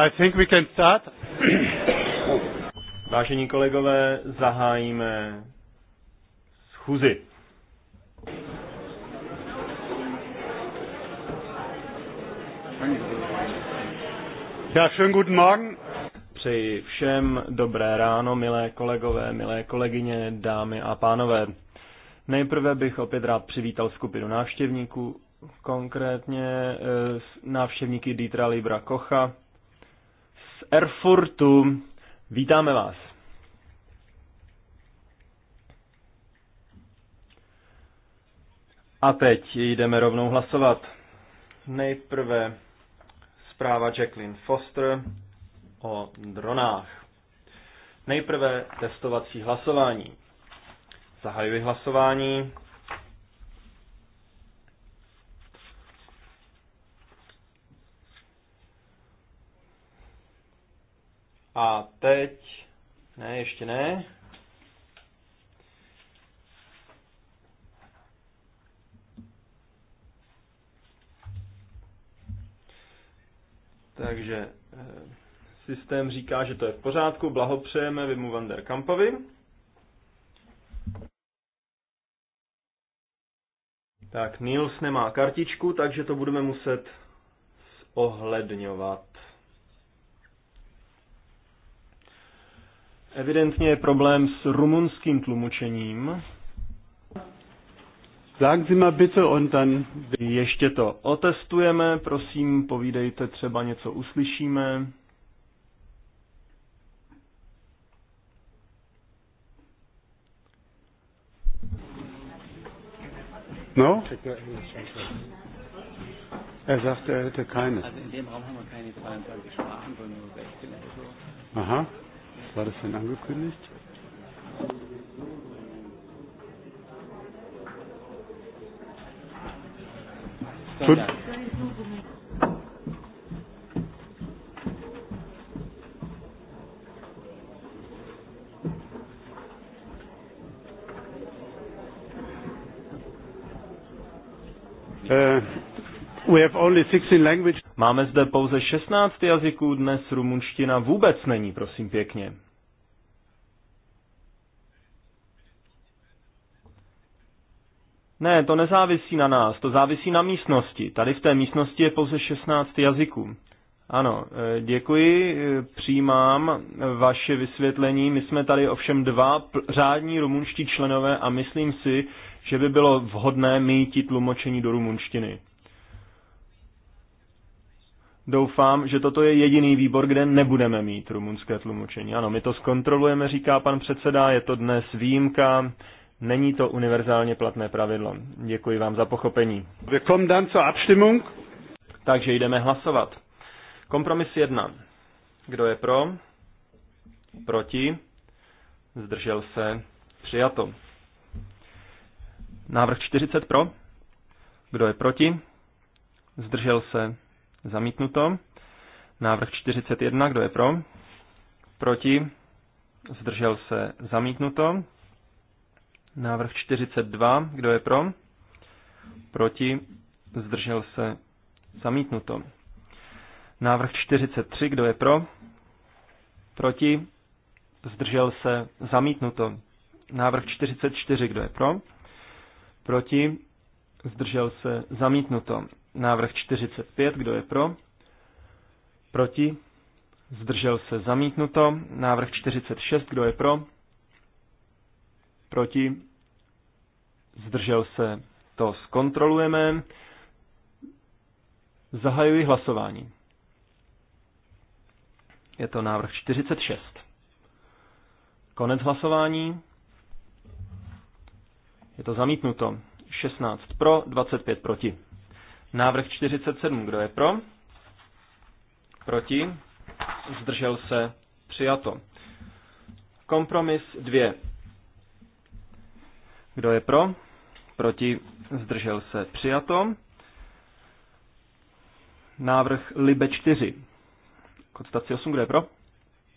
I think we can start. Vážení kolegové, zahájíme schůzi. Ja, schönen guten Morgen. Přeji všem dobré ráno, milé kolegové, milé kolegyně, dámy a pánové. Nejprve bych opět rád přivítal skupinu návštěvníků, konkrétně eh, návštěvníky Dietra Libra Kocha z Erfurtu. Vítáme vás. A teď jdeme rovnou hlasovat. Nejprve zpráva Jacqueline Foster, o dronách. Nejprve testovací hlasování. Zahajuji hlasování. A teď... Ne, ještě ne. Takže eh, Systém říká, že to je v pořádku, blahopřejeme Vimu van der Kampovi. Tak, Nils nemá kartičku, takže to budeme muset ohledňovat. Evidentně je problém s rumunským tlumočením. Sagen Sie mal bitte und dann... Ještě to otestujeme, prosím, povídejte, třeba něco uslyšíme. No? Er sagte, er hätte keine. Also in dem Raum haben wir keine 22 Sprachen, sondern nur 16 oder so. Aha. Was war das denn angekündigt? Sonntag. Gut. Uh, we have only Máme zde pouze 16 jazyků, dnes rumunština vůbec není, prosím pěkně. Ne, to nezávisí na nás, to závisí na místnosti. Tady v té místnosti je pouze 16 jazyků. Ano, eh, děkuji, eh, přijímám vaše vysvětlení. My jsme tady ovšem dva řádní rumunští členové a myslím si, že by bylo vhodné mít tlumočení do rumunštiny. Doufám, že toto je jediný výbor, kde nebudeme mít rumunské tlumočení. Ano, my to zkontrolujeme, říká pan předseda, je to dnes výjimka, není to univerzálně platné pravidlo. Děkuji vám za pochopení. Takže jdeme hlasovat. Kompromis 1. Kdo je pro? Proti? Zdržel se? Přijato. Návrh 40 pro. Kdo je proti? Zdržel se. Zamítnuto. Návrh 41. Kdo je pro? Proti? Zdržel se. Zamítnuto. Návrh 42. Kdo je pro? Proti? Zdržel se. Zamítnuto. Návrh 43. Kdo je pro? Proti? Zdržel se. Zamítnuto. Návrh 44. Kdo je pro? Proti? Zdržel se zamítnuto. Návrh 45, kdo je pro? Proti? Zdržel se zamítnuto. Návrh 46, kdo je pro? Proti? Zdržel se. To zkontrolujeme. Zahajuji hlasování. Je to návrh 46. Konec hlasování. Je to zamítnuto. 16 pro, 25 proti. Návrh 47. Kdo je pro? Proti? Zdržel se? Přijato. Kompromis 2. Kdo je pro? Proti? Zdržel se? Přijato. Návrh Libe 4. K 8. Kdo je pro?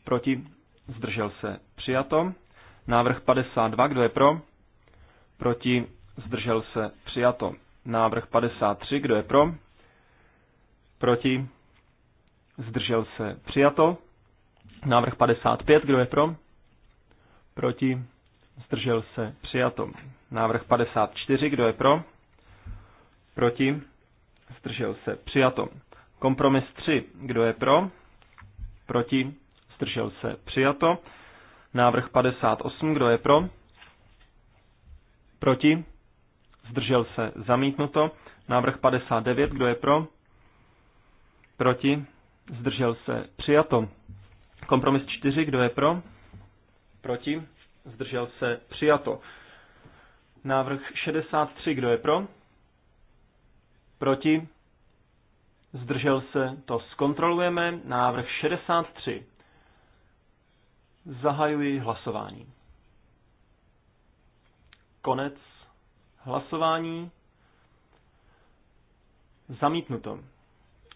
Proti? Zdržel se? Přijato. Návrh 52. Kdo je pro? proti, zdržel se, přijato. Návrh 53, kdo je pro, proti, zdržel se, přijato. Návrh 55, kdo je pro, proti, zdržel se, přijato. Návrh 54, kdo je pro, proti, zdržel se, přijato. Kompromis 3, kdo je pro, proti, zdržel se, přijato. Návrh 58, kdo je pro, Proti? Zdržel se. Zamítnuto. Návrh 59. Kdo je pro? Proti? Zdržel se. Přijato. Kompromis 4. Kdo je pro? Proti? Zdržel se. Přijato. Návrh 63. Kdo je pro? Proti? Zdržel se. To zkontrolujeme. Návrh 63. Zahajuji hlasování. Konec hlasování. Zamítnuto.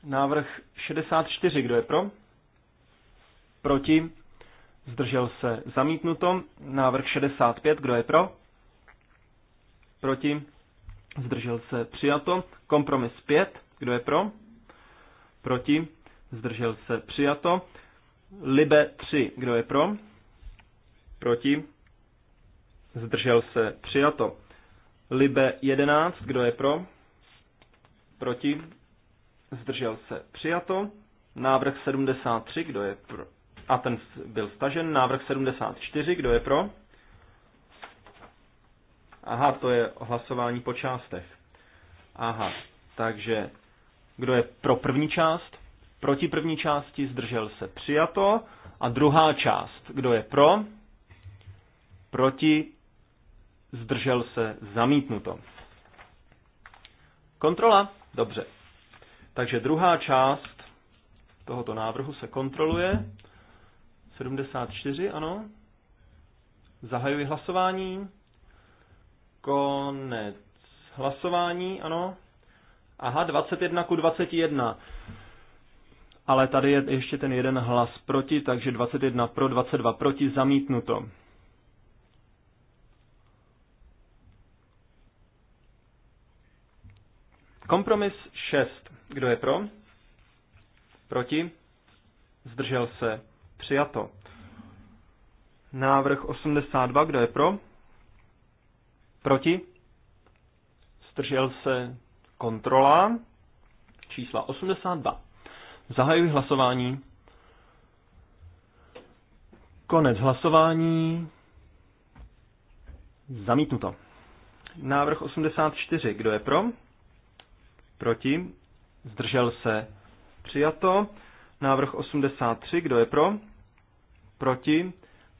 Návrh 64, kdo je pro? Proti? Zdržel se zamítnuto. Návrh 65, kdo je pro? Proti? Zdržel se přijato. Kompromis 5, kdo je pro? Proti? Zdržel se přijato. Libe 3, kdo je pro? Proti? zdržel se, přijato. Libe 11, kdo je pro? Proti, zdržel se, přijato. Návrh 73, kdo je pro? A ten byl stažen. Návrh 74, kdo je pro? Aha, to je hlasování po částech. Aha, takže kdo je pro první část? Proti první části zdržel se přijato. A druhá část, kdo je pro? Proti zdržel se, zamítnuto. Kontrola? Dobře. Takže druhá část tohoto návrhu se kontroluje. 74, ano. Zahajuji hlasování. Konec hlasování, ano. Aha, 21 ku 21. Ale tady je ještě ten jeden hlas proti, takže 21 pro, 22 proti, zamítnuto. Kompromis 6. Kdo je pro? Proti? Zdržel se? Přijato. Návrh 82. Kdo je pro? Proti? Zdržel se? Kontrola. Čísla 82. Zahajuji hlasování. Konec hlasování. Zamítnuto. Návrh 84. Kdo je pro? Proti? Zdržel se? Přijato. Návrh 83. Kdo je pro? Proti?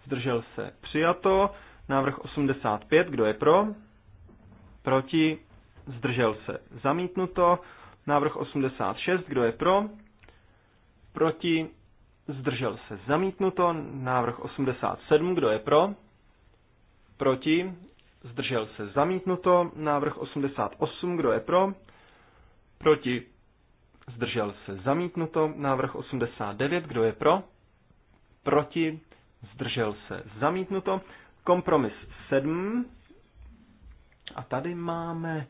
Zdržel se? Přijato. Návrh 85. Kdo je pro? Proti? Zdržel se? Zamítnuto. Návrh 86. Kdo je pro? Proti? Zdržel se? Zamítnuto. Návrh 87. Kdo je pro? Proti? Zdržel se? Zamítnuto. Návrh 88. Kdo je pro? Proti? Zdržel se zamítnuto. Návrh 89. Kdo je pro? Proti? Zdržel se zamítnuto. Kompromis 7. A tady máme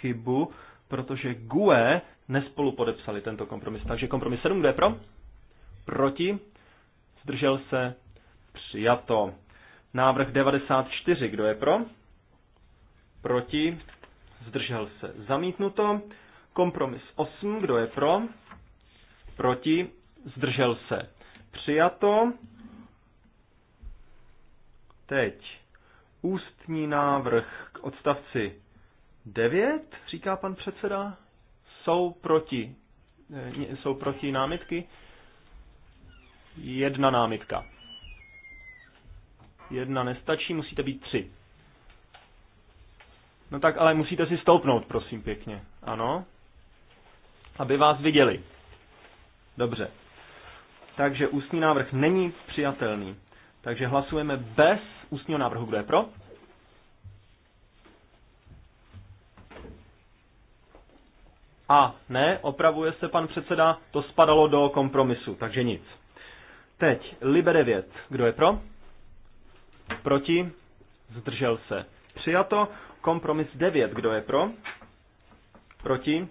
chybu, protože GUE nespolu podepsali tento kompromis. Takže kompromis 7, kdo je pro? Proti? Zdržel se? Přijato. Návrh 94, kdo je pro? Proti? Zdržel se? Zamítnuto. Kompromis 8, kdo je pro? Proti? Zdržel se. Přijato. Teď ústní návrh k odstavci 9, říká pan předseda. Jsou proti, eh, jsou proti námitky? Jedna námitka. Jedna nestačí, musíte být tři. No tak ale musíte si stoupnout, prosím pěkně. Ano aby vás viděli. Dobře. Takže ústní návrh není přijatelný. Takže hlasujeme bez ústního návrhu. Kdo je pro? A ne, opravuje se pan předseda, to spadalo do kompromisu, takže nic. Teď, Libe 9, kdo je pro? Proti? Zdržel se. Přijato. Kompromis 9, kdo je pro? Proti?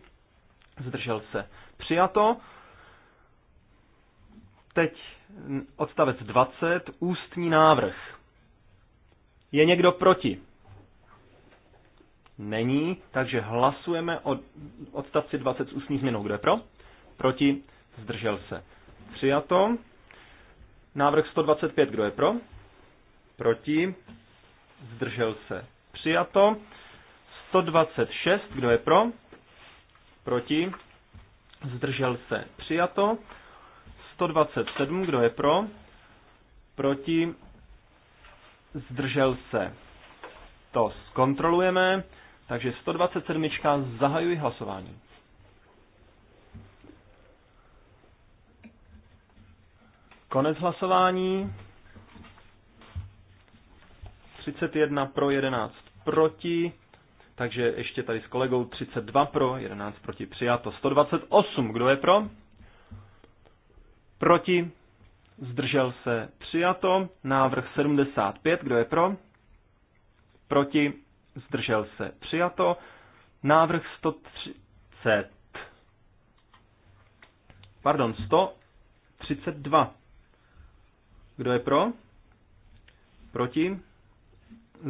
zdržel se přijato. Teď odstavec 20, ústní návrh. Je někdo proti? Není, takže hlasujeme o odstavci 20 s ústní změnou. Kdo je pro? Proti? Zdržel se. Přijato. Návrh 125, kdo je pro? Proti? Zdržel se. Přijato. 126, kdo je pro? Proti? Zdržel se. Přijato. 127. Kdo je pro? Proti? Zdržel se. To zkontrolujeme. Takže 127. Zahajuji hlasování. Konec hlasování. 31 pro 11 proti. Takže ještě tady s kolegou 32 pro, 11 proti přijato. 128, kdo je pro? Proti, zdržel se přijato. Návrh 75, kdo je pro? Proti, zdržel se přijato. Návrh 130. Pardon, 132. Kdo je pro? Proti?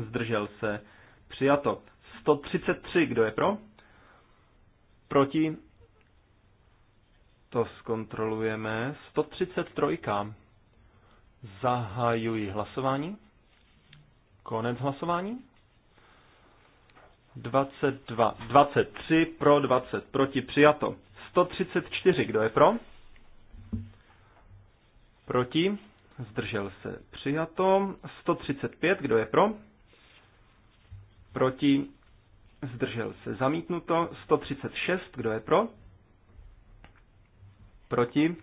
Zdržel se. Přijato. 133, kdo je pro? Proti? To zkontrolujeme. 133. Zahajuji hlasování. Konec hlasování. 22, 23 pro, 20 proti, přijato. 134, kdo je pro? Proti, zdržel se, přijato. 135, kdo je pro? Proti, zdržel se zamítnuto, 136, kdo je pro, proti,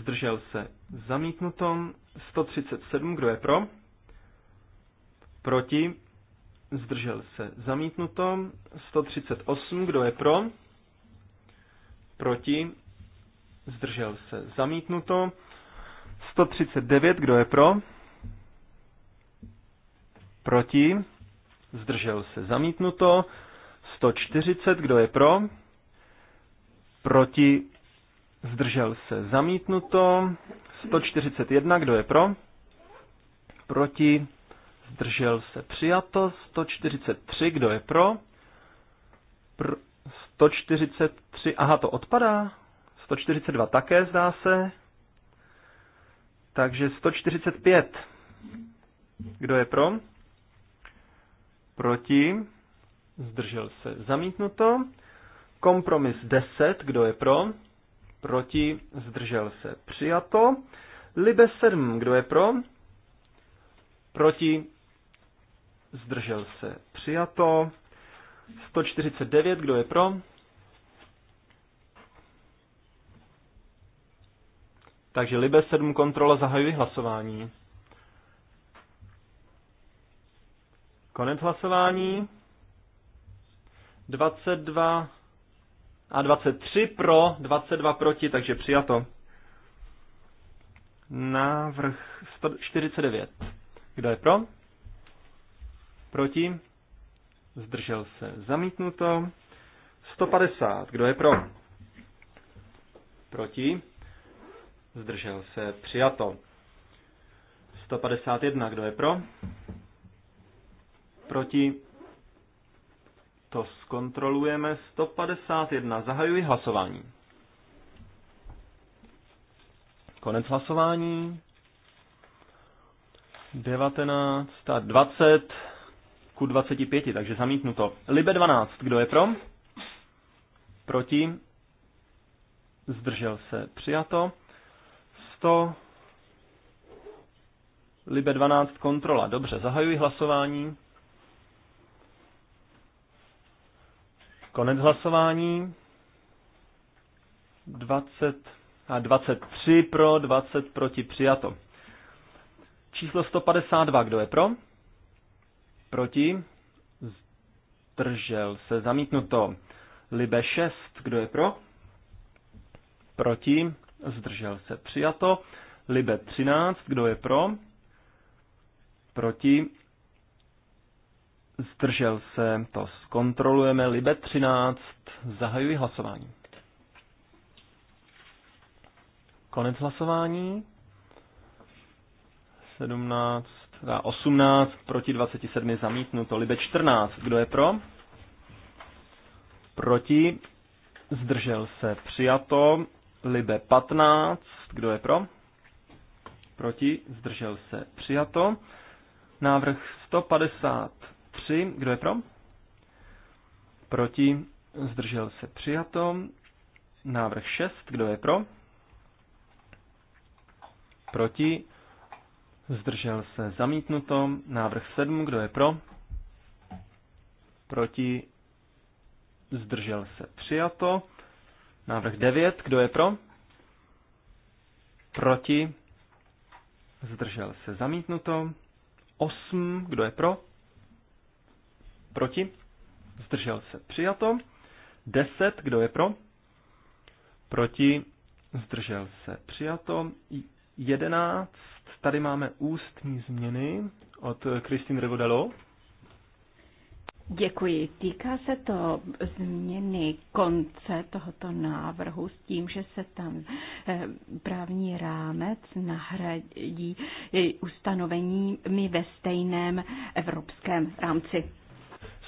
zdržel se zamítnuto, 137, kdo je pro, proti, zdržel se zamítnuto, 138, kdo je pro, proti, zdržel se zamítnuto, 139, kdo je pro, proti, zdržel se zamítnuto, 140, kdo je pro, proti, zdržel se zamítnuto, 141, kdo je pro, proti, zdržel se přijato, 143, kdo je pro, Pr 143, aha, to odpadá, 142 také zdá se, takže 145, kdo je pro, Proti? Zdržel se. Zamítnuto. Kompromis 10. Kdo je pro? Proti? Zdržel se. Přijato. Libe 7. Kdo je pro? Proti? Zdržel se. Přijato. 149. Kdo je pro? Takže Libe 7 kontrola zahajuje hlasování. Konec hlasování. 22 a 23 pro, 22 proti, takže přijato. Návrh 49. Kdo je pro? Proti? Zdržel se. Zamítnuto. 150. Kdo je pro? Proti? Zdržel se. Přijato. 151. Kdo je pro? proti, to zkontrolujeme, 151, zahajuji hlasování. Konec hlasování. 19 20 ku 25, takže zamítnuto. Libe 12, kdo je pro? Proti? Zdržel se, přijato. 100 Libe 12, kontrola. Dobře, zahajuji hlasování. Konec hlasování. 20 a 23 pro, 20 proti přijato. Číslo 152, kdo je pro? Proti? Zdržel se, zamítnuto. Libe 6, kdo je pro? Proti? Zdržel se, přijato. Libe 13, kdo je pro? Proti? zdržel se, to zkontrolujeme, Libe 13, zahajuji hlasování. Konec hlasování. 17, 18 proti 27 zamítnuto. Libe 14, kdo je pro? Proti, zdržel se, přijato. Libe 15, kdo je pro? Proti, zdržel se, přijato. Návrh 150 3, kdo je pro? Proti, zdržel se přijato. Návrh 6, kdo je pro? Proti, zdržel se zamítnuto. Návrh 7, kdo je pro? Proti, zdržel se přijato. Návrh 9, kdo je pro? Proti, zdržel se zamítnuto. 8, kdo je pro? Proti? Zdržel se. Přijato. 10. Kdo je pro? Proti? Zdržel se. Přijato. 11. Tady máme ústní změny od Kristin Revodalo. Děkuji. Týká se to změny konce tohoto návrhu s tím, že se tam eh, právní rámec nahradí eh, ustanoveními ve stejném evropském rámci.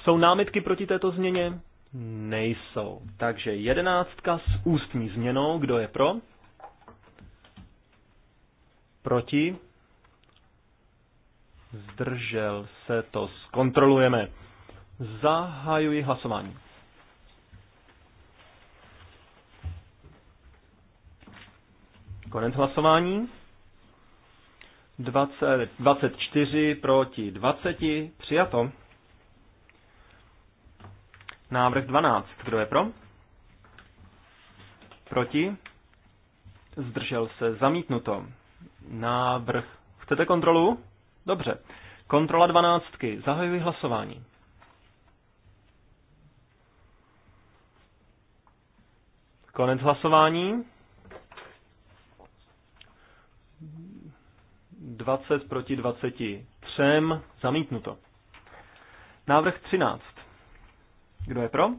Jsou námitky proti této změně? Nejsou. Takže jedenáctka s ústní změnou. Kdo je pro? Proti? Zdržel se to. Zkontrolujeme. Zahajuji hlasování. Konec hlasování. 20, 24 proti 20. Přijato. Návrh 12. Kdo je pro? Proti? Zdržel se. Zamítnuto. Návrh. Chcete kontrolu? Dobře. Kontrola 12. Zahajuji hlasování. Konec hlasování. 20 proti 23. Zamítnuto. Návrh 13. Kdo je pro?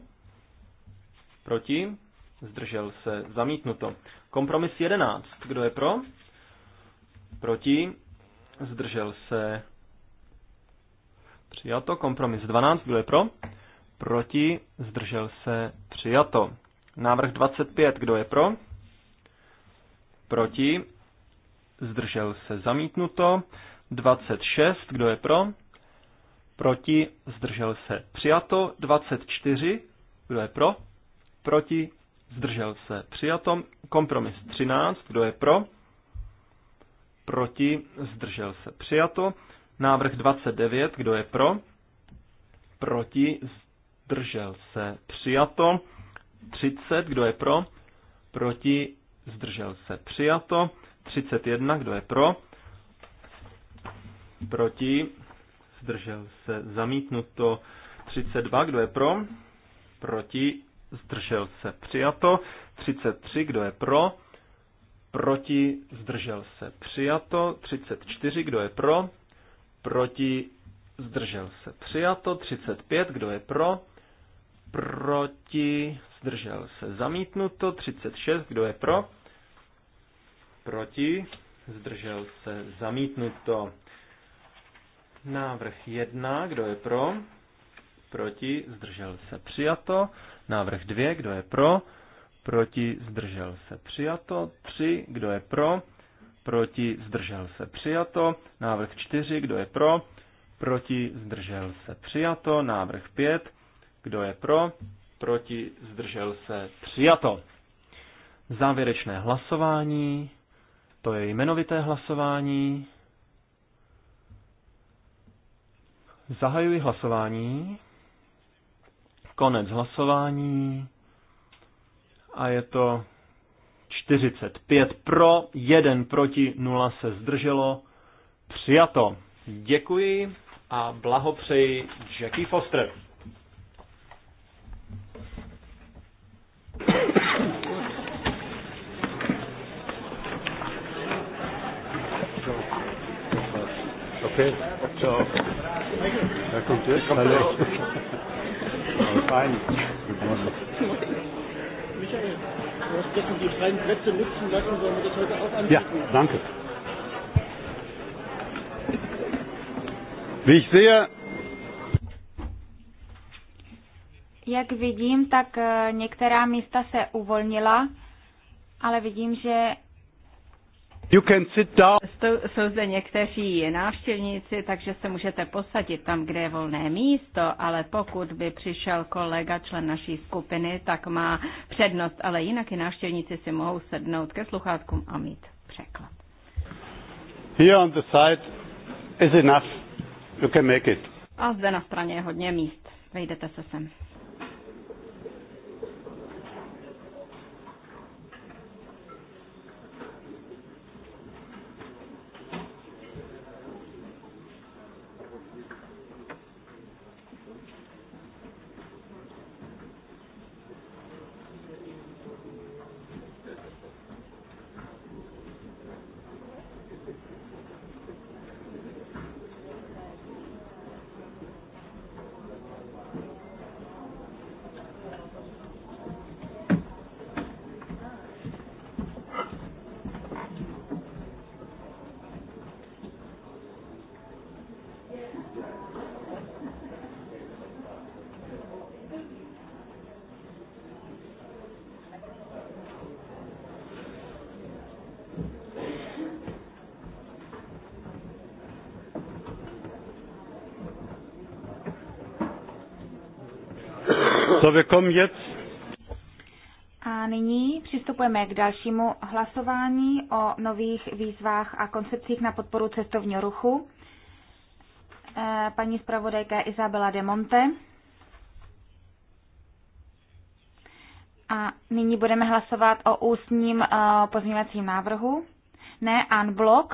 Proti? Zdržel se. Zamítnuto. Kompromis 11. Kdo je pro? Proti? Zdržel se. Přijato. Kompromis 12. Kdo je pro? Proti? Zdržel se. Přijato. Návrh 25. Kdo je pro? Proti? Zdržel se. Zamítnuto. 26. Kdo je pro? Proti? Zdržel se. Přijato. 24. Kdo je pro? Proti? Zdržel se. Přijato. Kompromis 13. Kdo je pro? Proti? Zdržel se. Přijato. Návrh 29. Kdo je pro? Proti? Zdržel se. Přijato. 30. Kdo je pro? Proti? Zdržel se. Přijato. 31. Kdo je pro? Proti? zdržel se zamítnuto 32, kdo je pro, proti, zdržel se přijato 33, kdo je pro, proti, zdržel se přijato 34, kdo je pro, proti, zdržel se přijato 35, kdo je pro, proti, zdržel se zamítnuto 36, kdo je pro, proti, zdržel se zamítnuto Návrh 1, kdo je pro? Proti, zdržel se přijato. Návrh 2, kdo je pro? Proti, zdržel se přijato. 3, kdo je pro? Proti, zdržel se přijato. Návrh 4, kdo je pro? Proti, zdržel se přijato. Návrh 5, kdo je pro? Proti, zdržel se přijato. Závěrečné hlasování. To je jmenovité hlasování. Zahajuji hlasování. Konec hlasování. A je to 45 pro, 1 proti, 0 se zdrželo. Přijato. Děkuji a blahopřeji Jackie Foster. Okay. So Da kommt der. Kommt jako Hallo. Fein. Guten Morgen. Michael, du hast gestern die freien Plätze nutzen lassen, sollen wir das heute auch anbieten? Ja, danke. Wie ich sehe, Jak vidím, tak eh, některá místa se uvolnila, ale vidím, že You can sit down. Jsou zde někteří návštěvníci, takže se můžete posadit tam, kde je volné místo, ale pokud by přišel kolega, člen naší skupiny, tak má přednost, ale jinak i návštěvníci si mohou sednout ke sluchátkům a mít překlad. Here on the side is enough. You can make it. A zde na straně je hodně míst. Vejdete se sem. So, wir kommen jetzt. A nyní přistupujeme k dalšímu hlasování o nových výzvách a koncepcích na podporu cestovního ruchu. Eh, paní zpravodajka Izabela de Monte. A nyní budeme hlasovat o ústním eh, pozměňovacím návrhu. Ne, unblock.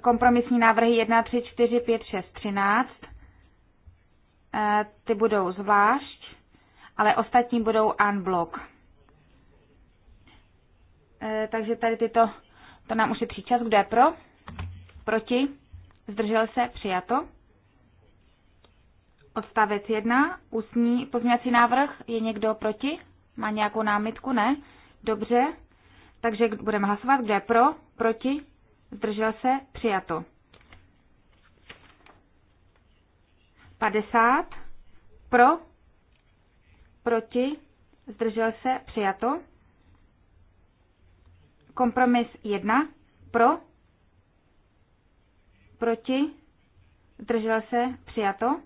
Kompromisní návrhy 1, 3, 4, 5, 6, 13 E, ty budou zvlášť, ale ostatní budou unblock. E, takže tady tyto, to nám ušetří čas, kdo je pro, proti, zdržel se, přijato. Odstavec 1, ústní pozměňovací návrh, je někdo proti? Má nějakou námitku? Ne? Dobře. Takže budeme hlasovat, kdo je pro, proti, zdržel se, přijato. 50 pro, proti, zdržel se, přijato. Kompromis 1 pro, proti, zdržel se, přijato.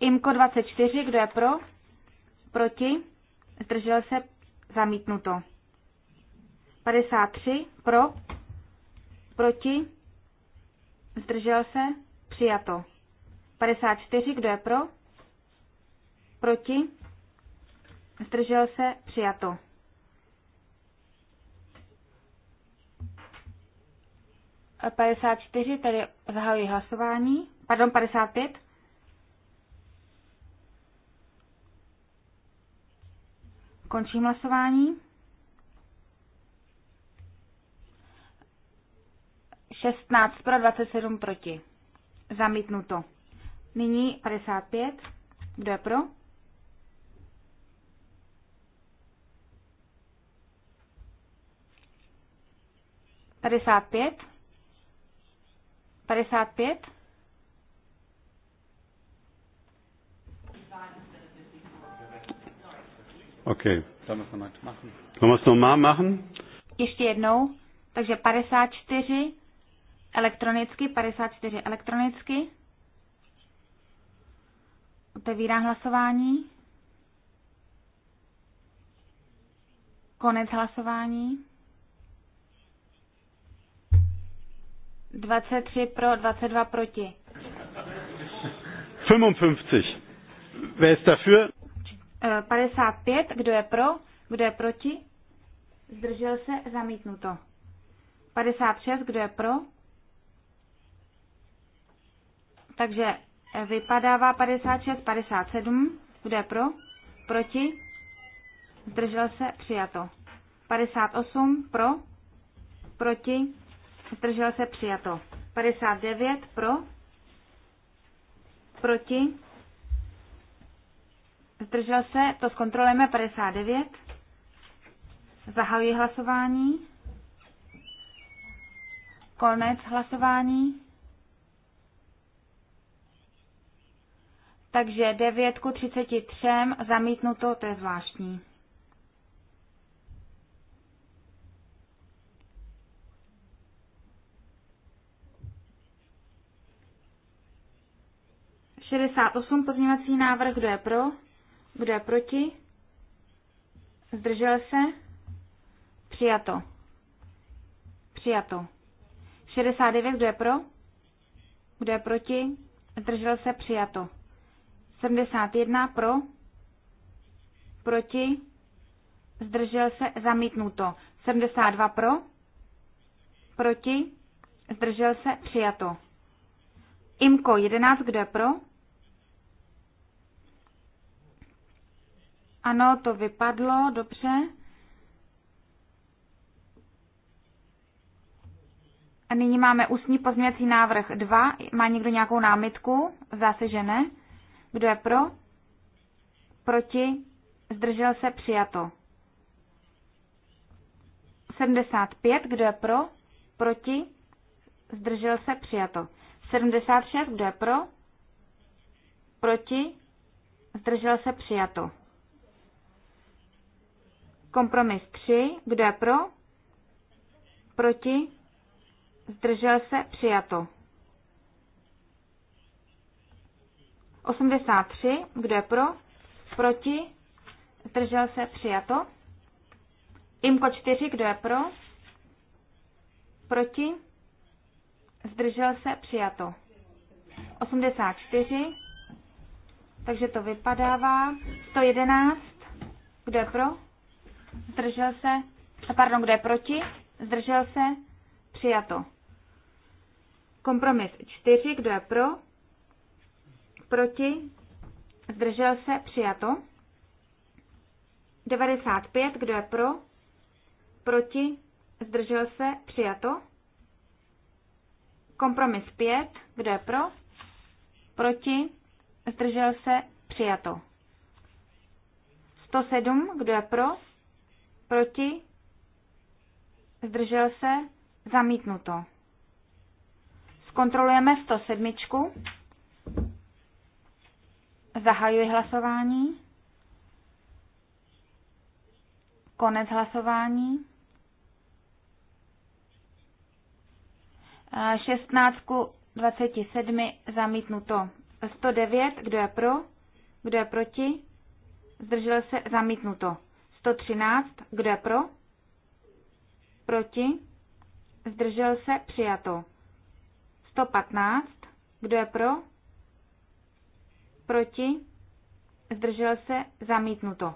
IMKO 24, kdo je pro? Proti? Zdržel se? Zamítnuto. 53, pro? Proti? Zdržel se? Přijato. 54. Kdo je pro? Proti? Zdržel se? Přijato. A 54, tedy zahajuji hlasování. Pardon, 55. Končím hlasování. 16 pro 27 proti. Zamítnuto. Nyní 55. Kdo je pro? Padesát pět. Padesát pět. OK. Können wir es nochmal machen? Ještě jednou. Takže padesát čtyři. Elektronicky 54 elektronicky. Otevírám hlasování. Konec hlasování. 23 pro, 22 proti. 55. Wer je dafür? 55. Eh, Kdo je pro? Kdo je proti? Zdržel se? Zamítnuto. 56. Kdo je pro? Takže vypadává 56, 57. Kdo je pro? Proti? Zdržel se? Přijato. 58 pro? Proti? Zdržel se? Přijato. 59 pro? Proti? Zdržel se? To zkontrolujeme. 59. Zahajuji hlasování. Konec hlasování. Takže 9 ku 33 zamítnuto, to je zvláštní. Šedesát osm pozměňovací návrh, kdo je pro, kdo je proti, zdržel se, přijato, přijato. 69, kdo je pro, kdo je proti, zdržel se, přijato. 71 pro, proti, zdržel se, zamítnuto. 72 pro, proti, zdržel se, přijato. Imko 11, kde pro? Ano, to vypadlo, dobře. A nyní máme ústní pozměňovací návrh 2. Má někdo nějakou námitku? Zase že ne. Kdo je pro? Proti? Zdržel se přijato. 75. Kdo je pro? Proti? Zdržel se přijato. 76. Kdo je pro? Proti? Zdržel se přijato. Kompromis 3. Kdo je pro? Proti? Zdržel se přijato. 83, kdo je pro, proti, zdržel se, přijato. Imko 4, kdo je pro, proti, zdržel se, přijato. 84, takže to vypadává. 111, kdo je pro, zdržel se, pardon, kdo je proti, zdržel se, přijato. Kompromis 4, kdo je pro, proti, zdržel se, přijato. 95, kdo je pro, proti, zdržel se, přijato. Kompromis 5, kdo je pro, proti, zdržel se, přijato. 107, kdo je pro, proti, zdržel se, zamítnuto. Zkontrolujeme 107. Zahajuji hlasování. Konec hlasování. 16 eh, 27 zamítnuto. 109, kdo je pro, kdo je proti, zdržel se zamítnuto. 113, kdo je pro, proti, zdržel se přijato. 115, kdo je pro, proti, zdržel se, zamítnuto.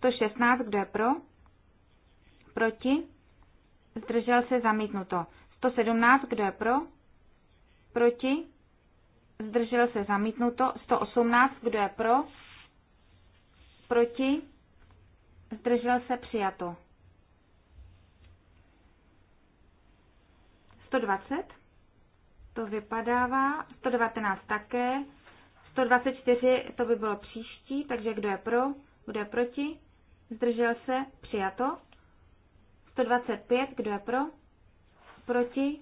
116, kdo je pro, proti, zdržel se, zamítnuto. 117, kdo je pro, proti, zdržel se, zamítnuto. 118, kdo je pro, proti, zdržel se, přijato. 120, to vypadává, 119 také, 124 to by bylo příští, takže kdo je pro, kdo je proti, zdržel se, přijato. 125, kdo je pro, proti,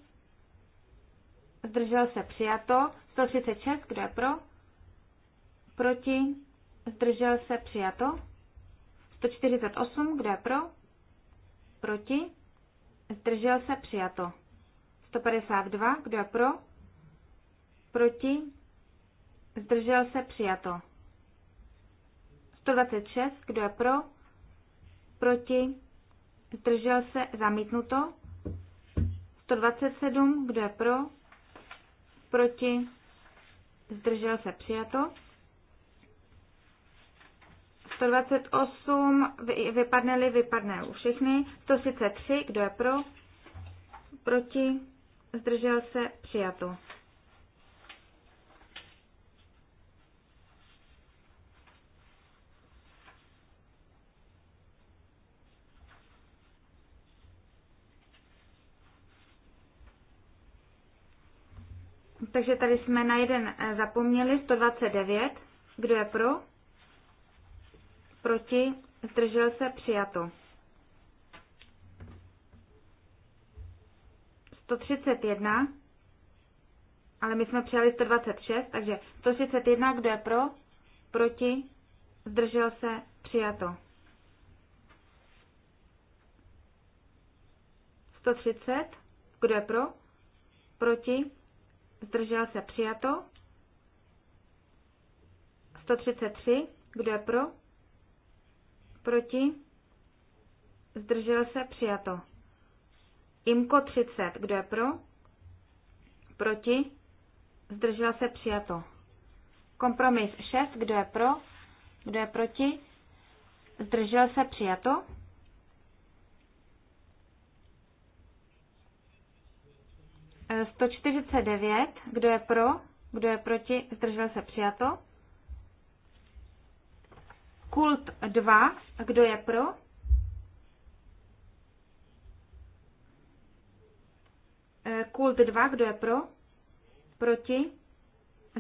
zdržel se, přijato. 136, kdo je pro, proti, zdržel se, přijato. 148, kdo je pro, proti, zdržel se, přijato. 152, kdo je pro, proti, Zdržel se přijato. 126, kdo je pro? Proti? Zdržel se zamítnuto. 127, kdo je pro? Proti? Zdržel se přijato. 128, vypadne-li, vypadne u všechny. 133, kdo je pro? Proti? Zdržel se přijato. Takže tady jsme na jeden eh, zapomněli, 129. Kdo je pro? Proti? Zdržel se? Přijato. 131. Ale my jsme přijali 126, takže 131, kdo je pro? Proti? Zdržel se? Přijato. 130, kdo je pro? Proti? zdržel se přijato. 133, kdo je pro, proti, zdržel se přijato. Imko 30, kdo je pro, proti, zdržel se přijato. Kompromis 6, kdo je pro, kdo je proti, zdržel se přijato. 149, kdo je pro, kdo je proti, zdržel se přijato. Kult 2, kdo je pro? Eh, kult 2, kdo je pro? Proti?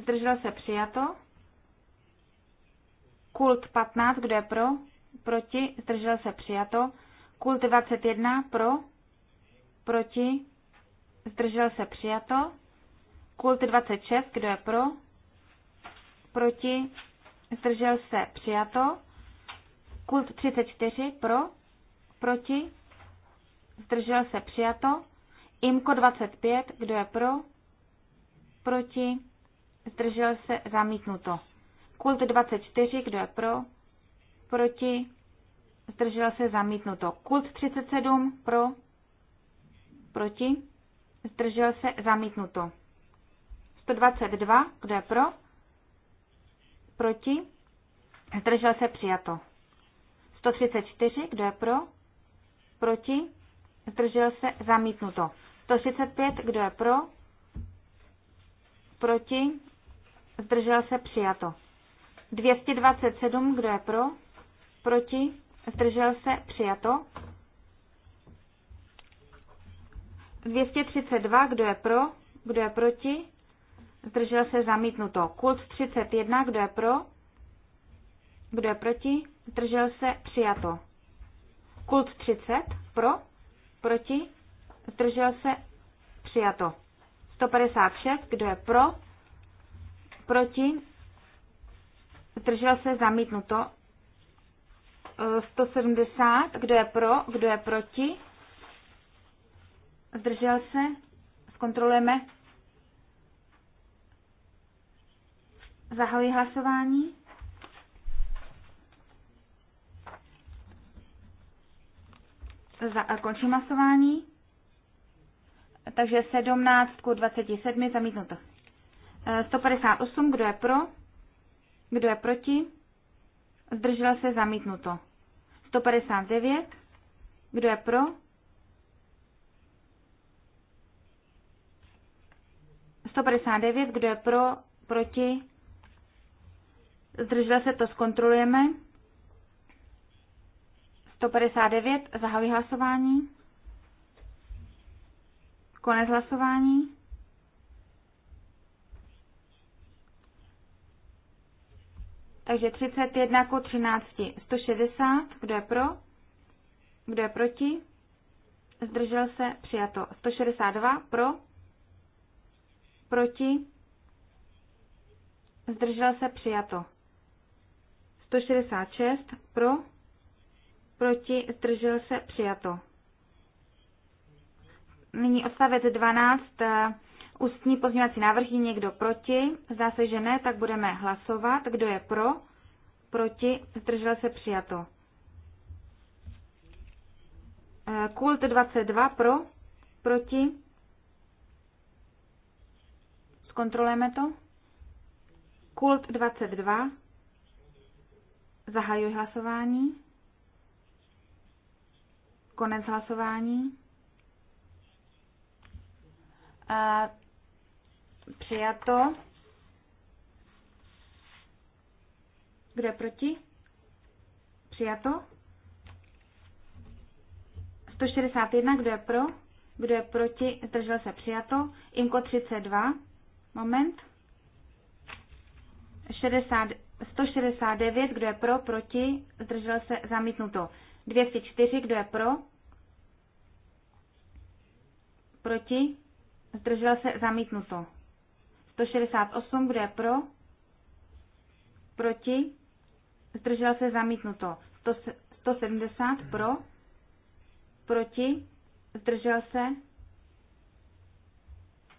Zdržel se přijato. Kult 15, kdo je pro? Proti? Zdržel se přijato. Kult 21, pro? Proti? Zdržel se přijato. Kult 26, kdo je pro? Proti. Zdržel se přijato. Kult 34, pro? Proti. Zdržel se přijato. Imko 25, kdo je pro? Proti. Zdržel se zamítnuto. Kult 24, kdo je pro? Proti. Zdržel se zamítnuto. Kult 37, pro? Proti zdržel se, zamítnuto. 122, kdo je pro, proti, zdržel se, přijato. 134, kdo je pro, proti, zdržel se, zamítnuto. 135, kdo je pro, proti, zdržel se, přijato. 227, kdo je pro, proti, zdržel se, přijato. 232, kdo je pro, kdo je proti, zdržel se zamítnuto. Kult 31, kdo je pro, kdo je proti, zdržel se přijato. Kult 30, pro, proti, zdržel se přijato. 156, kdo je pro, proti, zdržel se zamítnuto. 170, eh, kdo je pro, kdo je proti, Zdržel se? Zkontrolujeme. Zahajuji hlasování. Za, končím hlasování. Takže 17 ku 27 zamítnuto. 158, eh, kdo je pro? Kdo je proti? Zdržel se zamítnuto. 159, kdo je pro? 159, kdo je pro, proti, zdržel se, to zkontrolujeme. 159, zahajuji hlasování. Konec hlasování. Takže 31 k 13. 160. Kdo je pro? Kdo je proti? Zdržel se? Přijato. 162. Pro? Proti? Zdržel se přijato. 166 pro, proti, zdržel se přijato. Nyní odstavec 12, eh, ústní pozměňovací návrhy někdo proti? Zdá se, že ne, tak budeme hlasovat. Kdo je pro? Proti, zdržel se přijato. Eh, kult 22 pro, proti, Zkontrolujeme to. Kult 22. Zahajuji hlasování. Konec hlasování. A přijato. je proti? Přijato. 161, kdo je pro? Kdo je proti? Zdržel se přijato. Inko 32. Moment. 60, 169, kdo je pro, proti, zdržel se, zamítnuto. 204, kdo je pro, proti, zdržel se, zamítnuto. 168, kdo je pro, proti, zdržel se, zamítnuto. 170, pro, proti, zdržel se,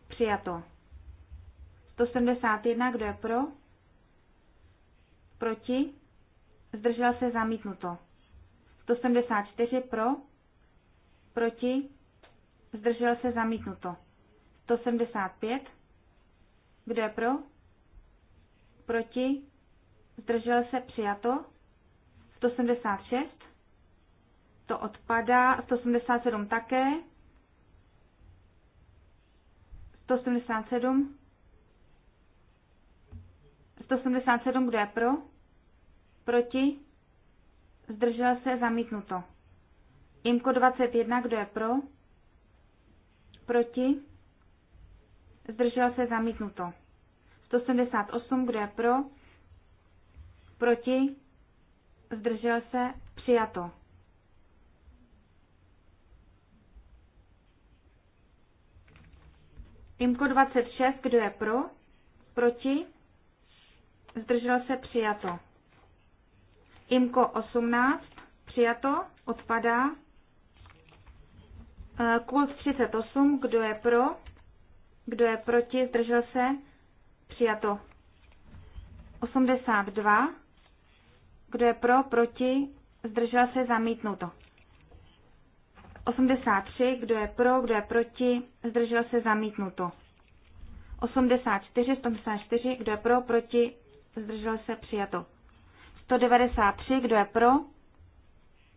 přijato. 171, kdo je pro? Proti? Zdržel se zamítnuto. 174 pro? Proti? Zdržel se zamítnuto. 175. Kdo je pro? Proti? Zdržel se přijato. 176. To odpadá. 177 také. 177 177, kdo je pro? Proti? Zdržel se zamítnuto. Imko 21, kdo je pro? Proti? Zdržel se zamítnuto. 178, kdo je pro? Proti? Zdržel se přijato. Imko 26, kdo je pro? Proti? zdržel se přijato. Imko 18, přijato, odpadá. E, Kult 38, kdo je pro, kdo je proti, zdržel se, přijato. 82, kdo je pro, proti, zdržel se, zamítnuto. 83, kdo je pro, kdo je proti, zdržel se, zamítnuto. 84, 184, kdo je pro, proti, zdržel se, přijato. 193, kdo je pro,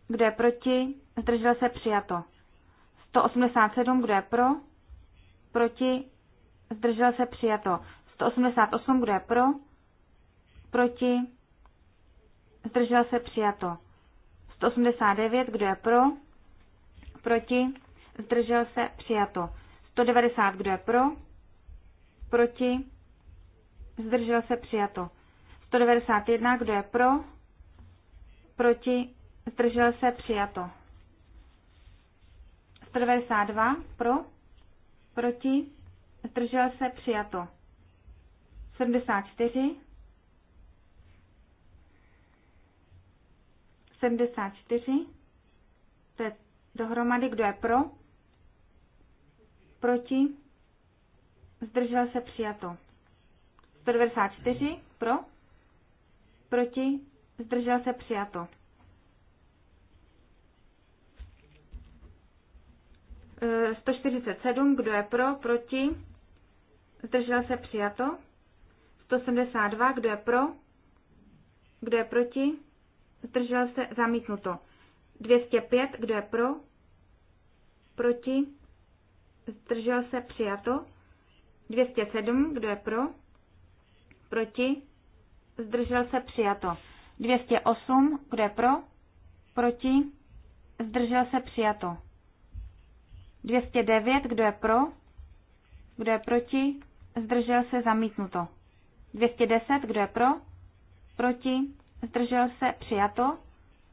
kdo je proti, zdržel se, přijato. 187, kdo je pro, proti, zdržel se, přijato. 188, kdo je pro, proti, zdržel se, přijato. 189, kdo je pro, proti, zdržel se, přijato. 190, kdo je pro, proti, zdržel se, přijato. 191, kdo je pro? Proti? Zdržel se? Přijato. 192, pro? Proti? Zdržel se? Přijato. 74. 74. To je dohromady, kdo je pro? Proti? Zdržel se? Přijato. 194, pro? proti, zdržel se přijato. E, 147, kdo je pro, proti, zdržel se přijato. 172, kdo je pro, kdo je proti, zdržel se zamítnuto. 205, kdo je pro, proti, zdržel se přijato. 207, kdo je pro, proti, zdržel se přijato. 208, kdo je pro, proti, zdržel se přijato. 209, kdo je pro, kdo je proti, zdržel se zamítnuto. 210, kdo je pro, proti, zdržel se přijato.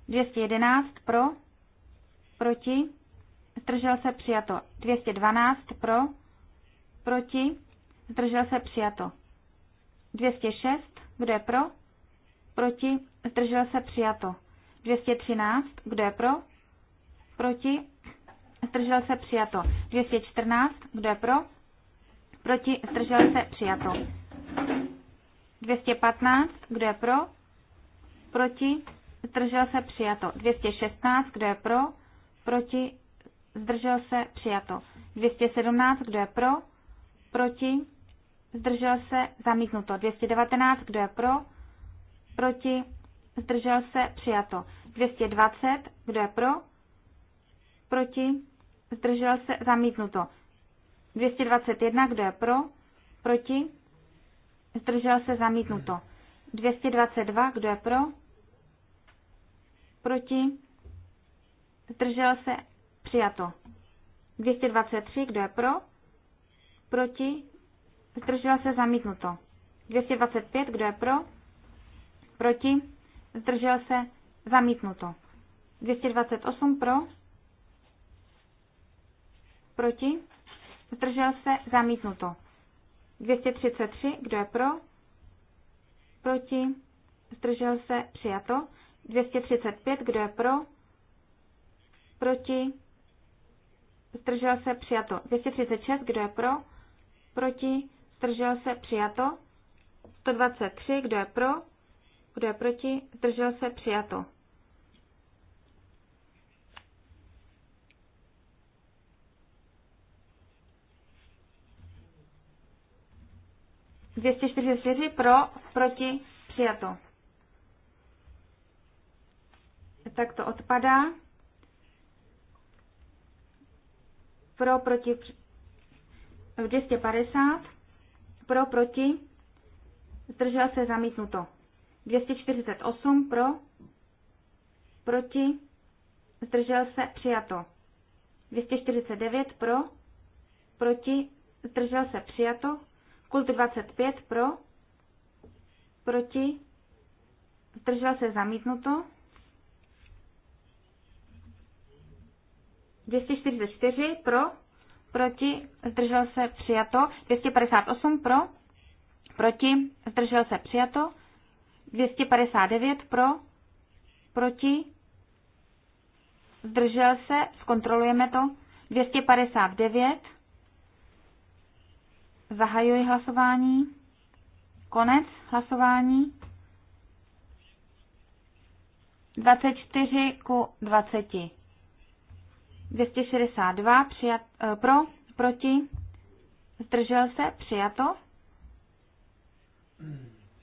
211 pro, proti, zdržel se přijato. 212 pro, proti, zdržel se přijato. 206 kdo je pro? Proti? Zdržel se přijato. 213. Kdo je pro? Proti? Zdržel se přijato. 214. Kdo je pro? Proti? Zdržel se přijato. 215. Kdo je pro? Proti? Zdržel se přijato. 216. Kdo je pro? Proti? Zdržel se přijato. 217. Kdo je pro? Proti? zdržel se, zamítnuto. 219, kdo je pro, proti, zdržel se, přijato. 220, kdo je pro, proti, zdržel se, zamítnuto. 221, kdo je pro, proti, zdržel se, zamítnuto. 222, kdo je pro, proti, zdržel se, přijato. 223, kdo je pro, proti, Zdržel se zamítnuto. 225, kdo je pro? Proti? Zdržel se zamítnuto. 228 pro? Proti? Zdržel se zamítnuto. 233, kdo je pro? Proti? Zdržel se přijato. 235, kdo je pro? Proti? Zdržel se přijato. 236, kdo je pro? Proti? zdržel se, přijato. 123, kdo je pro, kdo je proti, zdržel se, přijato. Dvěstě čtyři pro, proti, přijato. Tak to odpadá. Pro, proti, 250 pro, proti, zdržel se zamítnuto. 248 pro, proti, zdržel se přijato. 249 pro, proti, zdržel se přijato. Kult 25 pro, proti, zdržel se zamítnuto. 244 pro, proti, zdržel se, přijato. 258 pro, proti, zdržel se, přijato. 259 pro, proti, zdržel se, zkontrolujeme to. 259, zahajuji hlasování, konec hlasování. 24 ku 20. 262 přijat, eh, pro, proti, zdržel se, přijato.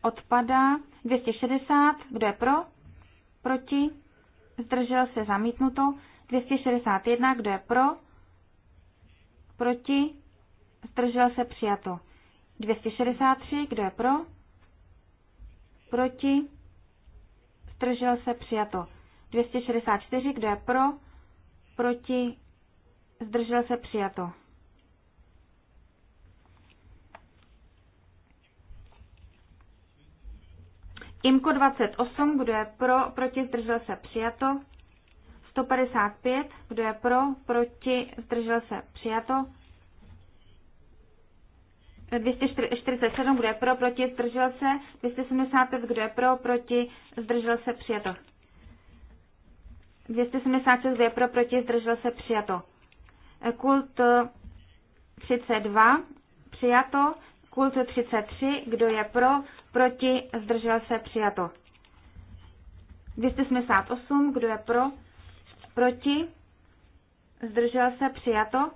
Odpadá 260, kdo je pro, proti, zdržel se, zamítnuto. 261, kdo je pro, proti, zdržel se, přijato. 263, kdo je pro, proti, zdržel se, přijato. 264, kdo je pro, proti, zdržel se přijato. Imko 28, kdo je pro, proti, zdržel se přijato. 155, kdo je pro, proti, zdržel se přijato. 247, kdo je pro, proti, zdržel se. 275, kdo je pro, proti, zdržel se přijato. 276 2 pro, proti, zdržel se, přijato. Kult 32, přijato. Kult 33, kdo je pro, proti, zdržel se, přijato. 278, eh, kdo je pro, proti, zdržel se, přijato.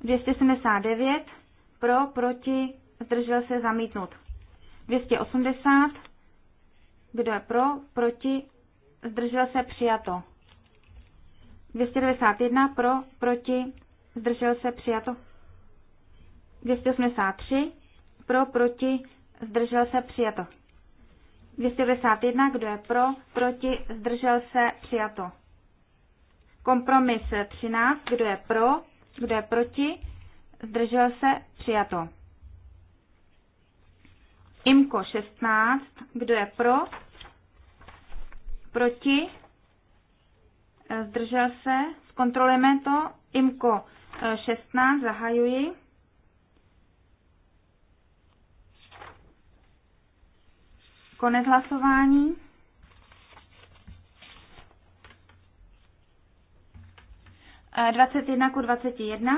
279, pro, proti, zdržel se, zamítnut. 280, kdo je pro, proti, zdržel se přijato. 291 pro, proti, zdržel se přijato. 283 pro, proti, zdržel se přijato. 291, kdo je pro, proti, zdržel se přijato. Kompromis 13, kdo je pro, kdo je proti, zdržel se přijato. IMKO 16, kdo je pro, proti, zdržel se, zkontrolujeme to, IMKO 16, eh, zahajuji. Konec hlasování. E, eh, 21 ku 21.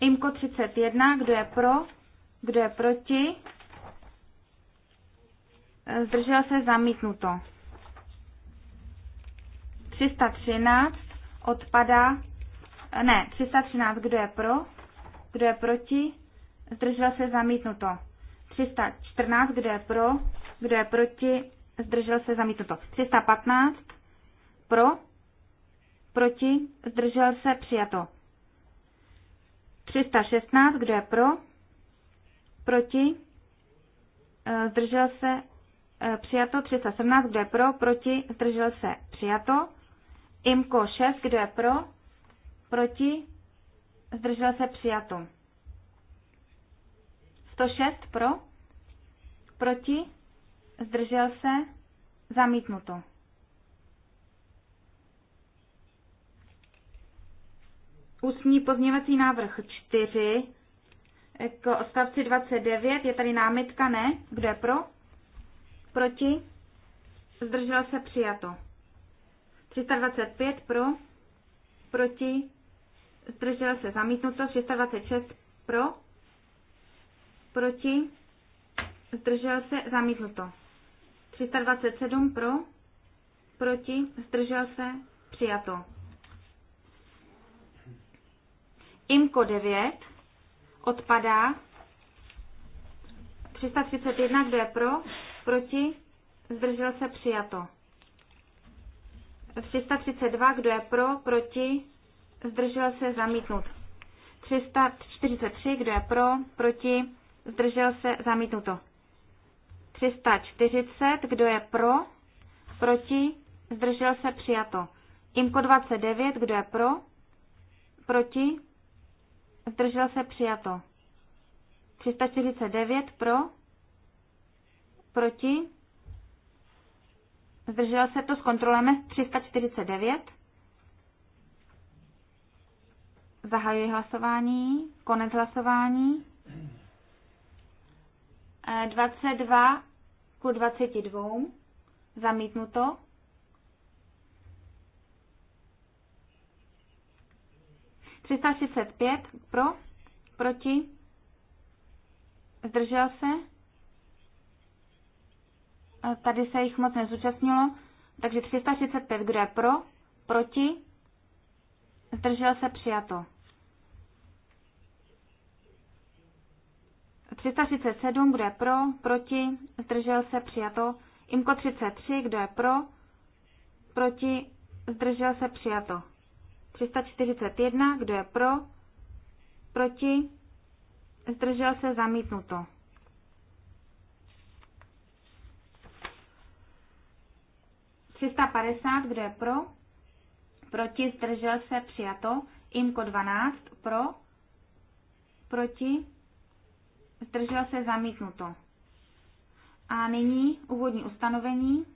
IMKO 31, kdo je pro, kdo je proti, zdržel se zamítnuto. 313 odpada, ne, 313, kdo je pro, kdo je proti, zdržel se zamítnuto. 314, kdo je pro, kdo je proti, zdržel se zamítnuto. 315, pro, proti, zdržel se přijato. 316, kdo je pro, proti, eh, zdržel se Eh, přijato 317, kdo je pro, proti, zdržel se, přijato. IMKO 6, kdo je pro, proti, zdržel se, přijato. 106 pro, proti, zdržel se, zamítnuto. Ústní pozměvací návrh 4 k odstavci 29. Je tady námitka? Ne. Kdo je pro? Proti? Zdržel se přijato. 325 pro, proti, zdržel se zamítnuto, 326 pro, proti, zdržel se zamítnuto. 327 pro, proti, zdržel se přijato. IMKO 9 odpadá. 331, kdo je pro, proti, zdržel se přijato. 332, kdo je pro, proti, zdržel se zamítnut. 343, kdo je pro, proti, zdržel se zamítnuto. 340, kdo je pro, proti, zdržel se přijato. Imko 29, kdo je pro, proti, zdržel se přijato. 349 pro, proti, zdržel se, to zkontrolujeme, 349. Zahajuji hlasování, konec hlasování. 22 eh, ku 22, zamítnuto. Třista pro, proti, zdržel se, Tady se jich moc nezúčastnilo. Takže 335, kdo je pro, proti, zdržel se přijato. 337, kdo je pro, proti, zdržel se přijato. Imko 33, kdo je pro, proti, zdržel se přijato. 341, kdo je pro, proti, zdržel se zamítnuto. 350, kdo je pro? Proti, zdržel se, přijato. Imko 12, pro? Proti, zdržel se, zamítnuto. A nyní úvodní ustanovení.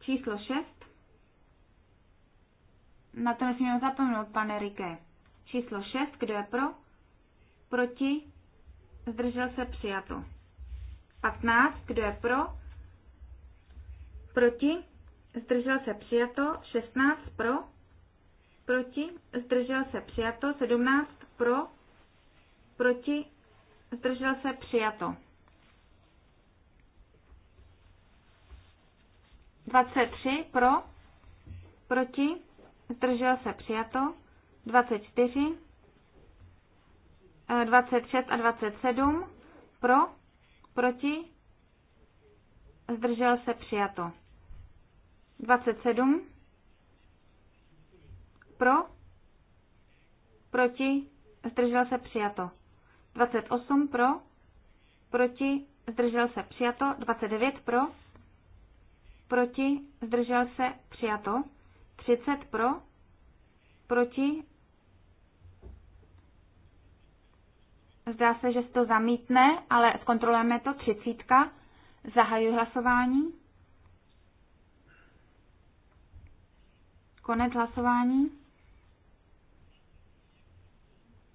Číslo 6. Na to nesmíme zapomenout, pane Rike. Číslo 6, kdo je pro? Proti? Zdržel se přijato. 15, kdo je pro? proti, zdržel se přijato, 16 pro, proti, zdržel se přijato, 17 pro, proti, zdržel se přijato. 23 pro, proti, zdržel se přijato, 24, 26 eh, a 27 pro, proti, zdržel se přijato. 27 pro, proti, zdržel se přijato. 28 pro, proti, zdržel se přijato. 29 pro, proti, zdržel se přijato. 30 pro, proti, zdá se, že se to zamítne, ale zkontrolujeme to. 30. Zahajuji hlasování. Konec hlasování.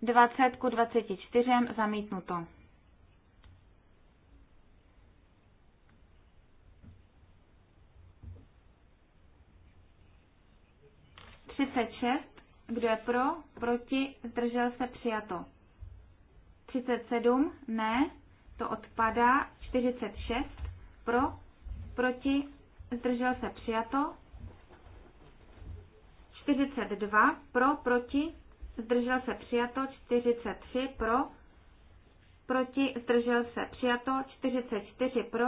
20 ku 24 zamítnuto. kdo je pro, proti, zdržel se, přijato. 37, ne, to odpadá. 46, pro, proti, zdržel se, přijato. 42 pro, proti, zdržel se přijato, 43 pro, proti, zdržel se přijato, 44 pro,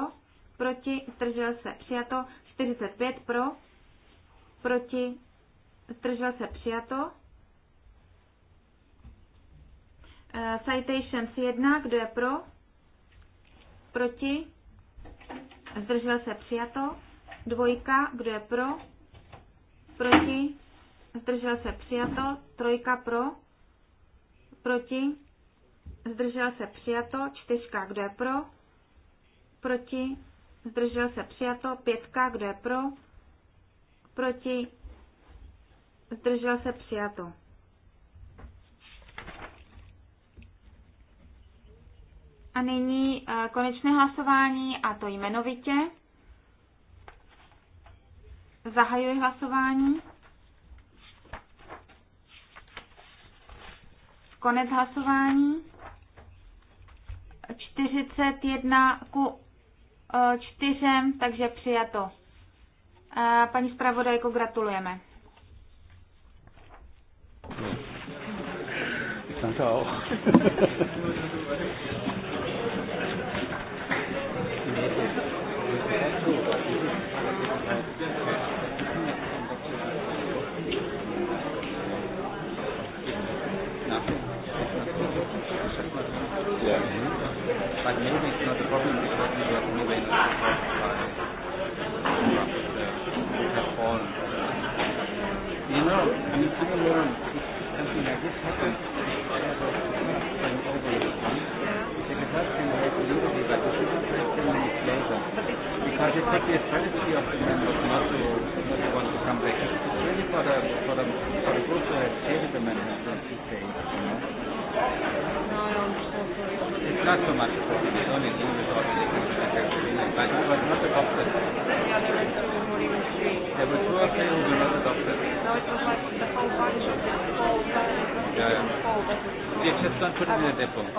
proti, zdržel se přijato, 45 pro, proti, zdržel se přijato. Uh, citations 1, kdo je pro, proti, zdržel se přijato, dvojka, kdo je pro, proti, zdržel se přijato, trojka pro, proti, zdržel se přijato, čtyřka, kdo je pro, proti, zdržel se přijato, pětka, kdo je pro, proti, zdržel se přijato. A nyní eh, konečné hlasování, a to jmenovitě. Zahajuji hlasování. Konec hlasování. 41 ku 4, e, takže přijato. E, paní zpravodajko, gratulujeme. Danke But maybe it's not a problem because we have anyway in the first fallen. You know, I mean, I learned something like this happens. Because it's a the like a strategy of the members not to, not to want to come back. It's really for the, for the, for the group to have saved the members, from you days. faccio ma non il nome There were two or three who were not adopted. No, it was like the whole bunch of the whole bunch of the whole bunch. Yeah, just don't put it in the depot. Okay.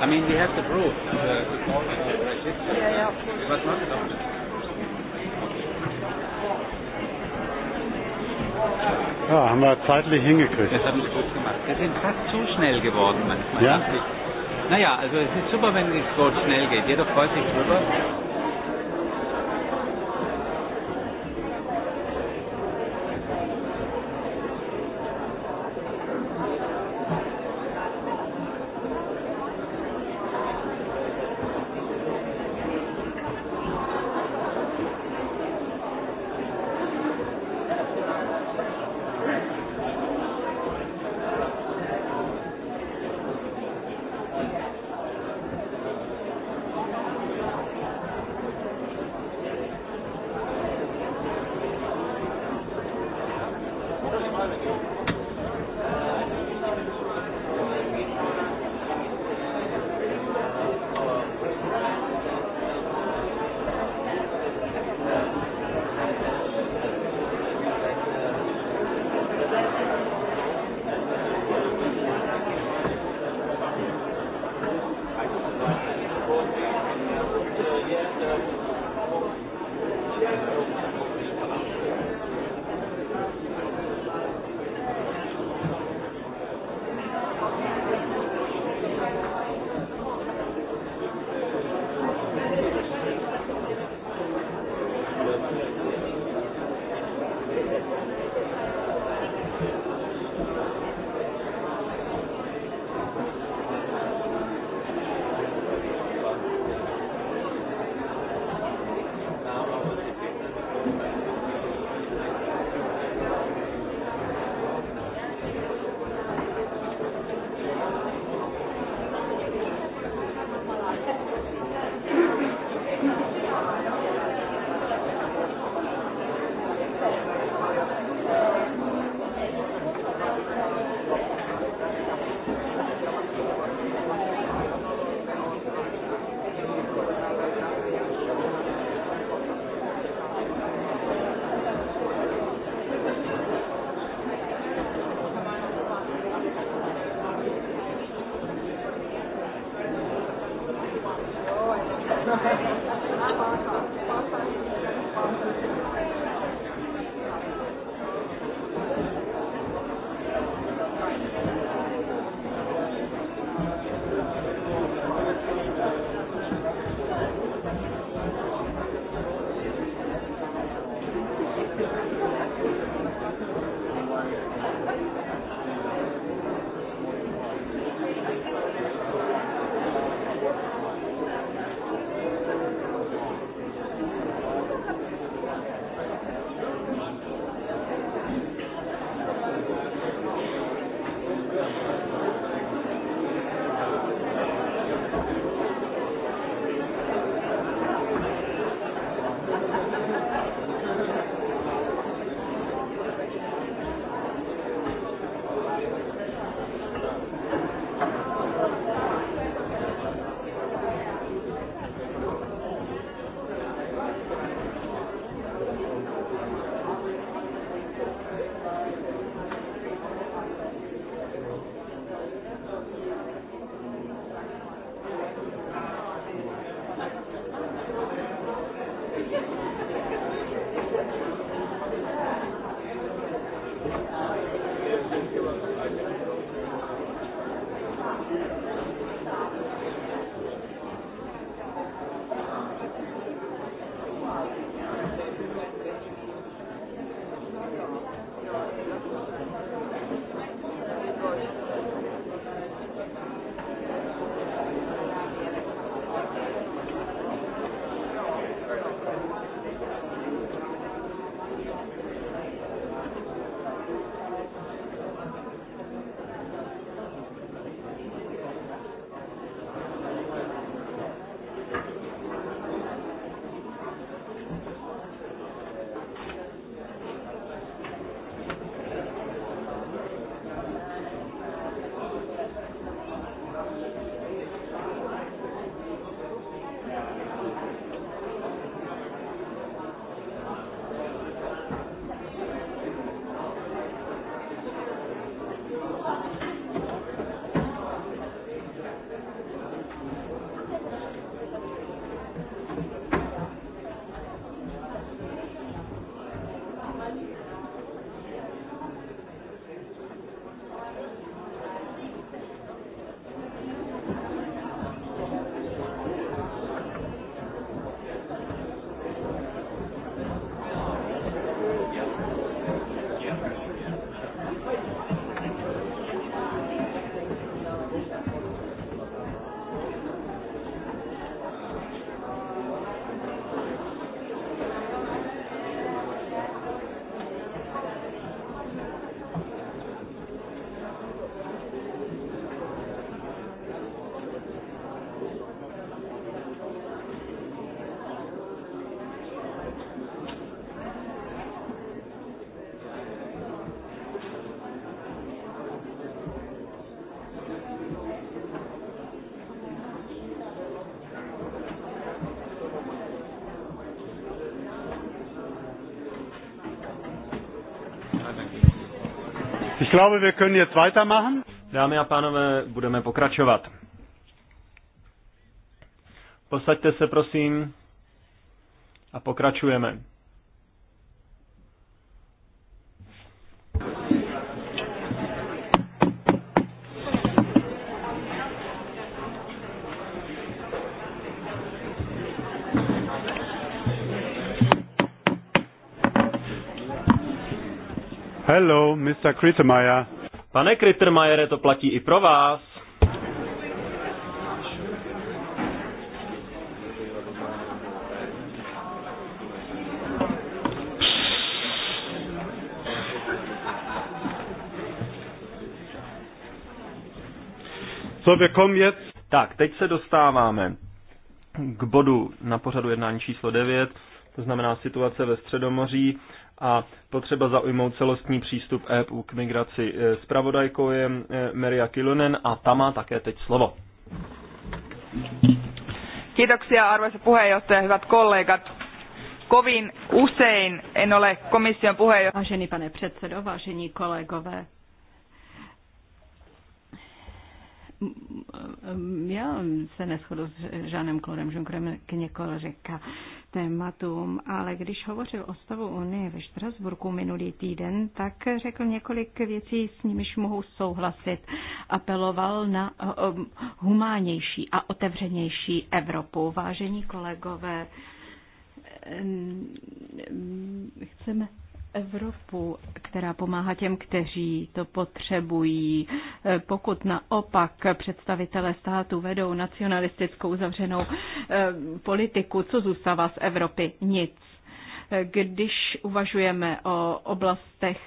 I mean, we have the proof, uh, the, uh, the call for Yeah, yeah, of course. It was not adopted. Okay. Ja, haben wir zeitlich hingekriegt. Das haben wir gut gemacht. Wir sind fast zu schnell geworden manchmal. Ja? Naja, also es ist super, wenn es so schnell geht. Jeder freut sich drüber. Ich glaube, wir können jetzt weitermachen. Dámy a pánové, budeme pokračovat. Posaďte se, prosím, a pokračujeme. Hello, Mr. Krittermeier. Pane Krittermeiere, to platí i pro vás. Co wir kommen jetzt? Tak, teď se dostáváme k bodu na pořadu jednání číslo 9, to znamená situace ve Středomoří a potřeba zaujmout celostní přístup EU k migraci. E, Spravodajkou je e, Maria Kilonen a ta má také teď slovo. Kiitoksia arvoisa puheenjohtaja, hyvät kollegat. Kovin usein en ole komission puheenjohtaja. Vážený pane předsedo, vážení kolegové, já se neschodu s Žánem Klorem Žunkrem, k někoho říká, tématům, ale když hovořil o stavu Unie ve Štrasburku minulý týden, tak řekl několik věcí, s nimiž mohu souhlasit. Apeloval na humánější a otevřenější Evropu. Vážení kolegové, chceme Evropu, která pomáhá těm, kteří to potřebují. Eh, pokud naopak představitelé státu vedou nacionalistickou zavřenou eh, politiku, co zůstává z Evropy? Nic. Když uvažujeme o oblastech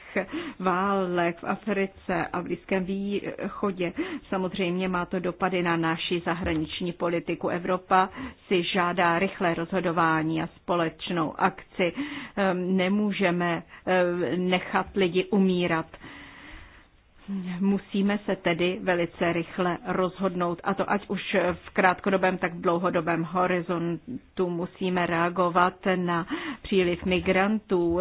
válek v Africe a v Blízkém východě, samozřejmě má to dopady na naši zahraniční politiku. Evropa si žádá rychlé rozhodování a společnou akci. Ehm, nemůžeme ehm, nechat lidi umírat Musíme se tedy velice rychle rozhodnout, a to ať už v krátkodobém, tak v dlouhodobém horizontu musíme reagovat na příliv migrantů,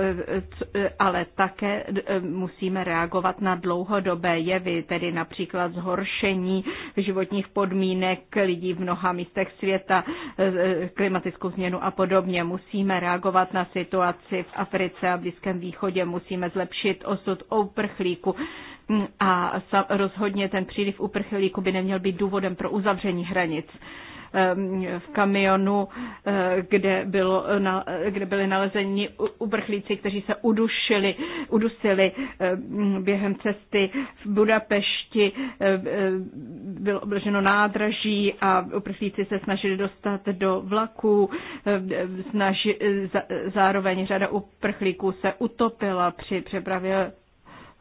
ale také musíme reagovat na dlouhodobé jevy, tedy například zhoršení životních podmínek lidí v mnoha místech světa, klimatickou změnu a podobně. Musíme reagovat na situaci v Africe a Blízkém východě, musíme zlepšit osud uprchlíku a rozhodně ten příliv uprchlíků by neměl být důvodem pro uzavření hranic ehm, v kamionu, eh, kde, bylo, kde byly nalezeni uprchlíci, kteří se udušili, udusili ehm, během cesty v Budapešti. Ehm, bylo obleženo nádraží a uprchlíci se snažili dostat do vlaků. zároveň řada uprchlíků se utopila při přepravě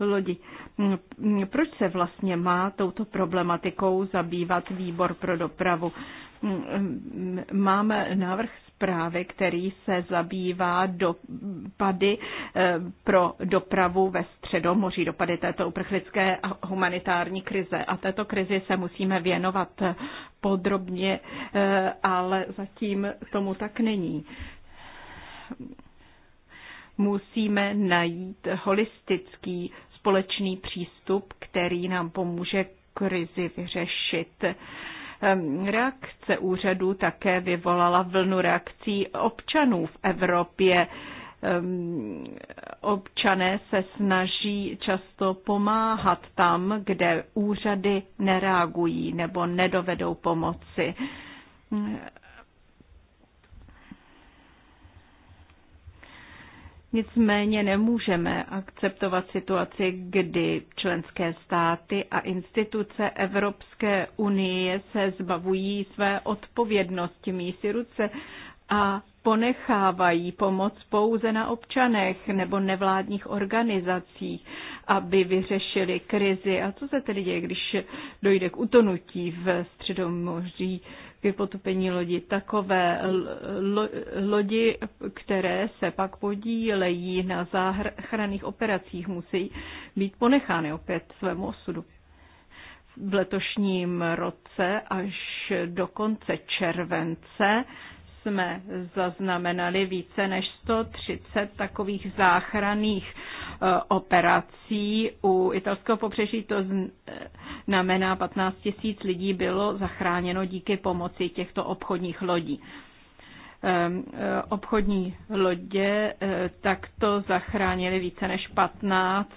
lodi. Mm, mm, proč se vlastně má touto problematikou zabývat výbor pro dopravu? Mm, máme návrh zprávy, který se zabývá dopady eh, pro dopravu ve středomoří, dopady této uprchlické a humanitární krize. A této krizi se musíme věnovat eh, podrobně, eh, ale zatím tomu tak není musíme najít holistický společný přístup, který nám pomůže krizi vyřešit. Ehm, reakce úřadů také vyvolala vlnu reakcí občanů v Evropě. Ehm, občané se snaží často pomáhat tam, kde úřady nereagují nebo nedovedou pomoci. Nicméně nemůžeme akceptovat situaci, kdy členské státy a instituce Evropské unie se zbavují své odpovědnosti, mísi ruce a ponechávají pomoc pouze na občanech nebo nevládních organizacích, aby vyřešili krizi. A co se tedy děje, když dojde k utonutí v středomoří? ke potopení lodi. Takové lo, lodi, které se pak podílejí na záchranných operacích, musí být ponechány opět svému osudu. V letošním roce až do konce července jsme zaznamenali více než 130 takových záchranných eh, operací u italského pobřeží. To znamená 15 000 lidí bylo zachráněno díky pomoci těchto obchodních lodí. E, obchodní lodě e, takto zachránili více než 15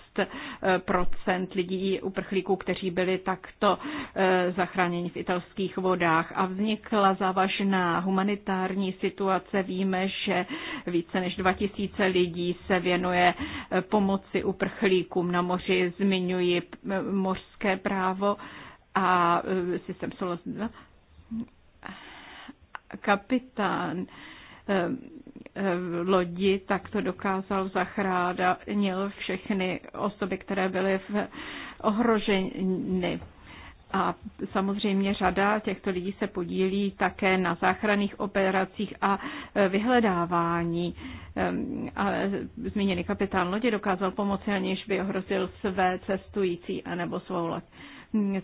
e, lidí uprchlíků, kteří byli takto zachráněni v italských vodách. A vznikla závažná humanitární situace. Víme, že více než 2000 lidí se věnuje pomoci uprchlíkům na moři. Zmiňuji mořské právo a systém solidarity kapitán eh, eh, lodi, tak to dokázal zachránit všechny osoby, které byly v ohroženy. A samozřejmě řada těchto lidí se podílí také na záchranných operacích a eh, vyhledávání. Ehm, ale zmíněný kapitán lodi dokázal pomoci, aniž by ohrozil své cestující anebo svou loď.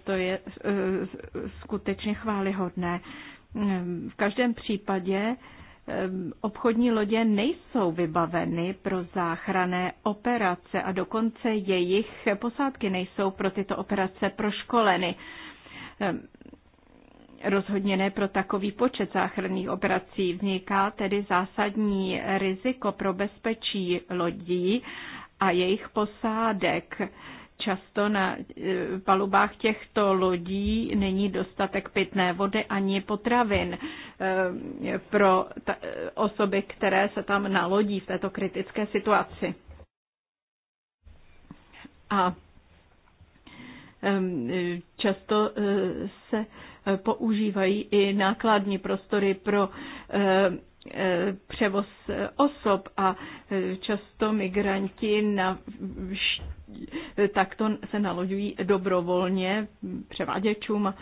To je skutečně chválihodné. V každém případě obchodní lodě nejsou vybaveny pro záchrané operace a dokonce jejich posádky nejsou pro tyto operace proškoleny. Rozhodně ne pro takový počet záchranných operací vzniká tedy zásadní riziko pro bezpečí lodí a jejich posádek Často na e, palubách těchto lodí není dostatek pitné vody ani potravin e, pro e, osoby, které se tam nalodí v této kritické situaci. A často se používají i nákladní prostory pro Eh, převoz osob a eh, často migranti na, takto se naloďují dobrovolně převáděčům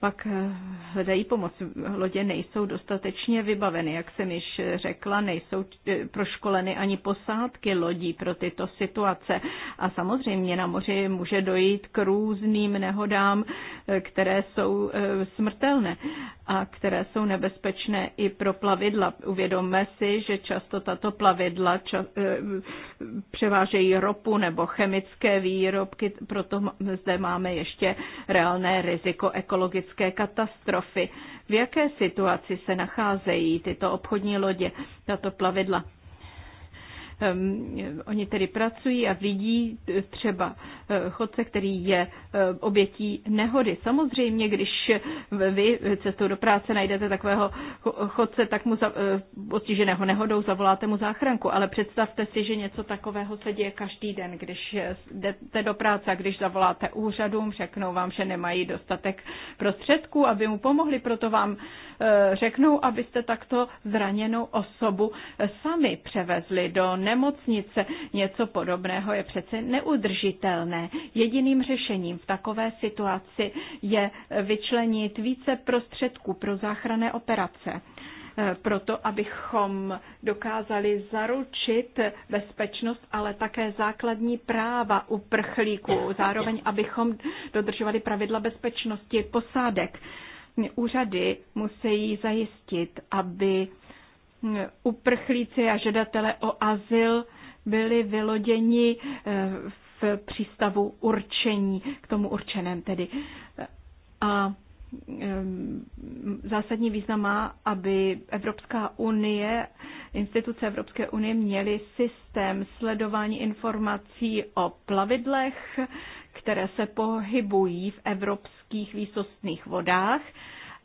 pak eh, hledají pomoc. Lodě nejsou dostatečně vybaveny, jak jsem již řekla, nejsou proškoleny ani posádky lodí pro tyto situace. A samozřejmě na moři může dojít k různým nehodám, které jsou smrtelné a které jsou nebezpečné i pro plavidla. Uvědomme si, že často tato plavidla ča- eh, převážejí ropu nebo chemické výrobky, proto zde máme ještě reálné riziko ekologické katastrofy. V jaké situaci se nacházejí tyto obchodní lodě, tato plavidla? Oni tedy pracují a vidí třeba e, chodce, který je e, obětí nehody. Samozřejmě, když vy cestou do práce najdete takového chodce, tak mu za, e, postiženého nehodou zavoláte mu záchranku. Ale představte si, že něco takového se děje každý den, když jdete do práce a když zavoláte úřadům, řeknou vám, že nemají dostatek prostředků, aby mu pomohli, proto vám řeknou, abyste takto zraněnou osobu sami převezli do ne nemocnice. Něco podobného je přece neudržitelné. Jediným řešením v takové situaci je vyčlenit více prostředků pro záchranné operace eh, proto, abychom dokázali zaručit bezpečnost, ale také základní práva uprchlíků, zároveň abychom dodržovali pravidla bezpečnosti posádek. Úřady musí zajistit, aby uprchlíci a žadatele o azyl byli vyloděni eh, v přístavu určení, k tomu určeném tedy. A eh, zásadní význam má, aby Evropská unie, instituce Evropské unie měly systém sledování informací o plavidlech, které se pohybují v evropských výsostných vodách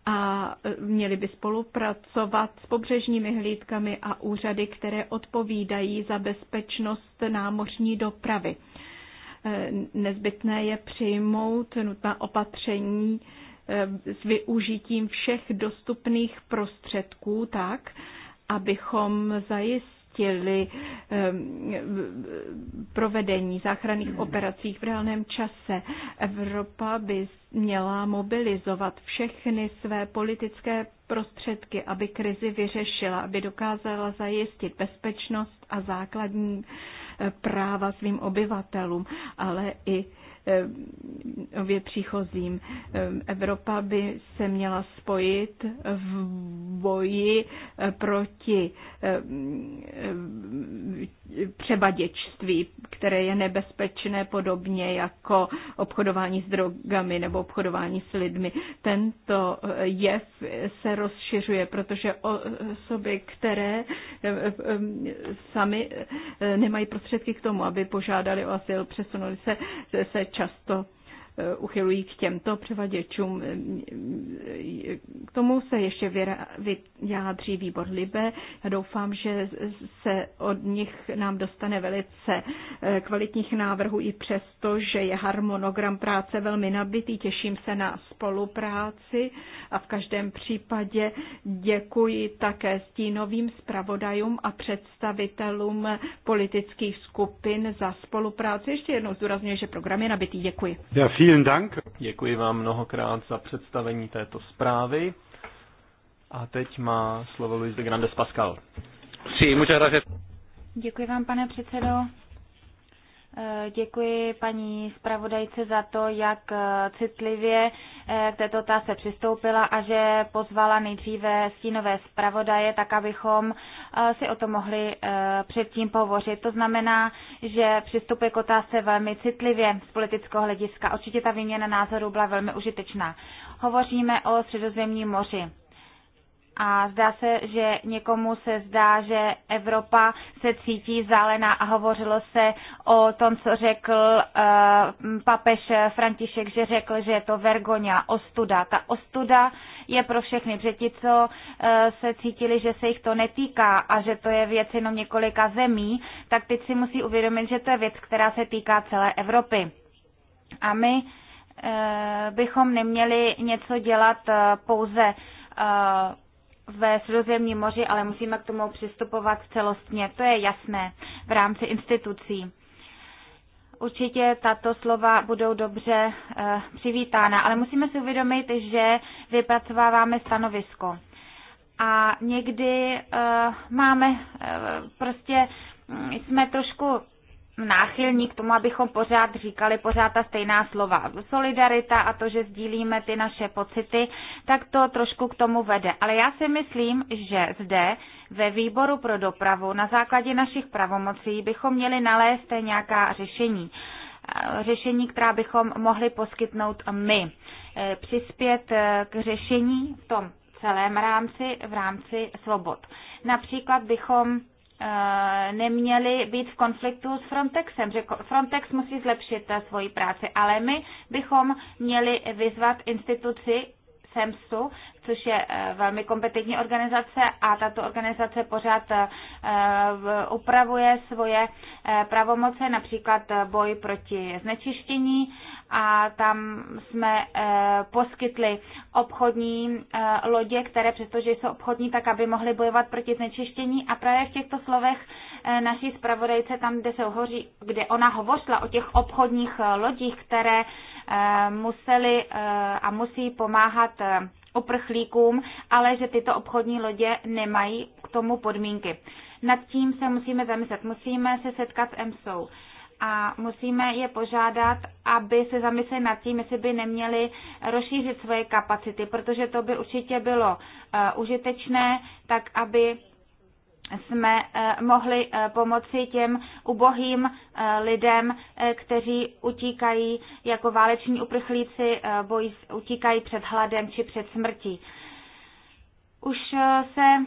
a měli by spolupracovat s pobřežními hlídkami a úřady, které odpovídají za bezpečnost námořní dopravy. E, nezbytné je přijmout nutná opatření e, s využitím všech dostupných prostředků tak, abychom zajistili, zajistili ehm, provedení záchranných operací v reálném čase. Evropa by měla mobilizovat všechny své politické prostředky, aby krizi vyřešila, aby dokázala zajistit bezpečnost a základní eh, práva svým obyvatelům, ale i nově eh, příchozím. Eh, Evropa by se měla spojit v boji eh, proti převaděčství, které je nebezpečné podobně jako obchodování s drogami nebo obchodování s lidmi. Tento jev se rozšiřuje, protože osoby, které sami nemají prostředky k tomu, aby požádali o asil, přesunuli se, se často Eh, uchylují k těmto převaděčům. Eh, eh, k tomu se ještě vyjádří výbor Libe. Já doufám, že se od nich nám dostane velice kvalitních návrhů i přesto, že je harmonogram práce velmi nabitý. Těším se na spolupráci a v každém případě děkuji také stínovým zpravodajům a představitelům politických skupin za spolupráci. Ještě jednou zdůrazňuji, že program je nabitý. Děkuji. Já Vielen Dank. Děkuji vám mnohokrát za představení této zprávy. A teď má slovo Luis de Grandes Pascal. Sí, muchas gracias. Děkuji vám, pane předsedo. Eh, děkuji paní zpravodajce za to, jak eh, citlivě eh, k této otázce přistoupila a že pozvala nejdříve stínové zpravodaje, tak abychom si o to mohli předtím pohovořit. To znamená, že přistupuje k otázce velmi citlivě z politického hlediska. Určitě ta výměna názorů byla velmi užitečná. Hovoříme o středozemním moři. A zdá se, že někomu se zdá, že Evropa se cítí zálená a hovořilo se o tom, co řekl uh, papež František, že řekl, že je to vergoňa, ostuda. Ta ostuda je pro všechny, protože ti, co uh, se cítili, že se jich to netýká a že to je věc jenom několika zemí, tak teď si musí uvědomit, že to je věc, která se týká celé Evropy. A my uh, bychom neměli něco dělat uh, pouze uh, ve Sredozemním moři, ale musíme k tomu přistupovat celostně. To je jasné v rámci institucí. Určitě tato slova budou dobře e, přivítána, ale musíme si uvědomit, že vypracováváme stanovisko. A někdy e, máme e, prostě, hm, jsme trošku náchylní k tomu, abychom pořád říkali pořád ta stejná slova. Solidarita a to, že sdílíme ty naše pocity, tak to trošku k tomu vede. Ale já si myslím, že zde ve výboru pro dopravu na základě našich pravomocí bychom měli nalézt nějaká řešení. Eh, řešení, která bychom mohli poskytnout my. Eh, přispět eh, k řešení v tom celém rámci, v rámci svobod. Například bychom Eh, neměli být v konfliktu s Frontexem, že Frontex musí zlepšit eh, svoji práci, ale my bychom měli vyzvat instituci SEMSu, což je eh, velmi kompetentní organizace a tato organizace pořád upravuje svoje pravomoce, například boj proti znečištění a tam jsme eh, poskytli obchodní eh, lodě, které přestože jsou obchodní, tak aby mohly bojovat proti znečištění. A právě v těchto slovech eh, naší zpravodajce, tam, kde, se hoří, kde ona hovořila o těch obchodních lodích, které museli a musí pomáhat uprchlíkům, ale že tyto obchodní lodě nemají k tomu podmínky. Nad tím se musíme zamyslet. Musíme se setkat s EMSou a musíme je požádat, aby se zamysleli nad tím, jestli by neměli rozšířit svoje kapacity, protože to by určitě bylo uh, užitečné, tak aby jsme eh, mohli eh, pomoci těm ubohým lidem, kteří utíkají jako váleční uprchlíci, bojí, utíkají před hladem či před smrtí. Už se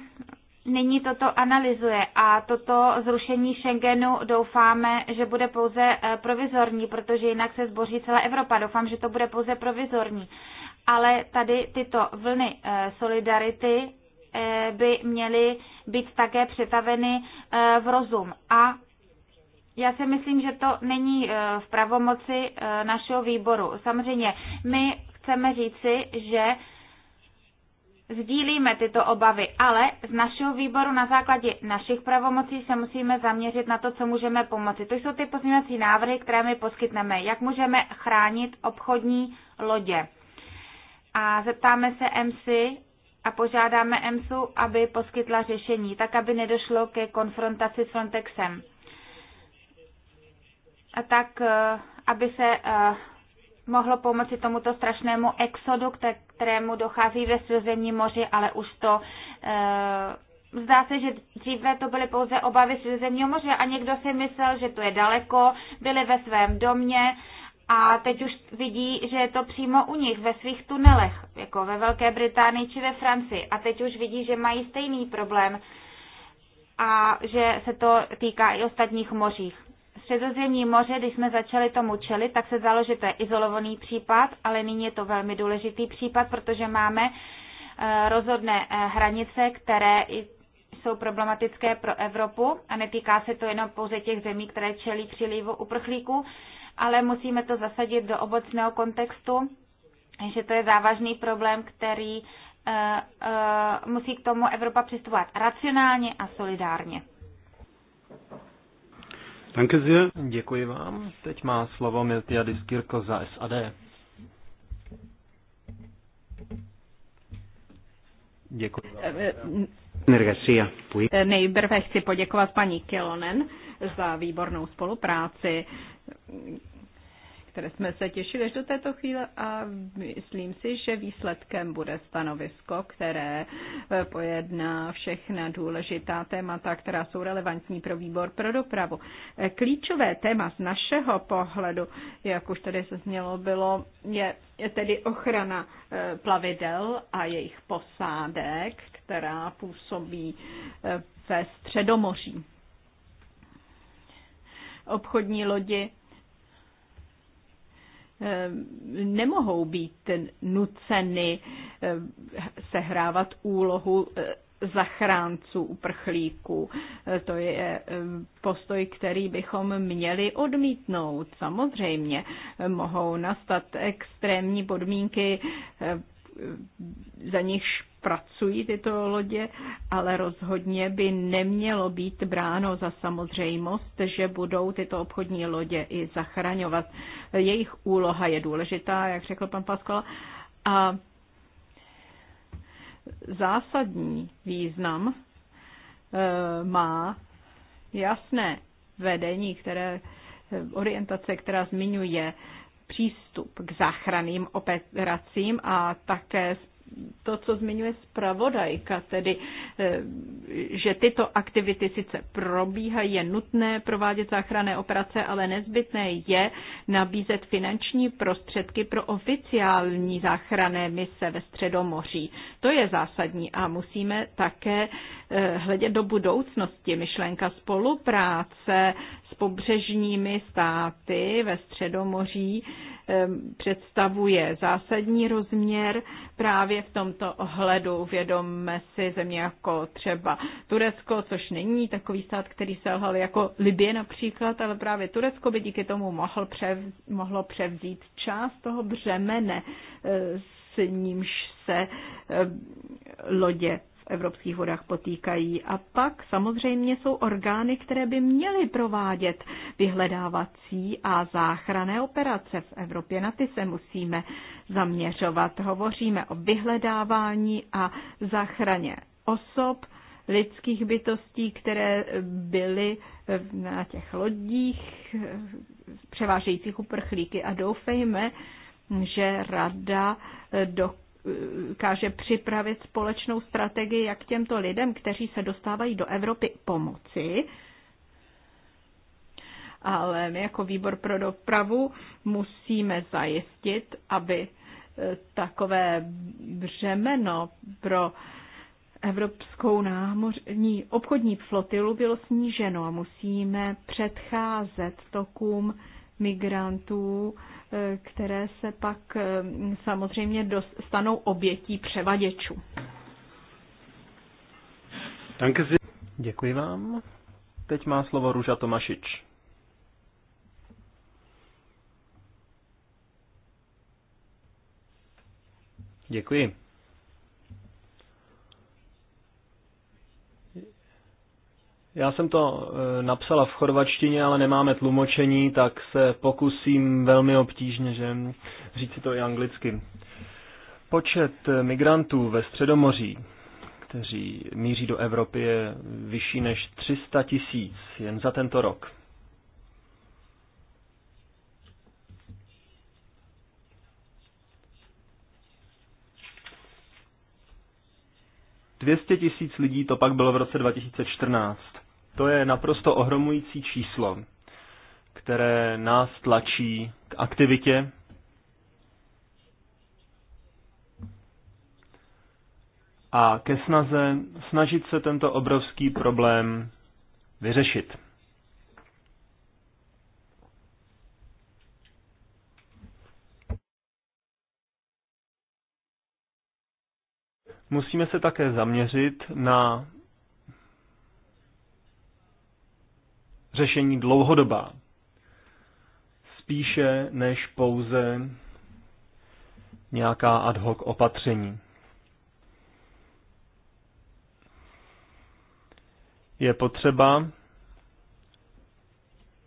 nyní toto analyzuje a toto zrušení Schengenu doufáme, že bude pouze eh, provizorní, protože jinak se zboří celá Evropa. Doufám, že to bude pouze provizorní. Ale tady tyto vlny eh, solidarity eh, by měly být také přetaveny v rozum. A já si myslím, že to není v pravomoci našeho výboru. Samozřejmě my chceme říci, že Sdílíme tyto obavy, ale z našeho výboru na základě našich pravomocí se musíme zaměřit na to, co můžeme pomoci. To jsou ty pozměňovací návrhy, které my poskytneme. Jak můžeme chránit obchodní lodě? A zeptáme se MC a požádáme MSU, aby poskytla řešení, tak aby nedošlo ke konfrontaci s Frontexem. A tak, eh, aby se eh, mohlo pomoci tomuto strašnému exodu, kterému dochází ve Středozemním moři, ale už to eh, Zdá se, že dříve to byly pouze obavy Středozemního moře a někdo si myslel, že to je daleko, byli ve svém domě a teď už vidí, že je to přímo u nich, ve svých tunelech, jako ve Velké Británii či ve Francii. A teď už vidí, že mají stejný problém a že se to týká i ostatních mořích. Středozemní moře, když jsme začali tomu čelit, tak se zdalo, že to je izolovaný případ, ale nyní je to velmi důležitý případ, protože máme eh, rozhodné eh, hranice, které jsou problematické pro Evropu a netýká se to jenom pouze těch zemí, které čelí přílivu uprchlíků, ale musíme to zasadit do obecného kontextu, že to je závažný problém, který eh, musí k tomu Evropa přistupovat racionálně a solidárně. Danke sehr. Děkuji vám. Teď má slovo Miltiadis Kirko za SAD. Děkuji. Nejprve chci poděkovat paní Kilonen za výbornou spolupráci které jsme se těšili až do této chvíle a myslím si, že výsledkem bude stanovisko, které eh, pojedná všechna důležitá témata, která jsou relevantní pro výbor pro dopravu. Eh, klíčové téma z našeho pohledu, jak už tady se znělo, bylo, je, je tedy ochrana eh, plavidel a jejich posádek, která působí ve Středomoří obchodní lodi Eh, nemohou být nuceny eh, sehrávat úlohu eh, zachránců uprchlíků. To je postoj, který bychom měli odmítnout. Samozřejmě mohou nastat extrémní podmínky, za nichž pracují tyto lodě, ale rozhodně by nemělo být bráno za samozřejmost, že budou tyto obchodní lodě i zachraňovat. Jejich úloha je důležitá, jak řekl pan Paskola, a zásadní význam e, má jasné vedení, které e, orientace, která zmiňuje přístup k záchranným operacím a také to, co zmiňuje zpravodajka, tedy, eh, že tyto aktivity sice probíhají, je nutné provádět záchranné operace, ale nezbytné je nabízet finanční prostředky pro oficiální záchranné mise ve Středomoří. To je zásadní a musíme také eh, hledět do budoucnosti. Myšlenka spolupráce pobřežními státy ve Středomoří představuje zásadní rozměr právě v tomto ohledu. Vědomme si země jako třeba Turecko, což není takový stát, který selhal jako Libie například, ale právě Turecko by díky tomu mohl převz, mohlo převzít část toho břemene, eh, s nímž se eh, lodě evropských vodách potýkají. A pak samozřejmě jsou orgány, které by měly provádět vyhledávací a záchranné operace v Evropě. Na ty se musíme zaměřovat. Hovoříme o vyhledávání a záchraně osob, lidských bytostí, které byly na těch lodích převážejících uprchlíky a doufejme, že rada do dokáže připravit společnou strategii, jak těmto lidem, kteří se dostávají do Evropy, pomoci. Ale my jako výbor pro dopravu musíme zajistit, aby eh, takové břemeno pro evropskou námořní obchodní flotilu bylo sníženo a musíme předcházet tokům migrantů které se pak eh, samozřejmě dostanou obětí převaděčů. Děkuji vám. Teď má slovo Růža Tomašič. Děkuji. Já jsem to e, napsala v chorvačtině, ale nemáme tlumočení, tak se pokusím velmi obtížně, že říci to i anglicky. Počet migrantů ve Středomoří, kteří míří do Evropy, je vyšší než 300 tisíc jen za tento rok. Dvěstě tisíc lidí to pak bylo v roce 2014. To je naprosto ohromující číslo, které nás tlačí k aktivitě, a ke snaze snažit se tento obrovský problém vyřešit. Musíme se také zaměřit na řešení dlouhodobá. Spíše než pouze nějaká ad hoc opatření. Je potřeba,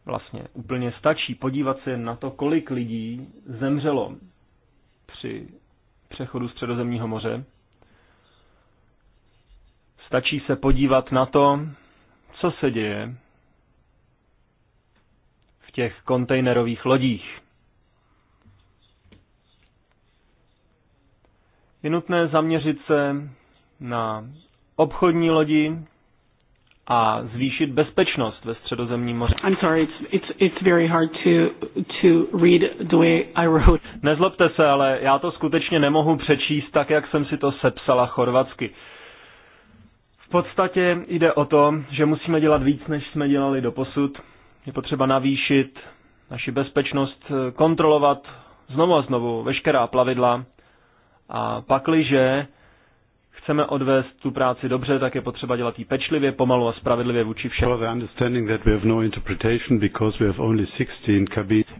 vlastně úplně stačí podívat se na to, kolik lidí zemřelo při přechodu Středozemního moře. Stačí se podívat na to, co se děje těch kontejnerových lodích. Je nutné zaměřit se na obchodní lodi a zvýšit bezpečnost ve středozemním moři. I'm sorry, it's, it's, it's very hard to, to read the way I wrote. Nezlobte se, ale já to skutečně nemohu přečíst tak, jak jsem si to sepsala chorvatsky. V podstatě jde o to, že musíme dělat víc, než jsme dělali do posud, je potřeba navýšit naši bezpečnost, kontrolovat znovu a znovu veškerá plavidla a pakliže chceme odvést tu práci dobře, tak je potřeba dělat ji pečlivě, pomalu a spravedlivě vůči všem. No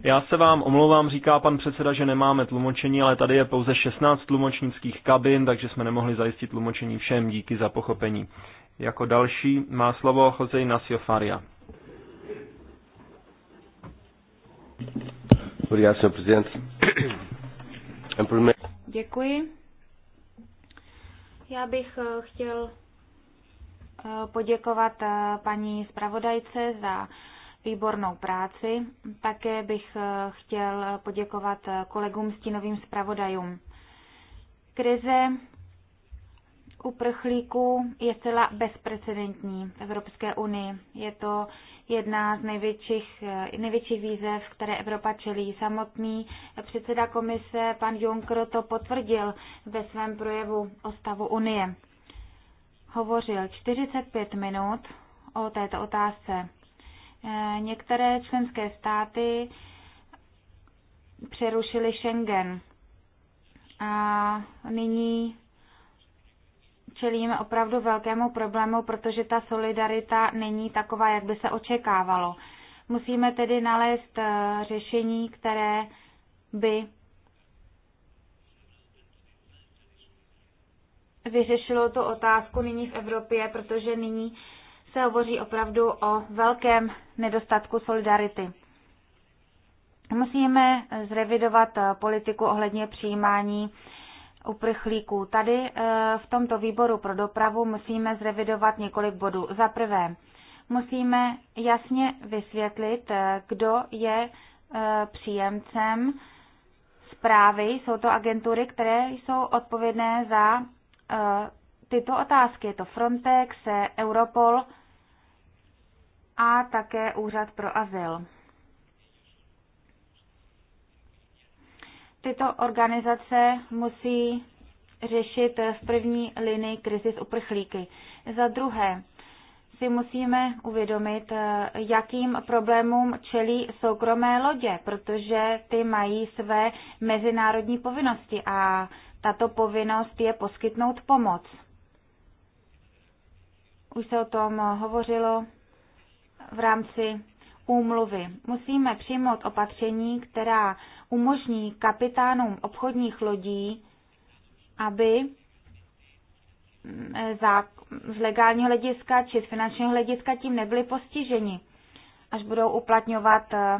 Já se vám omlouvám, říká pan předseda, že nemáme tlumočení, ale tady je pouze 16 tlumočnických kabin, takže jsme nemohli zajistit tlumočení všem. Díky za pochopení. Jako další má slovo Jose Nasio Faria. Obrigado, Sr. Presidente. Děkuji. Já bych eh, chtěl eh, poděkovat eh, paní zpravodajce za výbornou práci. Také bych chtěl poděkovat kolegům stínovým zpravodajům. Krize uprchlíků je celá bezprecedentní v Evropské unii. Je to jedna z největších, eh, největších výzev, které Evropa čelí. Samotný předseda komise, pan Juncker, to potvrdil ve svém projevu o stavu Unie. Hovořil 45 minut o této otázce. Eh, některé členské státy přerušili Schengen. A nyní čelíme opravdu velkému problému, protože ta solidarita není taková, jak by se očekávalo. Musíme tedy nalézt eh, řešení, které by vyřešilo tu otázku nyní v Evropě, protože nyní se hovoří opravdu o velkém nedostatku solidarity. Musíme zrevidovat eh, politiku ohledně přijímání uprchlíků. Tady eh, v tomto výboru pro dopravu musíme zrevidovat několik bodů. Za prvé, musíme jasně vysvětlit, eh, kdo je eh, příjemcem zprávy. Jsou to agentury, které jsou odpovědné za tyto otázky. Je to Frontex, Europol a také Úřad pro azyl. tyto organizace musí řešit v první linii krizi z uprchlíky. Za druhé, si musíme uvědomit, jakým problémům čelí soukromé lodě, protože ty mají své mezinárodní povinnosti a tato povinnost je poskytnout pomoc. Už se o tom hovořilo v rámci úmluvy. Musíme přijmout opatření, která umožní kapitánům obchodních lodí, aby mm, z legálního hlediska či z finančního hlediska tím nebyli postiženi, až budou uplatňovat eh,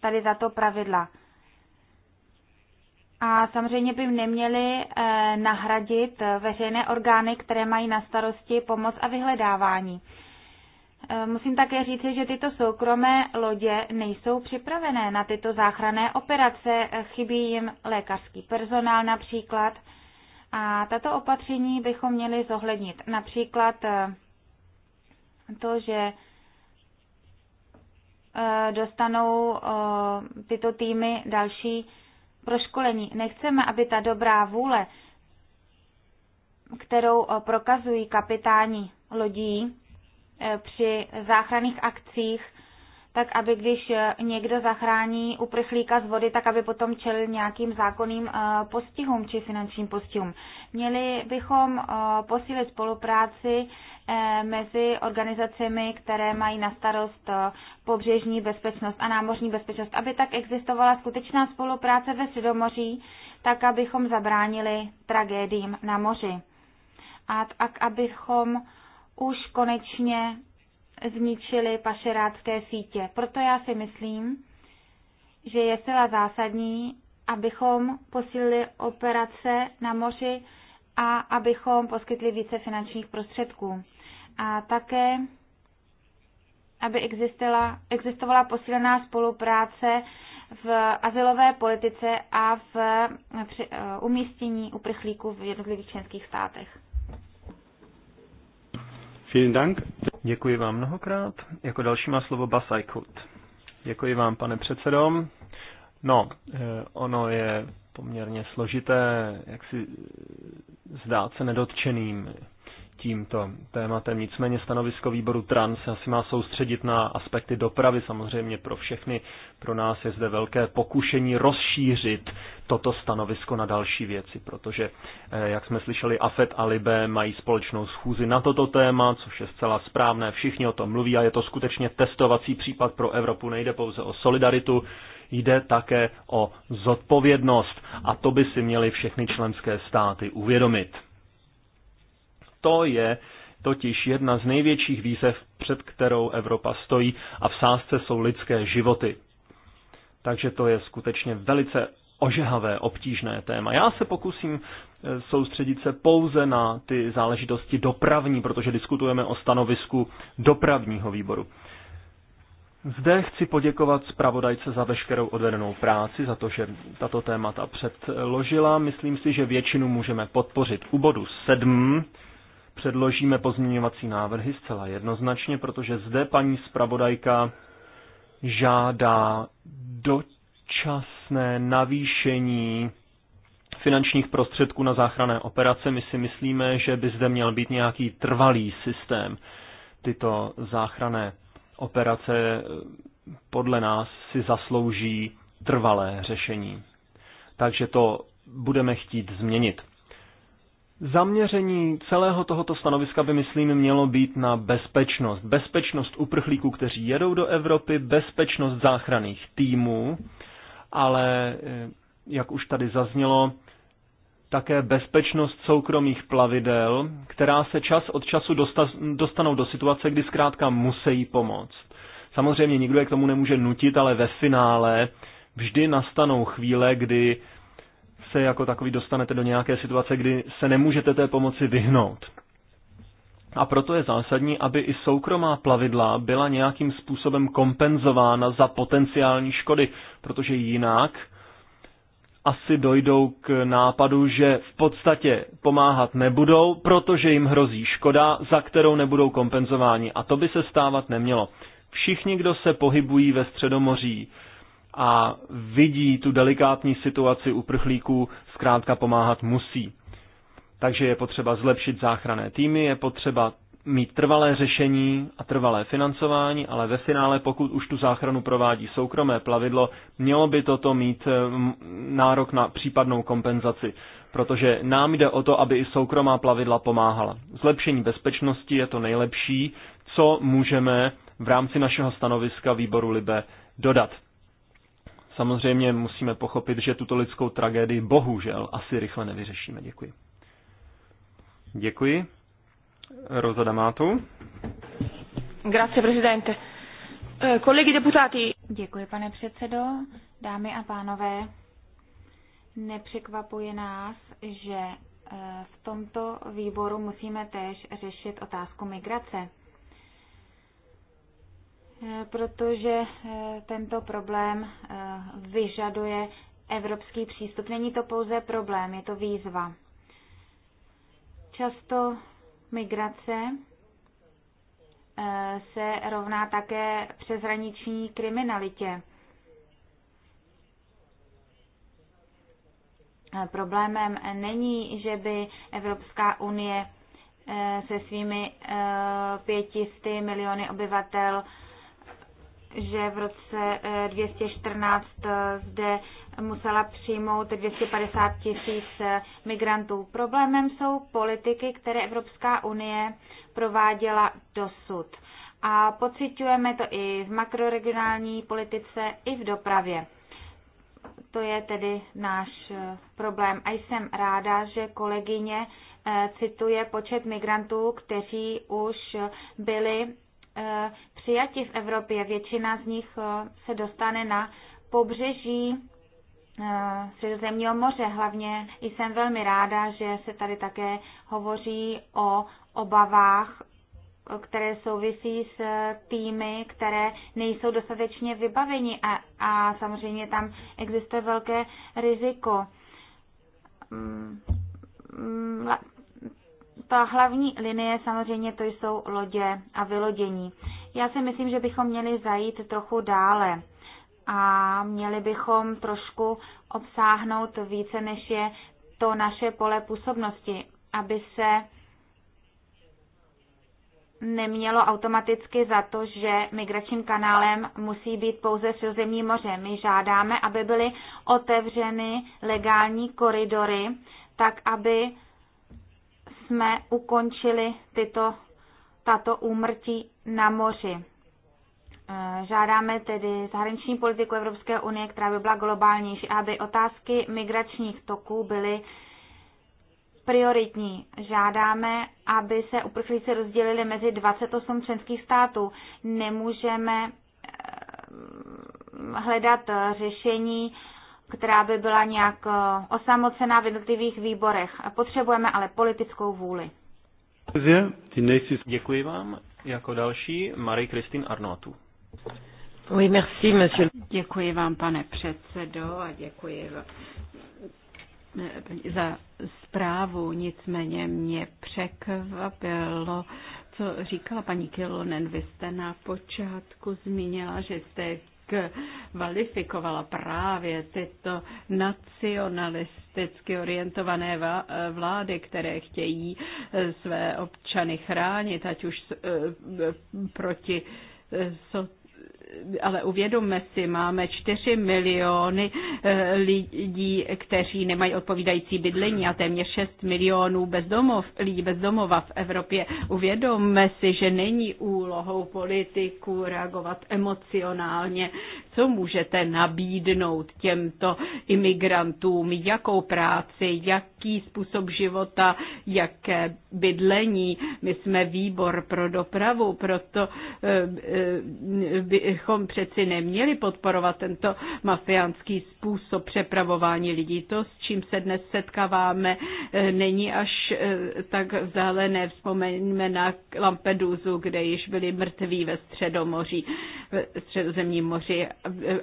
tady za to pravidla. A samozřejmě by neměli eh, nahradit eh, veřejné orgány, které mají na starosti pomoc a vyhledávání. Eh, musím také říci, že tyto soukromé lodě nejsou připravené na tyto záchranné operace, eh, chybí jim lékařský personál například. A tato opatření bychom měli zohlednit. Například eh, to, že dostanou tyto týmy další proškolení. Nechceme, aby ta dobrá vůle, kterou prokazují kapitáni lodí, Eh, při záchranných akcích, tak aby když eh, někdo zachrání uprchlíka z vody, tak aby potom čel nějakým zákonným eh, postihům či finančním postihům. Měli bychom posílit spolupráci mezi organizacemi, které mají na starost pobřežní bezpečnost a námořní bezpečnost, aby tak existovala skutečná spolupráce ve Středomoří, tak abychom zabránili tragédiím na moři. A tak abychom už konečně zničili pašerácké sítě. Proto já si myslím, že je zcela zásadní, abychom posílili operace na moři a abychom poskytli více finančních prostředků. A také, aby existovala, existovala posílená spolupráce v asilové politice a v eh, umístění uprchlíků v jednotlivých členských státech. Vielen Dank. Děkuji vám mnohokrát. Jako další má slovo Basajkut. Děkuji vám, pane předsedo. No, eh, ono je poměrně složité, jak si zdát se nedotčeným tímto tématem. Nicméně stanovisko výboru TRAN se asi má soustředit na aspekty dopravy samozřejmě pro všechny. Pro nás je zde velké pokušení rozšířit toto stanovisko na další věci, protože, eh, jak jsme slyšeli, AFET a Libé mají společnou schůzi na toto téma, což je zcela správné, všichni o tom mluví a je to skutečně testovací případ pro Evropu. Nejde pouze o solidaritu, jde také o zodpovědnost a to by si měly všechny členské státy uvědomit. To je totiž jedna z největších výzev, před kterou Evropa stojí a v sázce jsou lidské životy. Takže to je skutečně velice ožehavé, obtížné téma. Já se pokusím eh, soustředit se pouze na ty záležitosti dopravní, protože diskutujeme o stanovisku dopravního výboru. Zde chci poděkovat zpravodajce za veškerou odvedenou práci, za to, že tato témata předložila. Myslím si, že většinu můžeme podpořit. U bodu 7 předložíme pozměňovací návrhy zcela jednoznačně, protože zde paní zpravodajka žádá dočasné navýšení finančních prostředků na záchranné operace. My si myslíme, že by zde měl být nějaký trvalý systém. Tyto záchranné operace eh, podle nás si zaslouží trvalé řešení. Takže to budeme chtít změnit. Zaměření celého tohoto stanoviska by, myslím, mělo být na bezpečnost. Bezpečnost uprchlíků, kteří jedou do Evropy, bezpečnost záchranných týmů, ale, eh, jak už tady zaznělo, také bezpečnost soukromých plavidel, která se čas od času dostanou do situace, kdy zkrátka musí pomoct. Samozřejmě nikdo je k tomu nemůže nutit, ale ve finále vždy nastanou chvíle, kdy se jako takový dostanete do nějaké situace, kdy se nemůžete té pomoci vyhnout. A proto je zásadní, aby i soukromá plavidla byla nějakým způsobem kompenzována za potenciální škody, protože jinak asi dojdou k nápadu, že v podstatě pomáhat nebudou, protože jim hrozí škoda, za kterou nebudou kompenzováni. A to by se stávat nemělo. Všichni, kdo se pohybují ve Středomoří, a vidí tu delikátní situaci uprchlíků, zkrátka pomáhat musí. Takže je potřeba zlepšit záchranné týmy, je potřeba mít trvalé řešení a trvalé financování, ale ve finále, pokud už tu záchranu provádí soukromé plavidlo, mělo by toto mít eh, nárok na případnou kompenzaci, protože nám jde o to, aby i soukromá plavidla pomáhala. Zlepšení bezpečnosti je to nejlepší, co můžeme v rámci našeho stanoviska výboru Libe dodat. Samozřejmě musíme pochopit, že tuto lidskou tragédii bohužel asi rychle nevyřešíme. Děkuji. Děkuji. Rosa Damátu. Grazie, prezidente. Kolegy eh, deputáti. Děkuji, pane předsedo. Dámy a pánové, nepřekvapuje nás, že eh, v tomto výboru musíme též řešit otázku migrace. Eh, protože eh, tento problém eh, vyžaduje evropský přístup. Není to pouze problém, je to výzva. Často migrace se rovná také přeshraniční kriminalitě. Problémem není, že by Evropská unie se svými pětisty miliony obyvatel že v roce 214 eh, eh, zde musela přijmout 250 tisíc eh, migrantů. Problémem jsou politiky, které Evropská unie prováděla dosud. A pocitujeme to i v makroregionální politice, i v dopravě. To je tedy náš problém. A jsem ráda, že kolegyně cituje počet migrantů, kteří už byli Eh, přijati v Evropě. Většina z nich eh, se dostane na pobřeží eh, Středozemního moře. Hlavně jsem velmi ráda, že se tady také hovoří o obavách, které souvisí s týmy, které nejsou dostatečně vybaveni a, a samozřejmě tam existuje velké riziko mm, mm, ta hlavní linie samozřejmě to jsou lodě a vylodění. Já si myslím, že bychom měli zajít trochu dále a měli bychom trošku obsáhnout více, než je to naše pole působnosti, aby se nemělo automaticky za to, že migračním kanálem musí být pouze Sřezemní moře. My žádáme, aby byly otevřeny legální koridory, tak aby jsme ukončili tyto, tato úmrtí na moři. E, žádáme tedy zahraniční politiku Evropské unie, která by byla globálnější, aby otázky migračních toků byly prioritní. Žádáme, aby se uprchlíci rozdělili mezi 28 členských států. Nemůžeme e, hledat řešení která by byla nějak eh, osamocená v jednotlivých výborech. Potřebujeme ale politickou vůli. Děkuji vám. Jako další marie Kristin Arnoatu. Oui, merci, monsieur. Děkuji vám, pane předsedo, a děkuji za zprávu. Nicméně mě překvapilo, co říkala paní Kilonen. Vy jste na počátku zmínila, že jste kvalifikovala právě tyto nacionalisticky orientované vlády, které chtějí eh, své občany chránit, ať už eh, proti eh, ale uvědomme si, máme 4 miliony eh, lidí, kteří nemají odpovídající bydlení a téměř 6 milionů bezdomov, lidí bezdomova v Evropě. Uvědomme si, že není úlohou politiků reagovat emocionálně. Co můžete nabídnout těmto imigrantům? Jakou práci? Jaký způsob života? Jaké bydlení? My jsme výbor pro dopravu, proto eh, eh, bych bychom přeci neměli podporovat tento mafiánský způsob přepravování lidí. To, s čím se dnes setkáváme, eh, není až eh, tak vzdálené. Vzpomeňme na Lampedusu, kde již byli mrtví ve středomoří, ve středozemním moři.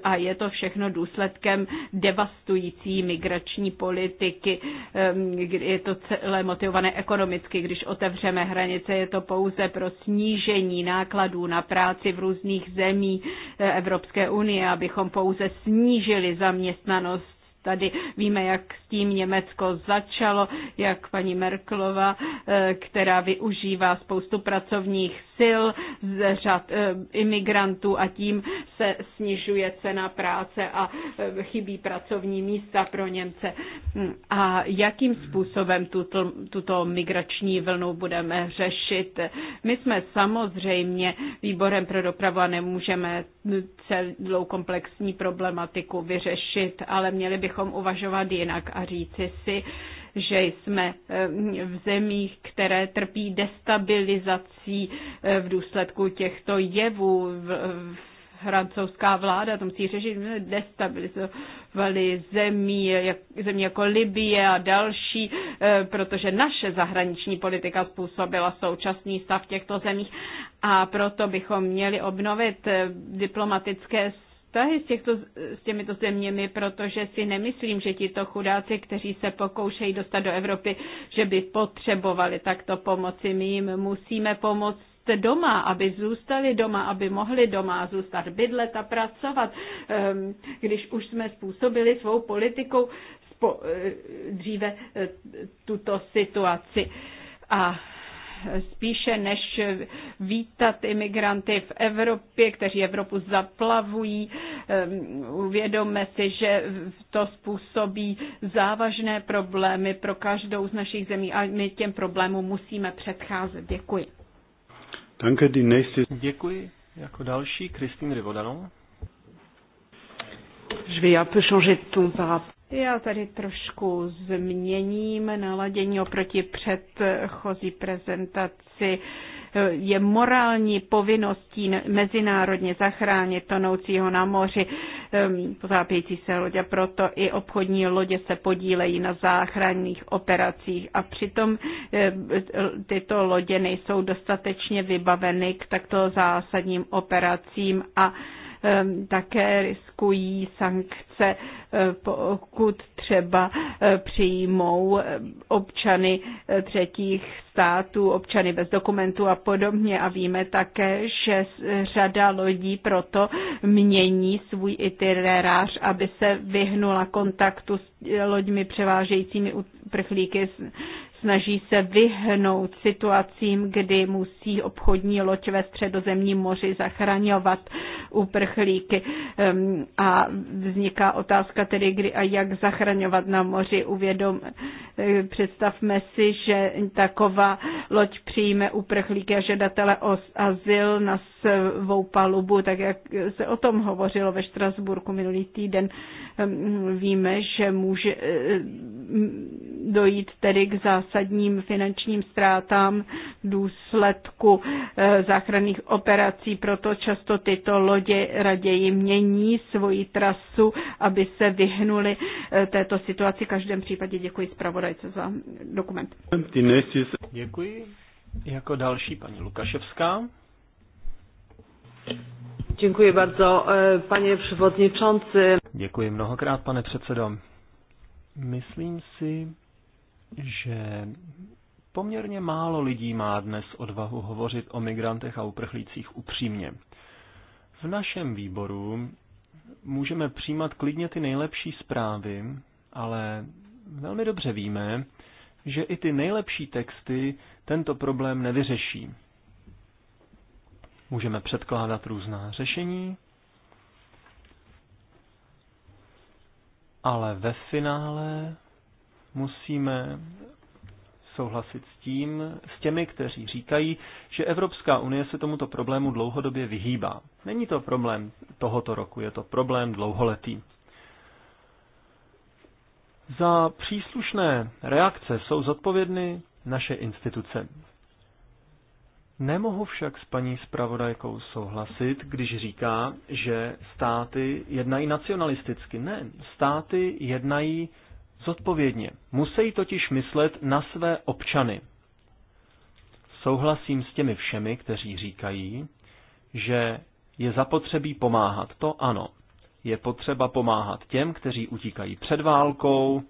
A je to všechno důsledkem devastující migrační politiky. Eh, je to celé motivované ekonomicky. Když otevřeme hranice, je to pouze pro snížení nákladů na práci v různých zemích Evropské unie, abychom pouze snížili zaměstnanost tady víme, jak s tím Německo začalo, jak paní Merklova, eh, která využívá spoustu pracovních styl z řad eh, imigrantů a tím se snižuje cena práce a eh, chybí pracovní místa pro Němce. Hm, a jakým způsobem tuto, tuto migrační vlnu budeme řešit? My jsme samozřejmě výborem pro dopravu a nemůžeme celou komplexní problematiku vyřešit, ale měli bychom uvažovat jinak a říci si, že jsme eh, v zemích, které trpí destabilizací eh, v důsledku těchto jevů v francouzská vláda, to musí řešit, destabilizovali zemí, jak, země jako Libie a další, eh, protože naše zahraniční politika způsobila současný stav těchto zemích a proto bychom měli obnovit diplomatické vztahy s, těchto, s těmito zeměmi, protože si nemyslím, že tito chudáci, kteří se pokoušejí dostat do Evropy, že by potřebovali takto pomoci. My jim musíme pomoct doma, aby zůstali doma, aby mohli doma zůstat bydlet a pracovat. Ehm, když už jsme způsobili svou politikou eh, dříve eh, tuto situaci. A spíše než vítat imigranty v Evropě, kteří Evropu zaplavují. Ehm, uvědomme si, že to způsobí závažné problémy pro každou z našich zemí a my těm problémům musíme předcházet. Děkuji. Děkuji. Jako další Kristýn Rivodanou. Je vais un peu changer de ton par rapport. Já tady trošku změním naladění oproti předchozí prezentaci. Je morální povinností mezinárodně zachránit tonoucího na moři potápějící se loď a proto i obchodní lodě se podílejí na záchranných operacích a přitom tyto lodě nejsou dostatečně vybaveny k takto zásadním operacím a také riskují sankce pokud třeba eh, přijmou eh, občany eh, třetích států, občany bez dokumentů a podobně. A víme také, že řada lodí proto mění svůj itinerář, aby se vyhnula kontaktu s loďmi převážejícími uprchlíky snaží se vyhnout situacím, kdy musí obchodní loď ve středozemním moři zachraňovat uprchlíky. Ehm, a vzniká otázka tedy, kdy a jak zachraňovat na moři. Uvědom, eh, představme si, že taková loď přijme uprchlíky a žadatele o azyl na svou palubu, tak jak se o tom hovořilo ve Štrasburku minulý týden. Ehm, víme, že může eh, dojít tedy k zásadním finančním ztrátám v důsledku eh, záchranných operací, proto často tyto lodě raději mění svoji trasu, aby se vyhnuli eh, této situaci. V každém případě děkuji zpravodajce za dokument. Děkuji. Jako další paní Lukaševská. Děkuji bardzo, e, pane předsedající. Děkuji mnohokrát, pane předsedo. Myslím si, že poměrně málo lidí má dnes odvahu hovořit o migrantech a uprchlících upřímně. V našem výboru můžeme přijímat klidně ty nejlepší zprávy, ale velmi dobře víme, že i ty nejlepší texty tento problém nevyřeší. Můžeme předkládat různá řešení, ale ve finále musíme souhlasit s tím, s těmi, kteří říkají, že Evropská unie se tomuto problému dlouhodobě vyhýbá. Není to problém tohoto roku, je to problém dlouholetý. Za příslušné reakce jsou zodpovědny naše instituce. Nemohu však s paní zpravodajkou souhlasit, když říká, že státy jednají nacionalisticky. Ne, státy jednají zodpovědně. Musí totiž myslet na své občany. Souhlasím s těmi všemi, kteří říkají, že je zapotřebí pomáhat. To ano. Je potřeba pomáhat těm, kteří utíkají před válkou,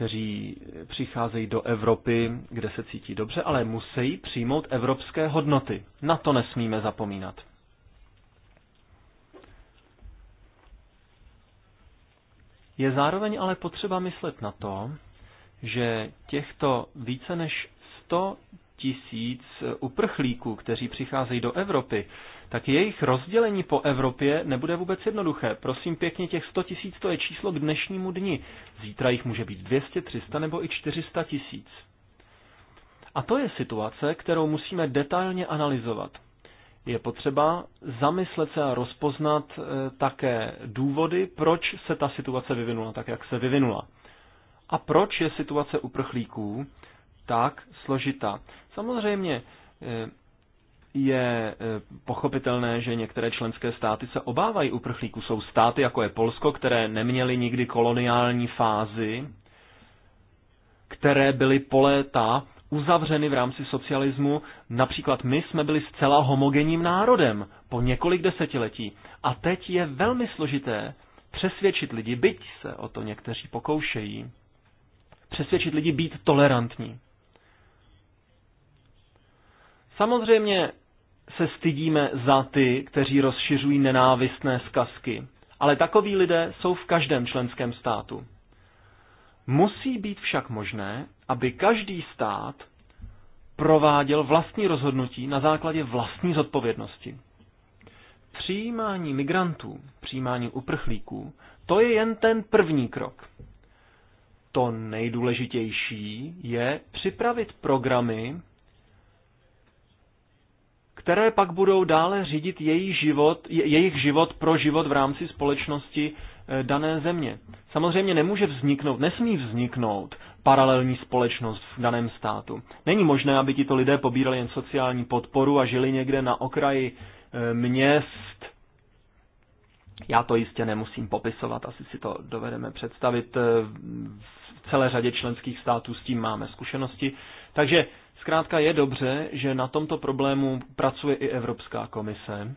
kteří přicházejí do Evropy, kde se cítí dobře, ale musí přijmout evropské hodnoty. Na to nesmíme zapomínat. Je zároveň ale potřeba myslet na to, že těchto více než 100 tisíc uprchlíků, kteří přicházejí do Evropy, tak jejich rozdělení po Evropě nebude vůbec jednoduché. Prosím pěkně, těch 100 tisíc to je číslo k dnešnímu dni. Zítra jich může být 200, 300 nebo i 400 tisíc. A to je situace, kterou musíme detailně analyzovat. Je potřeba zamyslet se a rozpoznat eh, také důvody, proč se ta situace vyvinula tak, jak se vyvinula. A proč je situace uprchlíků tak složitá. Samozřejmě eh, je e, pochopitelné, že některé členské státy se obávají uprchlíků. Jsou státy, jako je Polsko, které neměly nikdy koloniální fázi, které byly po léta uzavřeny v rámci socialismu. Například my jsme byli zcela homogenním národem po několik desetiletí. A teď je velmi složité přesvědčit lidi, byť se o to někteří pokoušejí, přesvědčit lidi být tolerantní. Samozřejmě se stydíme za ty, kteří rozšiřují nenávistné zkazky. Ale takoví lidé jsou v každém členském státu. Musí být však možné, aby každý stát prováděl vlastní rozhodnutí na základě vlastní zodpovědnosti. Přijímání migrantů, přijímání uprchlíků, to je jen ten první krok. To nejdůležitější je připravit programy které pak budou dále řídit její život, jejich život pro život v rámci společnosti eh, dané země. Samozřejmě nemůže vzniknout, nesmí vzniknout paralelní společnost v daném státu. Není možné, aby tito lidé pobírali jen sociální podporu a žili někde na okraji eh, měst. Já to jistě nemusím popisovat, asi si to dovedeme představit. Eh, v celé řadě členských států s tím máme zkušenosti. Takže Zkrátka je dobře, že na tomto problému pracuje i Evropská komise.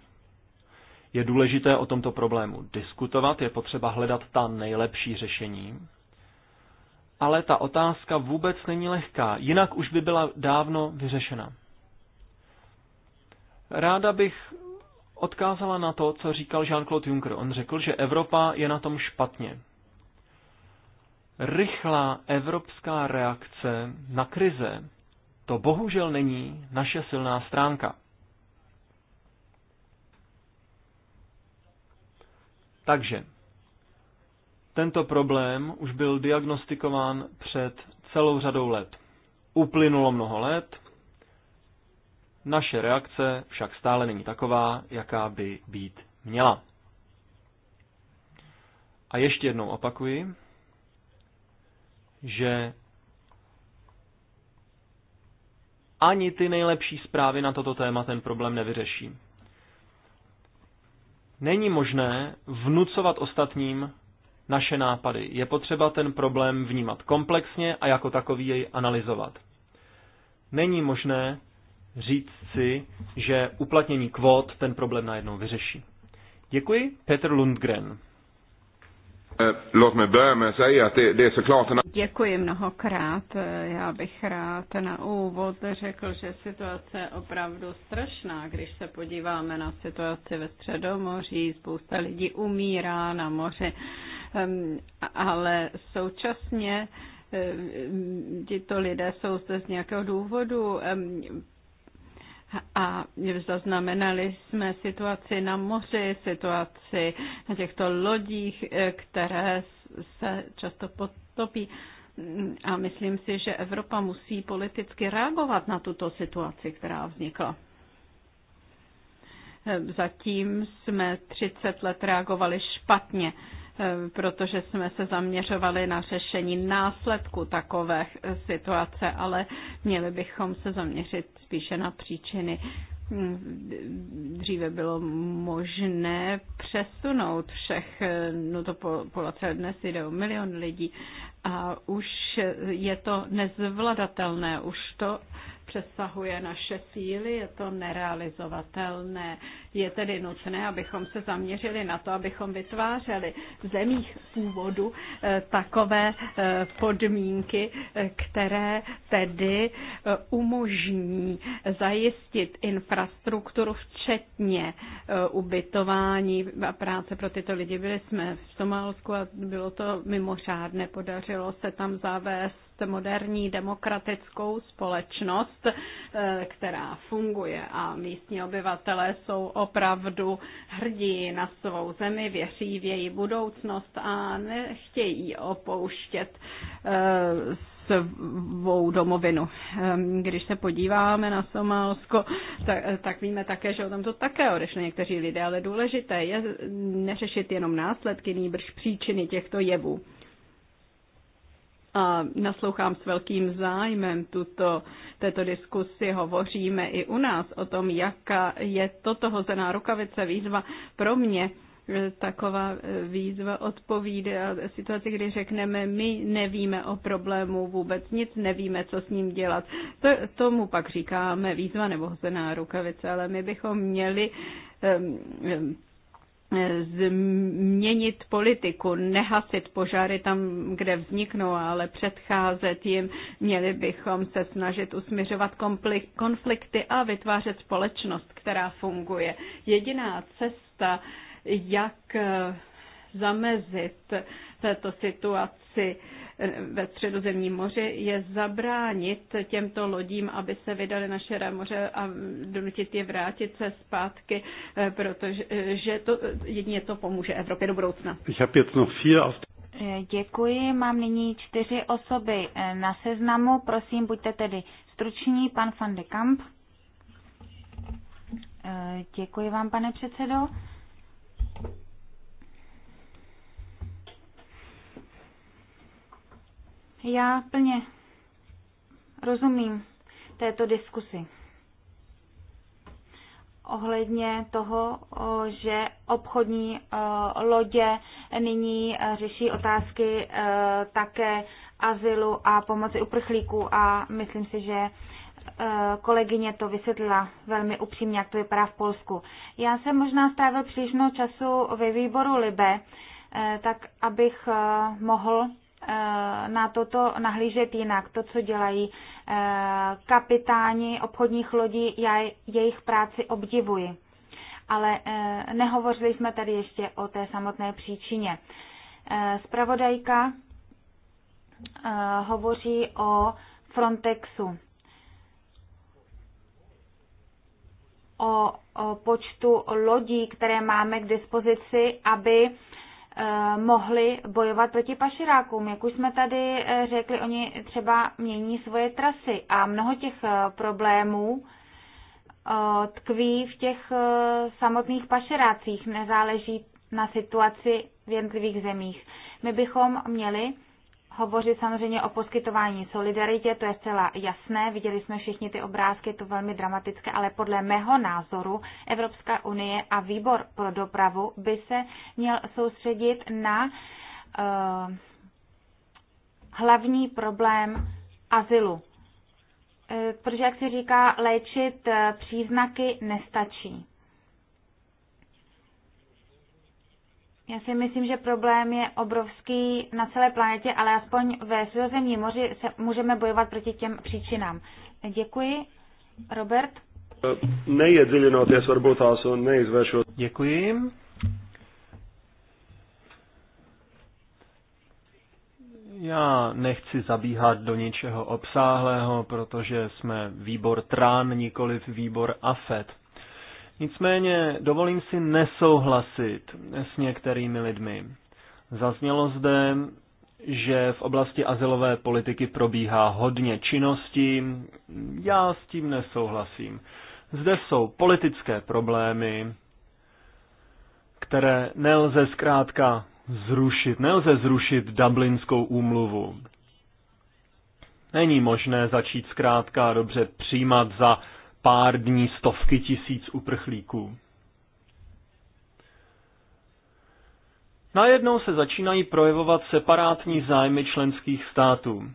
Je důležité o tomto problému diskutovat, je potřeba hledat ta nejlepší řešení. Ale ta otázka vůbec není lehká, jinak už by byla dávno vyřešena. Ráda bych odkázala na to, co říkal Jean-Claude Juncker. On řekl, že Evropa je na tom špatně. Rychlá evropská reakce na krize to bohužel není naše silná stránka. Takže tento problém už byl diagnostikován před celou řadou let. Uplynulo mnoho let, naše reakce však stále není taková, jaká by být měla. A ještě jednou opakuji, že ani ty nejlepší zprávy na toto téma ten problém nevyřeší. Není možné vnucovat ostatním naše nápady. Je potřeba ten problém vnímat komplexně a jako takový jej analyzovat. Není možné říct si, že uplatnění kvót ten problém najednou vyřeší. Děkuji, Petr Lundgren. Eh, låt mig börja med att säga att det, det är såklart en... Děkuji mnohokrát. Eh, já bych rád na úvod řekl, že situace je opravdu strašná. Když se podíváme na situaci ve Středomoří, spousta lidí umírá na moři, ale současně eh, tito lidé jsou zde z nějakého důvodu a zaznamenali jsme situaci na moři, situaci na těchto lodích, eh, které se často potopí. A myslím si, že Evropa musí politicky reagovat na tuto situaci, která vznikla. Eh, zatím jsme 30 let reagovali špatně Eh, protože jsme se zaměřovali na řešení následku takové situace, ale měli bychom se zaměřit spíše na příčiny. Mm, dříve bylo možné přesunout všech, eh, no to po dnes jde o milion lidí, a už je to nezvladatelné, už to přesahuje naše síly, je to nerealizovatelné. Je tedy nutné, abychom se zaměřili na to, abychom vytvářeli v zemích původu eh, takové eh, podmínky, eh, které tedy umožní zajistit infrastrukturu, včetně ubytování a práce pro tyto lidi. Byli jsme v Somálsku a bylo to mimořádné, podařilo podařilo se tam zavést moderní demokratickou společnost, eh, která funguje a místní obyvatelé jsou opravdu hrdí na svou zemi, věří v její budoucnost a nechtějí opouštět eh, svou domovinu. Ehm, když se podíváme na Somálsko, tak, tak víme také, že o to také odešli někteří lidé, ale důležité je neřešit jenom následky, nýbrž příčiny těchto jevů a naslouchám s velkým zájmem tuto, této diskusi. Hovoříme i u nás o tom, jaká je toto hozená rukavice výzva pro mě e, taková e, výzva odpovídá situaci, kdy řekneme, my nevíme o problému vůbec nic, nevíme, co s ním dělat. To, tomu pak říkáme výzva nebo hozená rukavice, ale my bychom měli um, um, změnit politiku, nehasit požáry tam, kde vzniknou, ale předcházet jim. Měli bychom se snažit usměřovat konflikty a vytvářet společnost, která funguje. Jediná cesta, jak eh, zamezit této situaci, ve středozemním moři, je zabránit těmto lodím, aby se vydali na Šeré moře a donutit je vrátit se zpátky, eh, protože to, jedině to pomůže Evropě do budoucna. Eh, děkuji, mám nyní čtyři osoby eh, na seznamu. Prosím, buďte tedy struční, pan van de Kamp. Děkuji vám, pane předsedo. Já plně rozumím této diskusi ohledně toho, že obchodní lodě nyní e, řeší otázky e, také azylu a pomoci uprchlíků a myslím si, že e, kolegyně to vysvětlila velmi upřímně, jak to vypadá v Polsku. Já jsem možná strávil příliš mnoho času ve výboru Libe, tak abych mohl Eh, na toto nahlížet jinak. To, co dělají eh, kapitáni obchodních lodí, já jejich práci obdivuji. Ale eh, nehovořili jsme tady ještě o té samotné příčině. Spravodajka hovoří o Frontexu, o, o počtu lodí, které máme k dispozici, aby Eh, mohli bojovat proti pašerákům. Jak už jsme tady eh, řekli, oni třeba mění svoje trasy a mnoho těch eh, problémů tkví v těch samotných pašerácích, nezáleží na situaci v jednotlivých zemích. My bychom měli hovoří samozřejmě o poskytování solidaritě, to je zcela jasné, viděli jsme všichni ty obrázky, je to velmi dramatické, ale podle mého názoru Evropská unie a výbor pro dopravu by se měl soustředit na uh, hlavní problém azylu. Eh, protože, jak se říká, léčit eh, příznaky nestačí. Já si myslím, že problém je obrovský na celé planetě, ale aspoň ve Sredozemním moři se můžeme bojovat proti těm příčinám. Děkuji. Robert? Děkuji. Já nechci zabíhat do něčeho obsáhlého, protože jsme výbor Trán, nikoliv výbor AFET. Nicméně dovolím si nesouhlasit s některými lidmi. Zaznělo zde, že v oblasti azylové politiky probíhá hodně činností. Já s tím nesouhlasím. Zde jsou politické problémy, které nelze zkrátka zrušit. Nelze zrušit Dublinskou úmluvu. Není možné začít zkrátka dobře přijímat za pár dní stovky tisíc uprchlíků. Najednou se začínají projevovat separátní zájmy členských států.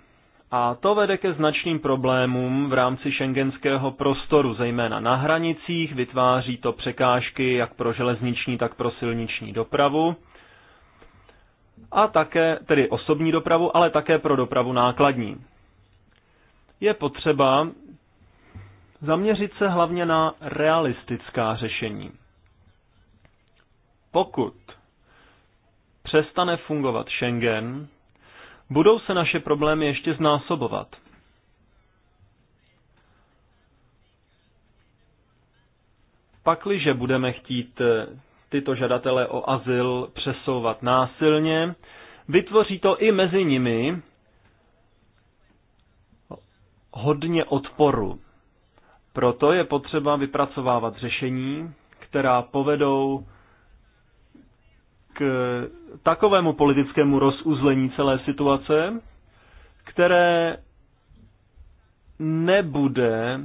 A to vede ke značným problémům v rámci šengenského prostoru, zejména na hranicích, vytváří to překážky jak pro železniční, tak pro silniční dopravu a také, tedy osobní dopravu, ale také pro dopravu nákladní. Je potřeba Zaměřit se hlavně na realistická řešení. Pokud přestane fungovat Schengen, budou se naše problémy ještě znásobovat. Pakliže budeme chtít eh, tyto žadatele o azyl přesouvat násilně, vytvoří to i mezi nimi hodně odporu. Proto je potřeba vypracovávat řešení, která povedou k takovému politickému rozuzlení celé situace, které nebude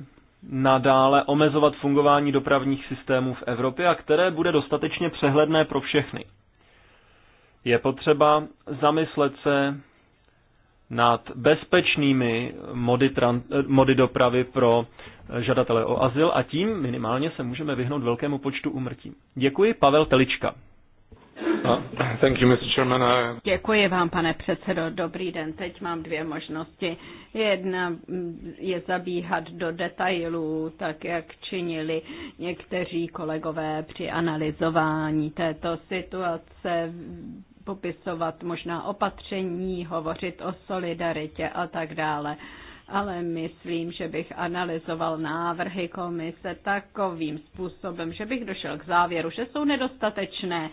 nadále omezovat fungování dopravních systémů v Evropě a které bude dostatečně přehledné pro všechny. Je potřeba zamyslet se nad bezpečnými mody, tran, mody dopravy pro eh, žadatele o azyl a tím minimálně se můžeme vyhnout velkému počtu umrtí. Děkuji, Pavel Telička. No, thank you, Mr. Chairman. Děkuji vám, pane předsedo. Dobrý den. Teď mám dvě možnosti. Jedna mm, je zabíhat do detailů, tak jak činili někteří kolegové při analyzování této situace popisovat možná opatření, hovořit o solidaritě a tak dále. Ale myslím, že bych analyzoval návrhy komise takovým způsobem, že bych došel k závěru, že jsou nedostatečné,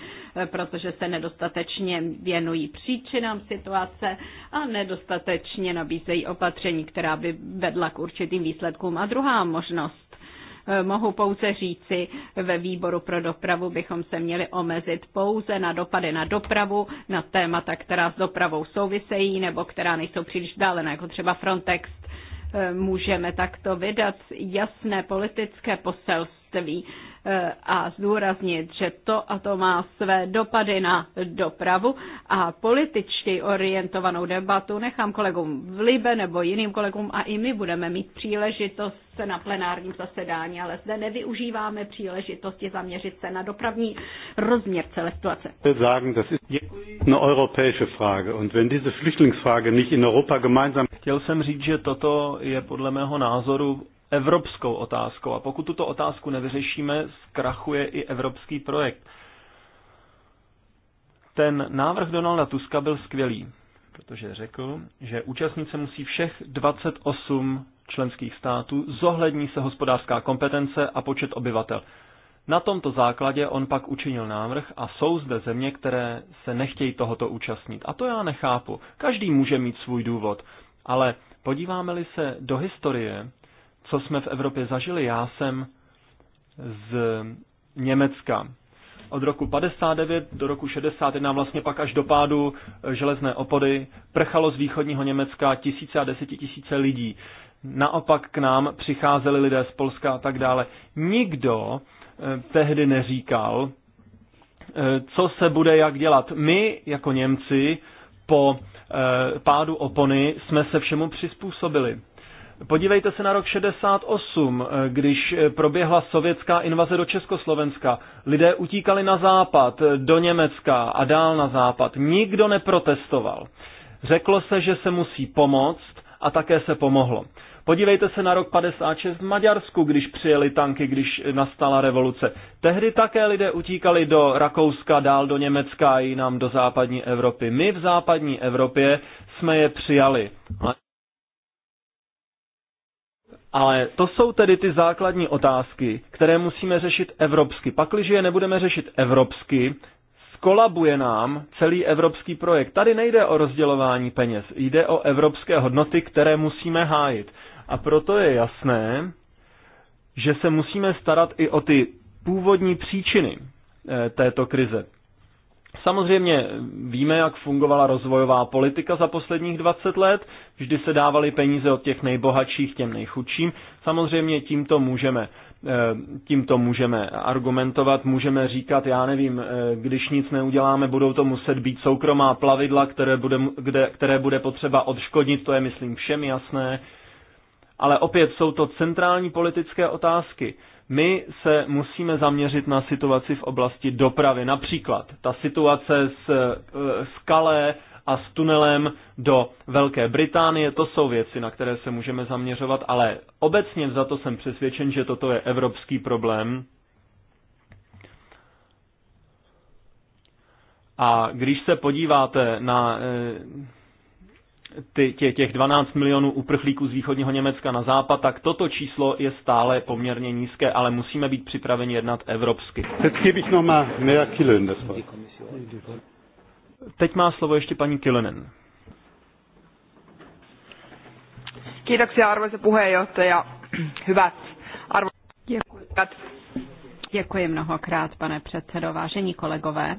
protože se nedostatečně věnují příčinám situace a nedostatečně nabízejí opatření, která by vedla k určitým výsledkům. A druhá možnost Mohu pouze říci, ve výboru pro dopravu bychom se měli omezit pouze na dopady na dopravu, na témata, která s dopravou souvisejí nebo která nejsou příliš dálená, jako třeba Frontex. Eh, můžeme takto vydat jasné politické poselství letectví eh, a zdůraznit, že to a to má své dopady na dopravu a političtě orientovanou debatu nechám kolegům v Libe nebo jiným kolegům a i my budeme mít příležitost se na plenárním zasedání, ale zde nevyužíváme příležitosti zaměřit se na dopravní rozměr celé situace. Chtěl jsem říct, že toto je podle mého názoru evropskou otázkou. A pokud tuto otázku nevyřešíme, zkrachuje i evropský projekt. Ten návrh Donalda Tuska byl skvělý, protože řekl, že účastnice musí všech 28 členských států, zohlední se hospodářská kompetence a počet obyvatel. Na tomto základě on pak učinil návrh a jsou zde země, které se nechtějí tohoto účastnit. A to já nechápu. Každý může mít svůj důvod. Ale podíváme-li se do historie, co jsme v Evropě zažili. Já jsem z Německa. Od roku 59 do roku 61 vlastně pak až do pádu eh, železné opody prchalo z východního Německa tisíce a desetitisíce lidí. Naopak k nám přicházeli lidé z Polska a tak dále. Nikdo eh, tehdy neříkal, eh, co se bude jak dělat. My jako Němci po pádu opony jsme se všemu přizpůsobili. Podívejte se na rok 68, když proběhla sovětská invaze do Československa. Lidé utíkali na západ, do Německa a dál na západ. Nikdo neprotestoval. Řeklo se, že se musí pomoct a také se pomohlo. Podívejte se na rok 56 v Maďarsku, když přijeli tanky, když nastala revoluce. Tehdy také lidé utíkali do Rakouska, dál do Německa a jinam do západní Evropy. My v západní Evropě jsme je přijali. Ale to jsou tedy ty základní otázky, které musíme řešit evropsky. Pakliže je nebudeme řešit evropsky, skolabuje nám celý evropský projekt. Tady nejde o rozdělování peněz, jde o evropské hodnoty, které musíme hájit. A proto je jasné, že se musíme starat i o ty původní příčiny eh, této krize. Samozřejmě víme, jak fungovala rozvojová politika za posledních 20 let. Vždy se dávaly peníze od těch nejbohatších těm nejchudším. Samozřejmě tímto můžeme, eh, tímto můžeme argumentovat, můžeme říkat, já nevím, eh, když nic neuděláme, budou to muset být soukromá plavidla, které bude, kde, které bude potřeba odškodnit, to je myslím všem jasné. Ale opět jsou to centrální politické otázky. My se musíme zaměřit na situaci v oblasti dopravy. Například ta situace s, eh, s Kalé a s tunelem do Velké Británie, to jsou věci, na které se můžeme zaměřovat, ale obecně za to jsem přesvědčen, že toto je evropský problém. A když se podíváte na eh, ty, tě, těch 12 milionů uprchlíků z východního Německa na západ, tak toto číslo je stále poměrně nízké, ale musíme být připraveni jednat evropsky. Teď má slovo ještě paní Kilenen. Kiitoksia arvoisa puheenjohtaja. Hyvät arvo... Děkuji. Děkuji mnohokrát, pane předsedo. Vážení kolegové,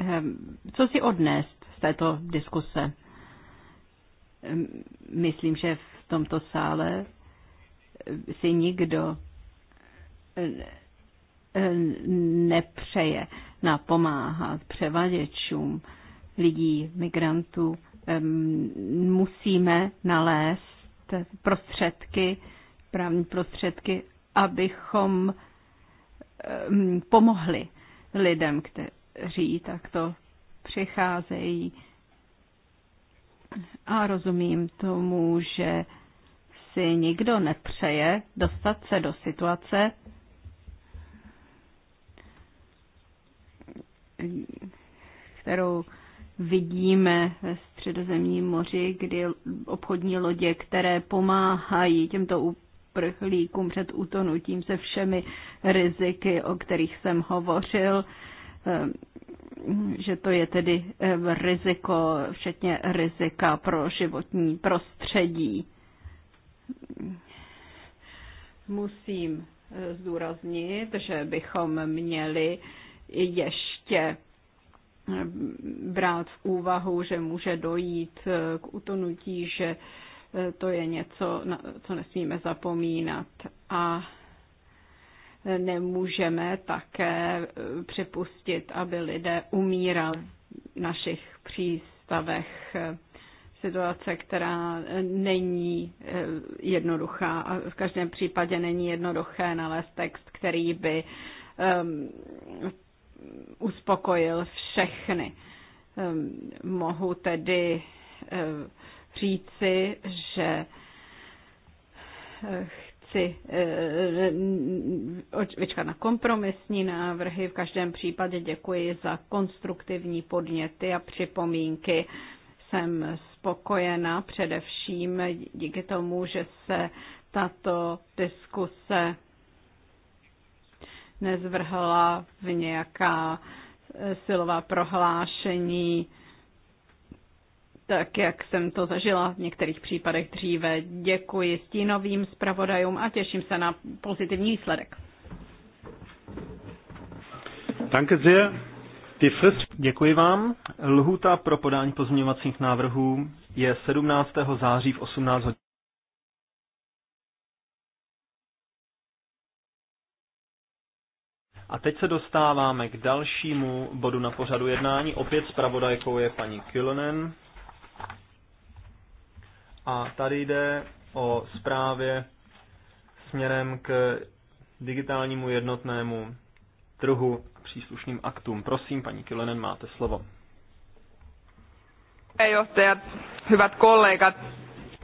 Ehm, co si odnést z této diskuse? Ehm, myslím, že v tomto sále ehm, si nikdo nepřeje napomáhat převaděčům lidí, migrantů. Musíme nalézt prostředky, právní prostředky, abychom pomohli lidem, kteří kteří takto přicházejí. A rozumím tomu, že si nikdo nepřeje dostat se do situace, kterou vidíme ve středozemním moři, kdy obchodní lodě, které pomáhají těmto uprchlíkům před utonutím se všemi riziky, o kterých jsem hovořil, Eh, že to je tedy eh, riziko, včetně rizika pro životní prostředí. Musím eh, zdůraznit, že bychom měli ještě brát v úvahu, že může dojít k utonutí, že to je něco, co nesmíme zapomínat. A nemůžeme také eh, připustit, aby lidé umírali v našich přístavech. Situace, která není eh, jednoduchá a v každém případě není jednoduché nalézt text, který by um, uspokojil všechny. Um, mohu tedy um, říci, že chci eh, eh, vyčkat na kompromisní návrhy. V každém případě děkuji za konstruktivní podněty a připomínky. Jsem spokojená především díky tomu, že se tato diskuse nezvrhla v nějaká silová prohlášení tak jak jsem to zažila v některých případech dříve. Děkuji stínovým zpravodajům a těším se na pozitivní výsledek. Danke sehr. Die Frist... Děkuji vám. Lhuta pro podání pozměňovacích návrhů je 17. září v 18 hodin. A teď se dostáváme k dalšímu bodu na pořadu jednání. Opět zpravodajkou je paní Kilonen. A tady jde o zprávě směrem k digitálnímu jednotnému trhu a příslušným aktům. Prosím, paní Kilenen, máte slovo.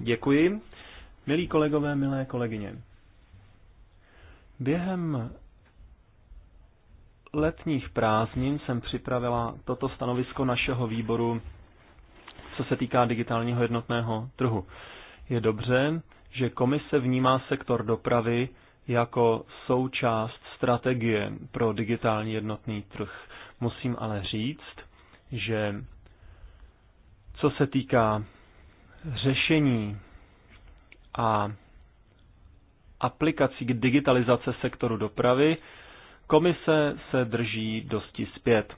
Děkuji. Milí kolegové, milé kolegyně. Během letních prázdnin jsem připravila toto stanovisko našeho výboru co se týká digitálního jednotného trhu. Je dobře, že komise vnímá sektor dopravy jako součást strategie pro digitální jednotný trh. Musím ale říct, že co se týká řešení a aplikací k digitalizace sektoru dopravy, komise se drží dosti zpět.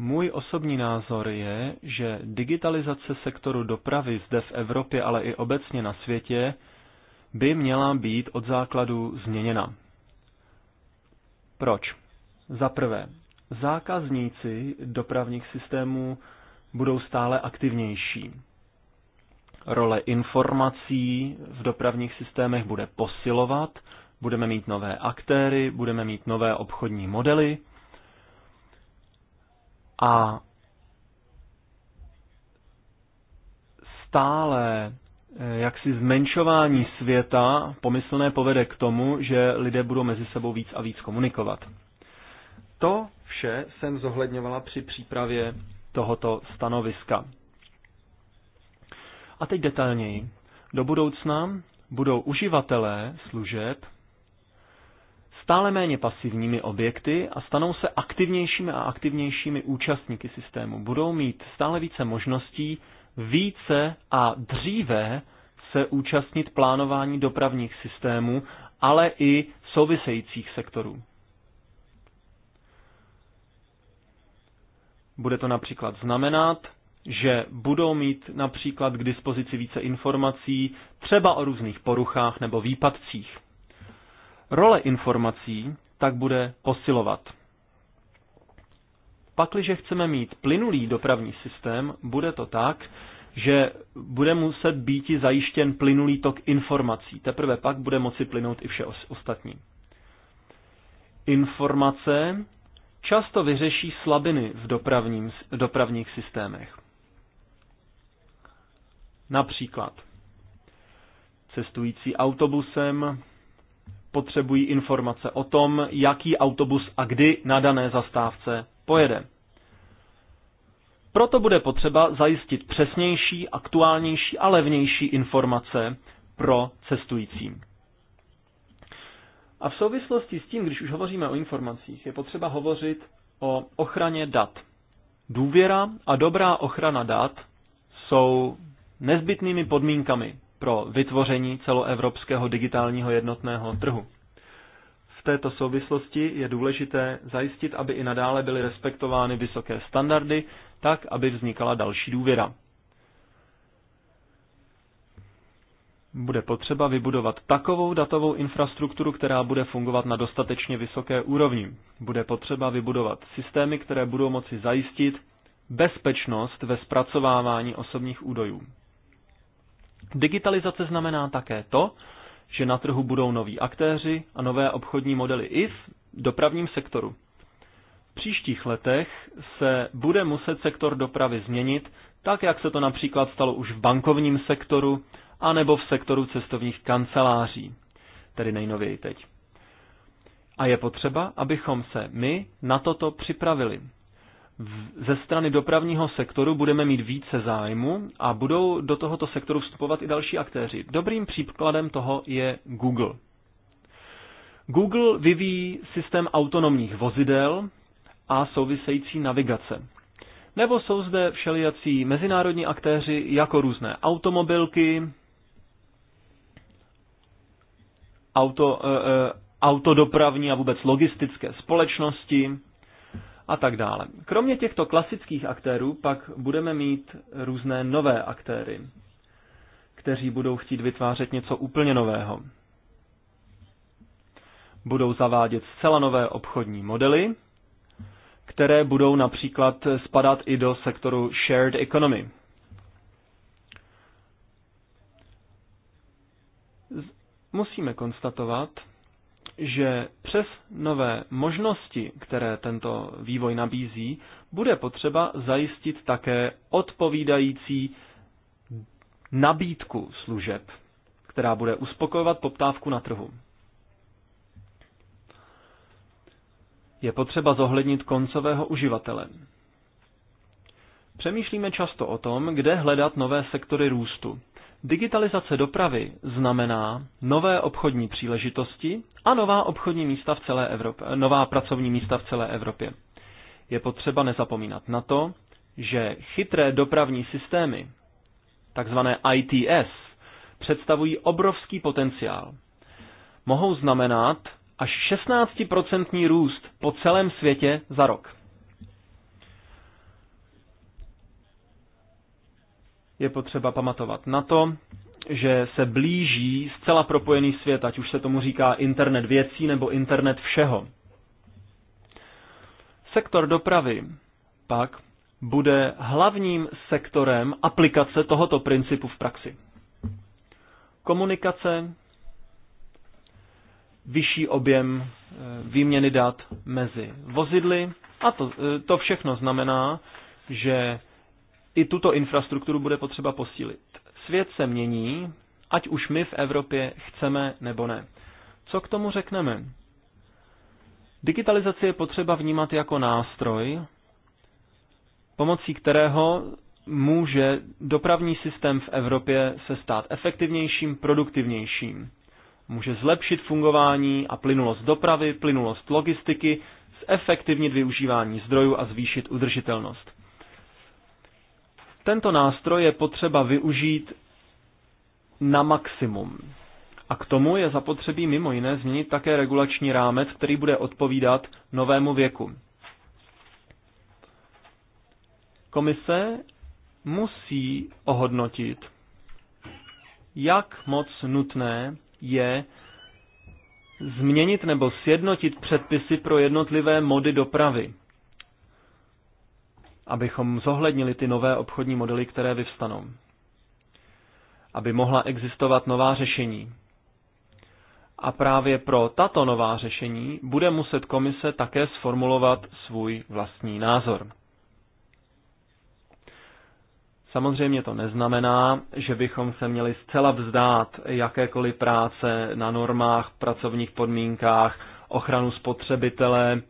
Můj osobní názor je, že digitalizace sektoru dopravy zde v Evropě, ale i obecně na světě, by měla být od základu změněna. Proč? Za prvé, zákazníci dopravních systémů budou stále aktivnější. Role informací v dopravních systémech bude posilovat, budeme mít nové aktéry, budeme mít nové obchodní modely a stále eh, jaksi zmenšování světa pomyslné povede k tomu, že lidé budou mezi sebou víc a víc komunikovat. To vše jsem zohledňovala při přípravě tohoto stanoviska. A teď detailněji. Do budoucna budou uživatelé služeb stále méně pasivními objekty a stanou se aktivnějšími a aktivnějšími účastníky systému. Budou mít stále více možností více a dříve se účastnit plánování dopravních systémů, ale i souvisejících sektorů. Bude to například znamenat, že budou mít například k dispozici více informací třeba o různých poruchách nebo výpadcích. Role informací tak bude posilovat. Pakliže chceme mít plynulý dopravní systém, bude to tak, že bude muset být zajištěn plynulý tok informací. Teprve pak bude moci plynout i vše ostatní. Informace často vyřeší slabiny v dopravním, dopravních systémech. Například cestující autobusem, potřebují informace o tom, jaký autobus a kdy na dané zastávce pojede. Proto bude potřeba zajistit přesnější, aktuálnější a levnější informace pro cestující. A v souvislosti s tím, když už hovoříme o informacích, je potřeba hovořit o ochraně dat. Důvěra a dobrá ochrana dat jsou nezbytnými podmínkami pro vytvoření celoevropského digitálního jednotného trhu. V této souvislosti je důležité zajistit, aby i nadále byly respektovány vysoké standardy, tak aby vznikala další důvěra. Bude potřeba vybudovat takovou datovou infrastrukturu, která bude fungovat na dostatečně vysoké úrovni. Bude potřeba vybudovat systémy, které budou moci zajistit bezpečnost ve zpracovávání osobních údajů. Digitalizace znamená také to, že na trhu budou noví aktéři a nové obchodní modely i v dopravním sektoru. V příštích letech se bude muset sektor dopravy změnit, tak jak se to například stalo už v bankovním sektoru anebo v sektoru cestovních kanceláří, tedy nejnověji teď. A je potřeba, abychom se my na toto připravili ze strany dopravního sektoru budeme mít více zájmu a budou do tohoto sektoru vstupovat i další aktéři. Dobrým příkladem toho je Google. Google vyvíjí systém autonomních vozidel a související navigace. Nebo jsou zde všelijací mezinárodní aktéři jako různé automobilky, auto, e, autodopravní a vůbec logistické společnosti, a tak dále. Kromě těchto klasických aktérů pak budeme mít různé nové aktéry, kteří budou chtít vytvářet něco úplně nového. Budou zavádět zcela nové obchodní modely, které budou například spadat i do sektoru shared economy. Musíme konstatovat, že přes nové možnosti, které tento vývoj nabízí, bude potřeba zajistit také odpovídající nabídku služeb, která bude uspokojovat poptávku na trhu. Je potřeba zohlednit koncového uživatele. Přemýšlíme často o tom, kde hledat nové sektory růstu. Digitalizace dopravy znamená nové obchodní příležitosti a nová obchodní místa v celé Evropě, nová pracovní místa v celé Evropě. Je potřeba nezapomínat na to, že chytré dopravní systémy, takzvané ITS, představují obrovský potenciál. Mohou znamenat až 16% růst po celém světě za rok. je potřeba pamatovat na to, že se blíží zcela propojený svět, ať už se tomu říká internet věcí nebo internet všeho. Sektor dopravy pak bude hlavním sektorem aplikace tohoto principu v praxi. Komunikace, vyšší objem eh, výměny dat mezi vozidly a to, eh, to všechno znamená, že i tuto infrastrukturu bude potřeba posílit. Svět se mění, ať už my v Evropě chceme nebo ne. Co k tomu řekneme? Digitalizaci je potřeba vnímat jako nástroj, pomocí kterého může dopravní systém v Evropě se stát efektivnějším, produktivnějším. Může zlepšit fungování a plynulost dopravy, plynulost logistiky, zefektivnit využívání zdrojů a zvýšit udržitelnost. Tento nástroj je potřeba využít na maximum. A k tomu je zapotřebí mimo jiné změnit také regulační rámec, který bude odpovídat novému věku. Komise musí ohodnotit, jak moc nutné je změnit nebo sjednotit předpisy pro jednotlivé mody dopravy abychom zohlednili ty nové obchodní modely, které vyvstanou. Aby mohla existovat nová řešení. A právě pro tato nová řešení bude muset komise také sformulovat svůj vlastní názor. Samozřejmě to neznamená, že bychom se měli zcela vzdát jakékoliv práce na normách, pracovních podmínkách, ochranu spotřebitele,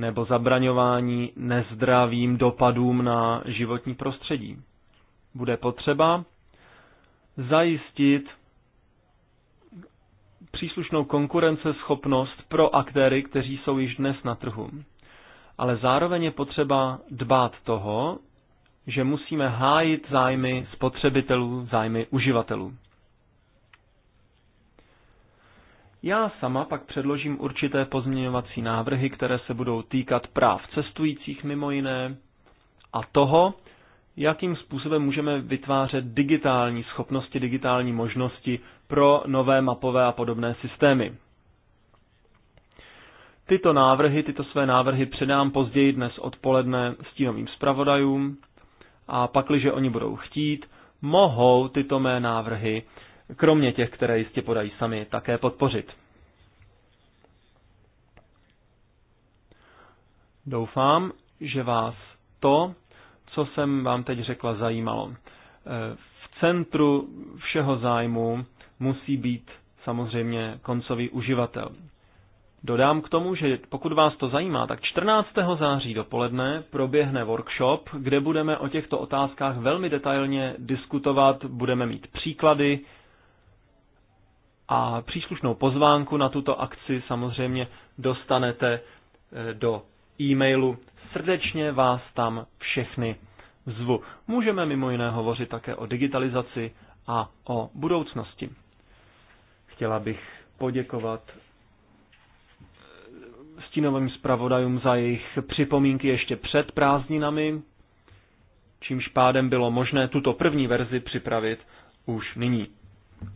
nebo zabraňování nezdravým dopadům na životní prostředí. Bude potřeba zajistit příslušnou konkurenceschopnost pro aktéry, kteří jsou již dnes na trhu. Ale zároveň je potřeba dbát toho, že musíme hájit zájmy spotřebitelů, zájmy uživatelů. Já sama pak předložím určité pozměňovací návrhy, které se budou týkat práv cestujících mimo jiné a toho, jakým způsobem můžeme vytvářet digitální schopnosti, digitální možnosti pro nové mapové a podobné systémy. Tyto návrhy, tyto své návrhy předám později dnes odpoledne stínovým zpravodajům a pakliže oni budou chtít, mohou tyto mé návrhy kromě těch, které jistě podají sami, také podpořit. Doufám, že vás to, co jsem vám teď řekla, zajímalo. E, v centru všeho zájmu musí být samozřejmě koncový uživatel. Dodám k tomu, že pokud vás to zajímá, tak 14. září dopoledne proběhne workshop, kde budeme o těchto otázkách velmi detailně diskutovat, budeme mít příklady, a příslušnou pozvánku na tuto akci samozřejmě dostanete e, do e-mailu. Srdečně vás tam všechny zvu. Můžeme mimo jiné hovořit také o digitalizaci a o budoucnosti. Chtěla bych poděkovat e, stínovým zpravodajům za jejich připomínky ještě před prázdninami, čímž pádem bylo možné tuto první verzi připravit už nyní.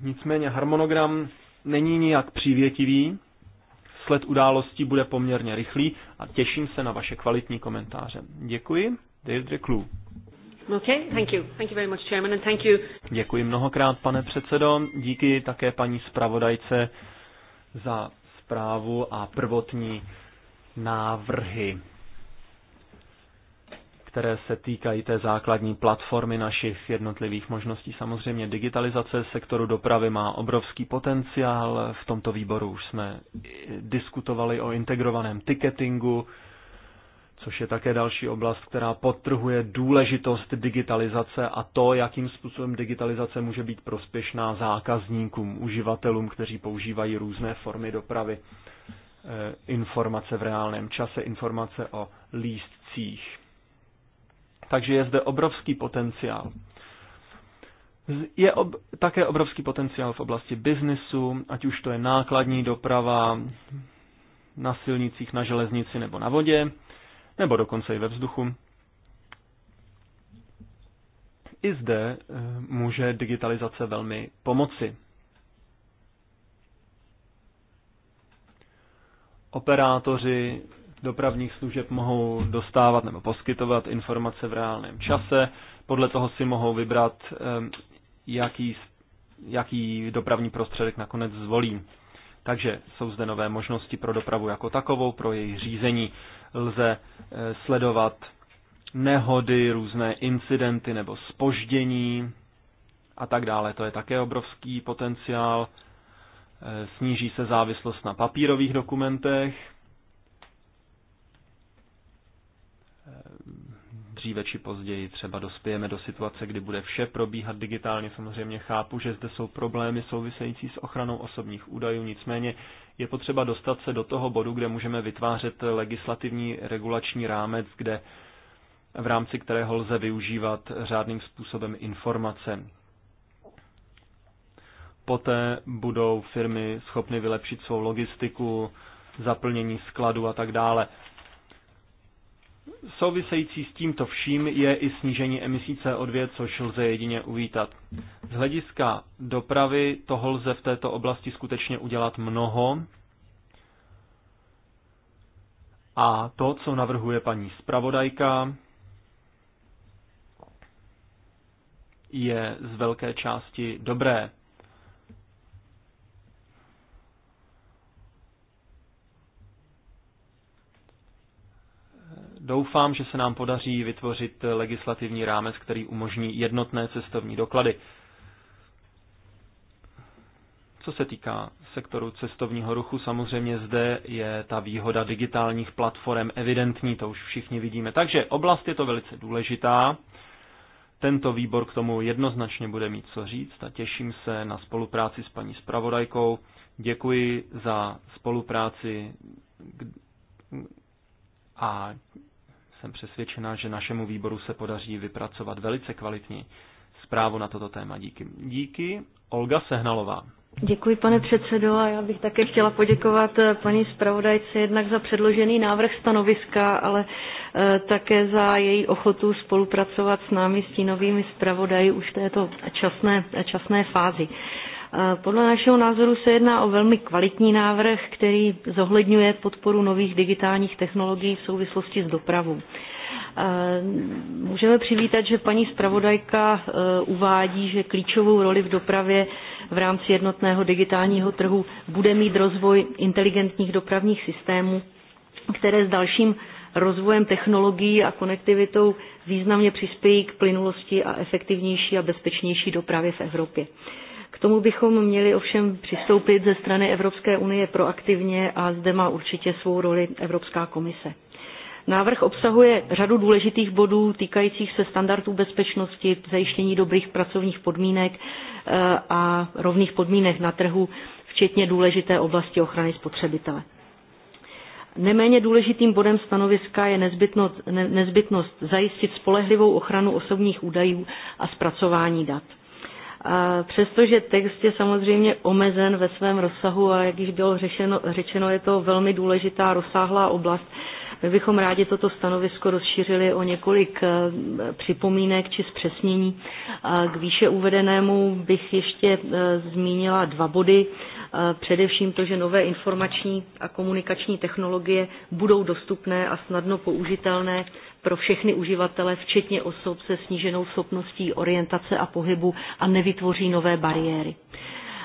Nicméně harmonogram není nijak přívětivý, sled událostí bude poměrně rychlý a těším se na vaše kvalitní komentáře. Děkuji, Deirdre Reklu. Okay, thank you. Thank you very much, Chairman, and thank you. Děkuji mnohokrát, pane předsedo. Díky také paní zpravodajce za zprávu a prvotní návrhy které se týkají té základní platformy našich jednotlivých možností. Samozřejmě digitalizace sektoru dopravy má obrovský potenciál. V tomto výboru už jsme diskutovali o integrovaném ticketingu, což je také další oblast, která podtrhuje důležitost digitalizace a to, jakým způsobem digitalizace může být prospěšná zákazníkům, uživatelům, kteří používají různé formy dopravy eh, informace v reálném čase, informace o lístcích. Takže je zde obrovský potenciál. Je ob, také obrovský potenciál v oblasti biznisu, ať už to je nákladní doprava na silnicích, na železnici nebo na vodě, nebo dokonce i ve vzduchu. I zde eh, může digitalizace velmi pomoci. Operátoři dopravních služeb mohou dostávat nebo poskytovat informace v reálném čase. Podle toho si mohou vybrat, jaký, jaký dopravní prostředek nakonec zvolí. Takže jsou zde nové možnosti pro dopravu jako takovou, pro její řízení. Lze eh, sledovat nehody, různé incidenty nebo spoždění a tak dále. To je také obrovský potenciál. Eh, sníží se závislost na papírových dokumentech, Ehm, dříve či později třeba dospějeme do situace, kdy bude vše probíhat digitálně. Samozřejmě chápu, že zde jsou problémy související s ochranou osobních údajů, nicméně je potřeba dostat se do toho bodu, kde můžeme vytvářet legislativní regulační rámec, kde v rámci kterého lze využívat řádným způsobem informace. Poté budou firmy schopny vylepšit svou logistiku, zaplnění skladu a tak dále. Související s tímto vším je i snížení emisí CO2, což lze jedině uvítat. Z hlediska dopravy toho lze v této oblasti skutečně udělat mnoho. A to, co navrhuje paní zpravodajka, je z velké části dobré. Doufám, že se nám podaří vytvořit legislativní rámec, který umožní jednotné cestovní doklady. Co se týká sektoru cestovního ruchu, samozřejmě zde je ta výhoda digitálních platform evidentní, to už všichni vidíme. Takže oblast je to velice důležitá. Tento výbor k tomu jednoznačně bude mít co říct a těším se na spolupráci s paní spravodajkou. Děkuji za spolupráci a jsem přesvědčená, že našemu výboru se podaří vypracovat velice kvalitní zprávu na toto téma. Díky. Díky. Olga Sehnalová. Děkuji, pane předsedo, a já bych také chtěla poděkovat eh, paní zpravodajce jednak za předložený návrh stanoviska, ale eh, také za její ochotu spolupracovat s námi, s stínovými zpravodaji už v této časné, časné fázi. Podle našeho názoru se jedná o velmi kvalitní návrh, který zohledňuje podporu nových digitálních technologií v souvislosti s dopravou. Můžeme přivítat, že paní zpravodajka e, uvádí, že klíčovou roli v dopravě v rámci jednotného digitálního trhu bude mít rozvoj inteligentních dopravních systémů, které s dalším rozvojem technologií a konektivitou významně přispějí k plynulosti a efektivnější a bezpečnější dopravě v Evropě tomu bychom měli ovšem přistoupit ze strany Evropské unie proaktivně a zde má určitě svou roli Evropská komise. Návrh obsahuje řadu důležitých bodů týkajících se standardů bezpečnosti, zajištění dobrých pracovních podmínek eh, a rovných podmínek na trhu, včetně důležité oblasti ochrany spotřebitele. Neméně důležitým bodem stanoviska je nezbytnost, nezbytnost zajistit spolehlivou ochranu osobních údajů a zpracování dat. A přestože text je samozřejmě omezen ve svém rozsahu a jak již bylo řešeno, řečeno, je to velmi důležitá rozsáhlá oblast, my bychom rádi toto stanovisko rozšířili o několik eh, připomínek či zpřesnění. K výše uvedenému bych ještě eh, zmínila dva body. Eh, především to, že nové informační a komunikační technologie budou dostupné a snadno použitelné pro všechny uživatele, včetně osob se sníženou schopností orientace a pohybu a nevytvoří nové bariéry.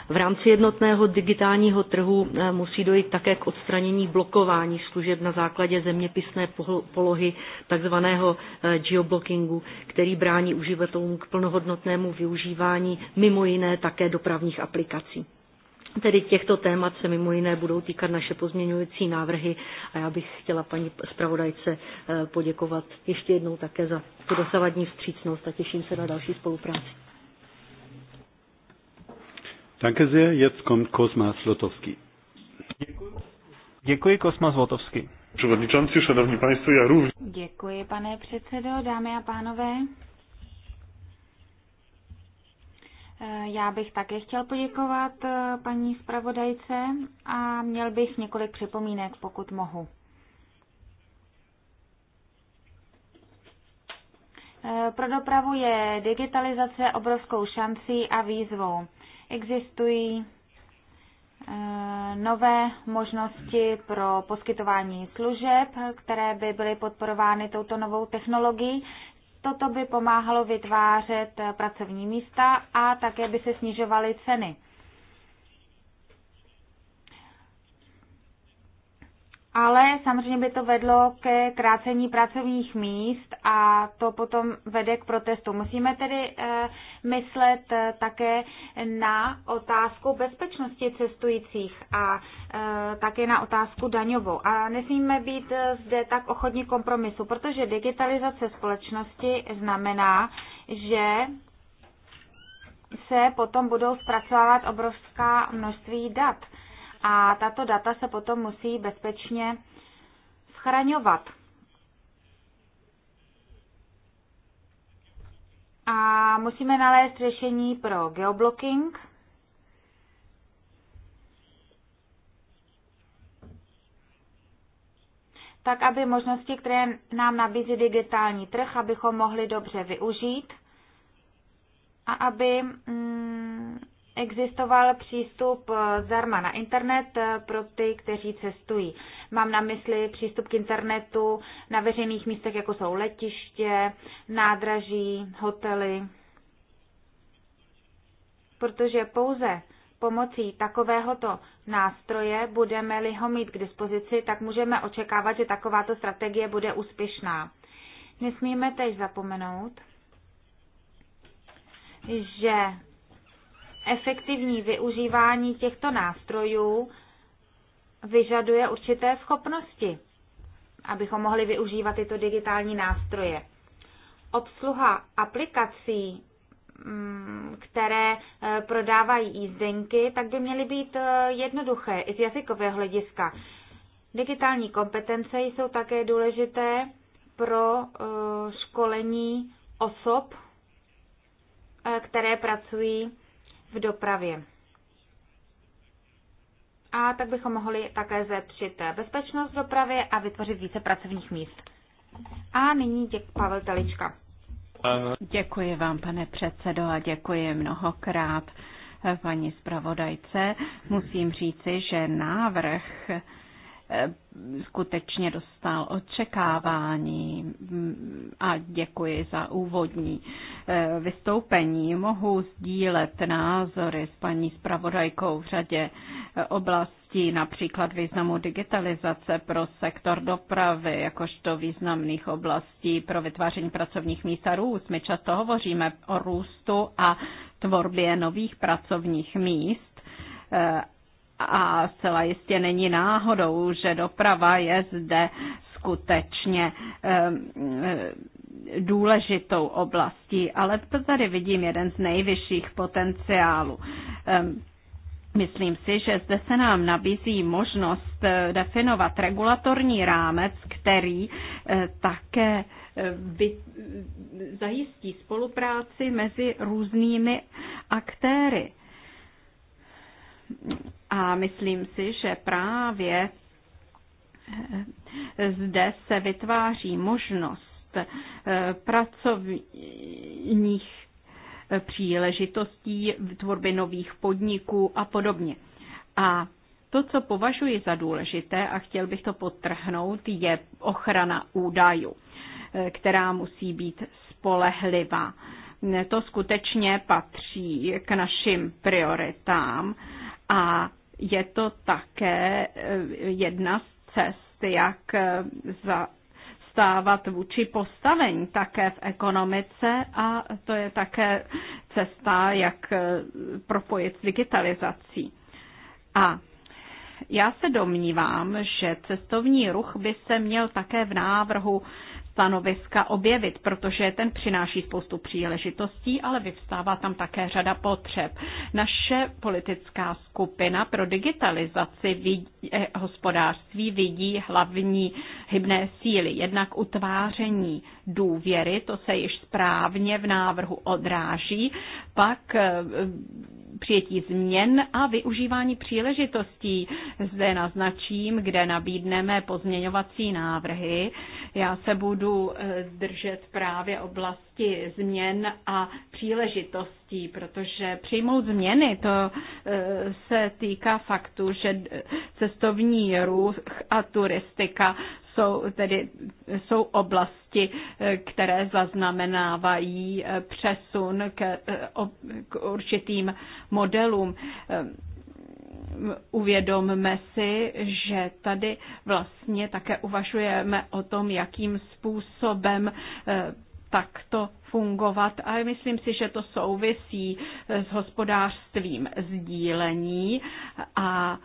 V rámci jednotného digitálního trhu eh, musí dojít také k odstranění blokování služeb na základě zeměpisné polohy tzv. Eh, geoblockingu, který brání uživatelům k plnohodnotnému využívání mimo jiné také dopravních aplikací. Tedy těchto témat se mimo jiné budou týkat naše pozměňující návrhy a já bych chtěla paní zpravodajce eh, poděkovat ještě jednou také za tu dosavadní vstřícnost a těším se na další spolupráci. Danke sehr, jetzt kommt Kosma Slotowski. Děkuji. Kosma Slotowski. Předsedající, šanovní paní já rovně. Děkuji, pane předsedo, dámy a pánové. Já bych také chtěl poděkovat eh, paní zpravodajce a měl bych několik připomínek, pokud mohu. Eh, pro dopravu je digitalizace obrovskou šancí a výzvou. Existují eh, nové možnosti pro poskytování služeb, které by byly podporovány touto novou technologií. Toto by pomáhalo vytvářet pracovní místa a také by se snižovaly ceny. ale samozřejmě by to vedlo ke krácení pracovních míst a to potom vede k protestu. Musíme tedy eh, myslet eh, také na otázku bezpečnosti cestujících a eh, také na otázku daňovou. A nesmíme být zde tak ochotní kompromisu, protože digitalizace společnosti znamená, že se potom budou zpracovávat obrovská množství dat a tato data se potom musí bezpečně schraňovat. A musíme nalézt řešení pro geoblocking. tak aby možnosti, které nám nabízí digitální trh, abychom mohli dobře využít a aby mm, existoval přístup eh, zdarma na internet eh, pro ty, kteří cestují. Mám na mysli přístup k internetu na veřejných místech, jako jsou letiště, nádraží, hotely. Protože pouze pomocí takovéhoto nástroje budeme-li ho mít k dispozici, tak můžeme očekávat, že takováto strategie bude úspěšná. Nesmíme teď zapomenout, že efektivní využívání těchto nástrojů vyžaduje určité schopnosti, abychom mohli využívat tyto digitální nástroje. Obsluha aplikací, mm, které e, prodávají jízdenky, tak by měly být e, jednoduché i z jazykového hlediska. Digitální kompetence jsou také důležité pro e, školení osob, které pracují v dopravě. A tak bychom mohli také zlepšit bezpečnost dopravy a vytvořit více pracovních míst. A nyní děk Pavel Telička. Děkuji vám, pane předsedo, a děkuji mnohokrát paní zpravodajce. Musím říci, že návrh Eh, skutečně dostal očekávání mm, a děkuji za úvodní eh, vystoupení. Mohu sdílet názory s paní zpravodajkou v řadě eh, oblastí, například významu digitalizace pro sektor dopravy, jakožto významných oblastí pro vytváření pracovních míst a růst. My často hovoříme o růstu a tvorbě nových pracovních míst a zcela jistě není náhodou, že doprava je zde skutečně důležitou oblastí, ale tady vidím jeden z nejvyšších potenciálů. Myslím si, že zde se nám nabízí možnost eh, definovat regulatorní rámec, který eh, také by, eh, zajistí spolupráci mezi různými aktéry a myslím si, že právě eh, zde se vytváří možnost eh, pracovních eh, příležitostí, tvorby nových podniků a podobně. A to, co považuji za důležité, a chtěl bych to potrhnout, je ochrana údajů, která musí být spolehlivá. To skutečně patří k našim prioritám a je to také eh, jedna z cest, jak eh, za stávat vůči postavení také v ekonomice a to je také cesta, jak eh, propojit s digitalizací. A já se domnívám, že cestovní ruch by se měl také v návrhu stanoviska objevit, protože ten přináší spoustu příležitostí, ale vyvstává tam také řada potřeb. Naše politická skupina pro digitalizaci vidí, eh, hospodářství vidí hlavní hybné síly, jednak utváření důvěry, to se již správně v návrhu odráží, pak eh, přijetí změn a využívání příležitostí. Zde naznačím, kde nabídneme pozměňovací návrhy. Já se budu eh, držet právě oblasti změn a příležitostí, protože přijmout změny, to eh, se týká faktu, že cestovní ruch a turistika jsou tedy jsou oblasti, eh, které zaznamenávají eh, přesun k, eh, k určitým modelům uvědomme si, že tady vlastně také uvažujeme o tom, jakým způsobem takto fungovat. A myslím si, že to souvisí s hospodářstvím sdílení a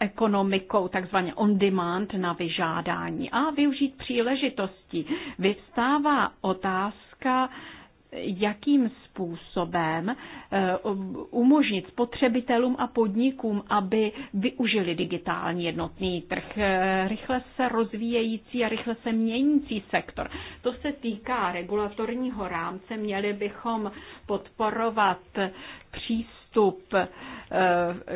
ekonomikou, takzvaně on demand na vyžádání a využít příležitosti. Vyvstává otázka, jakým způsobem eh, um, umožnit spotřebitelům a podnikům, aby využili digitální jednotný trh, eh, rychle se rozvíjející a rychle se měnící sektor. To se týká regulatorního rámce, měli bychom podporovat přístup eh,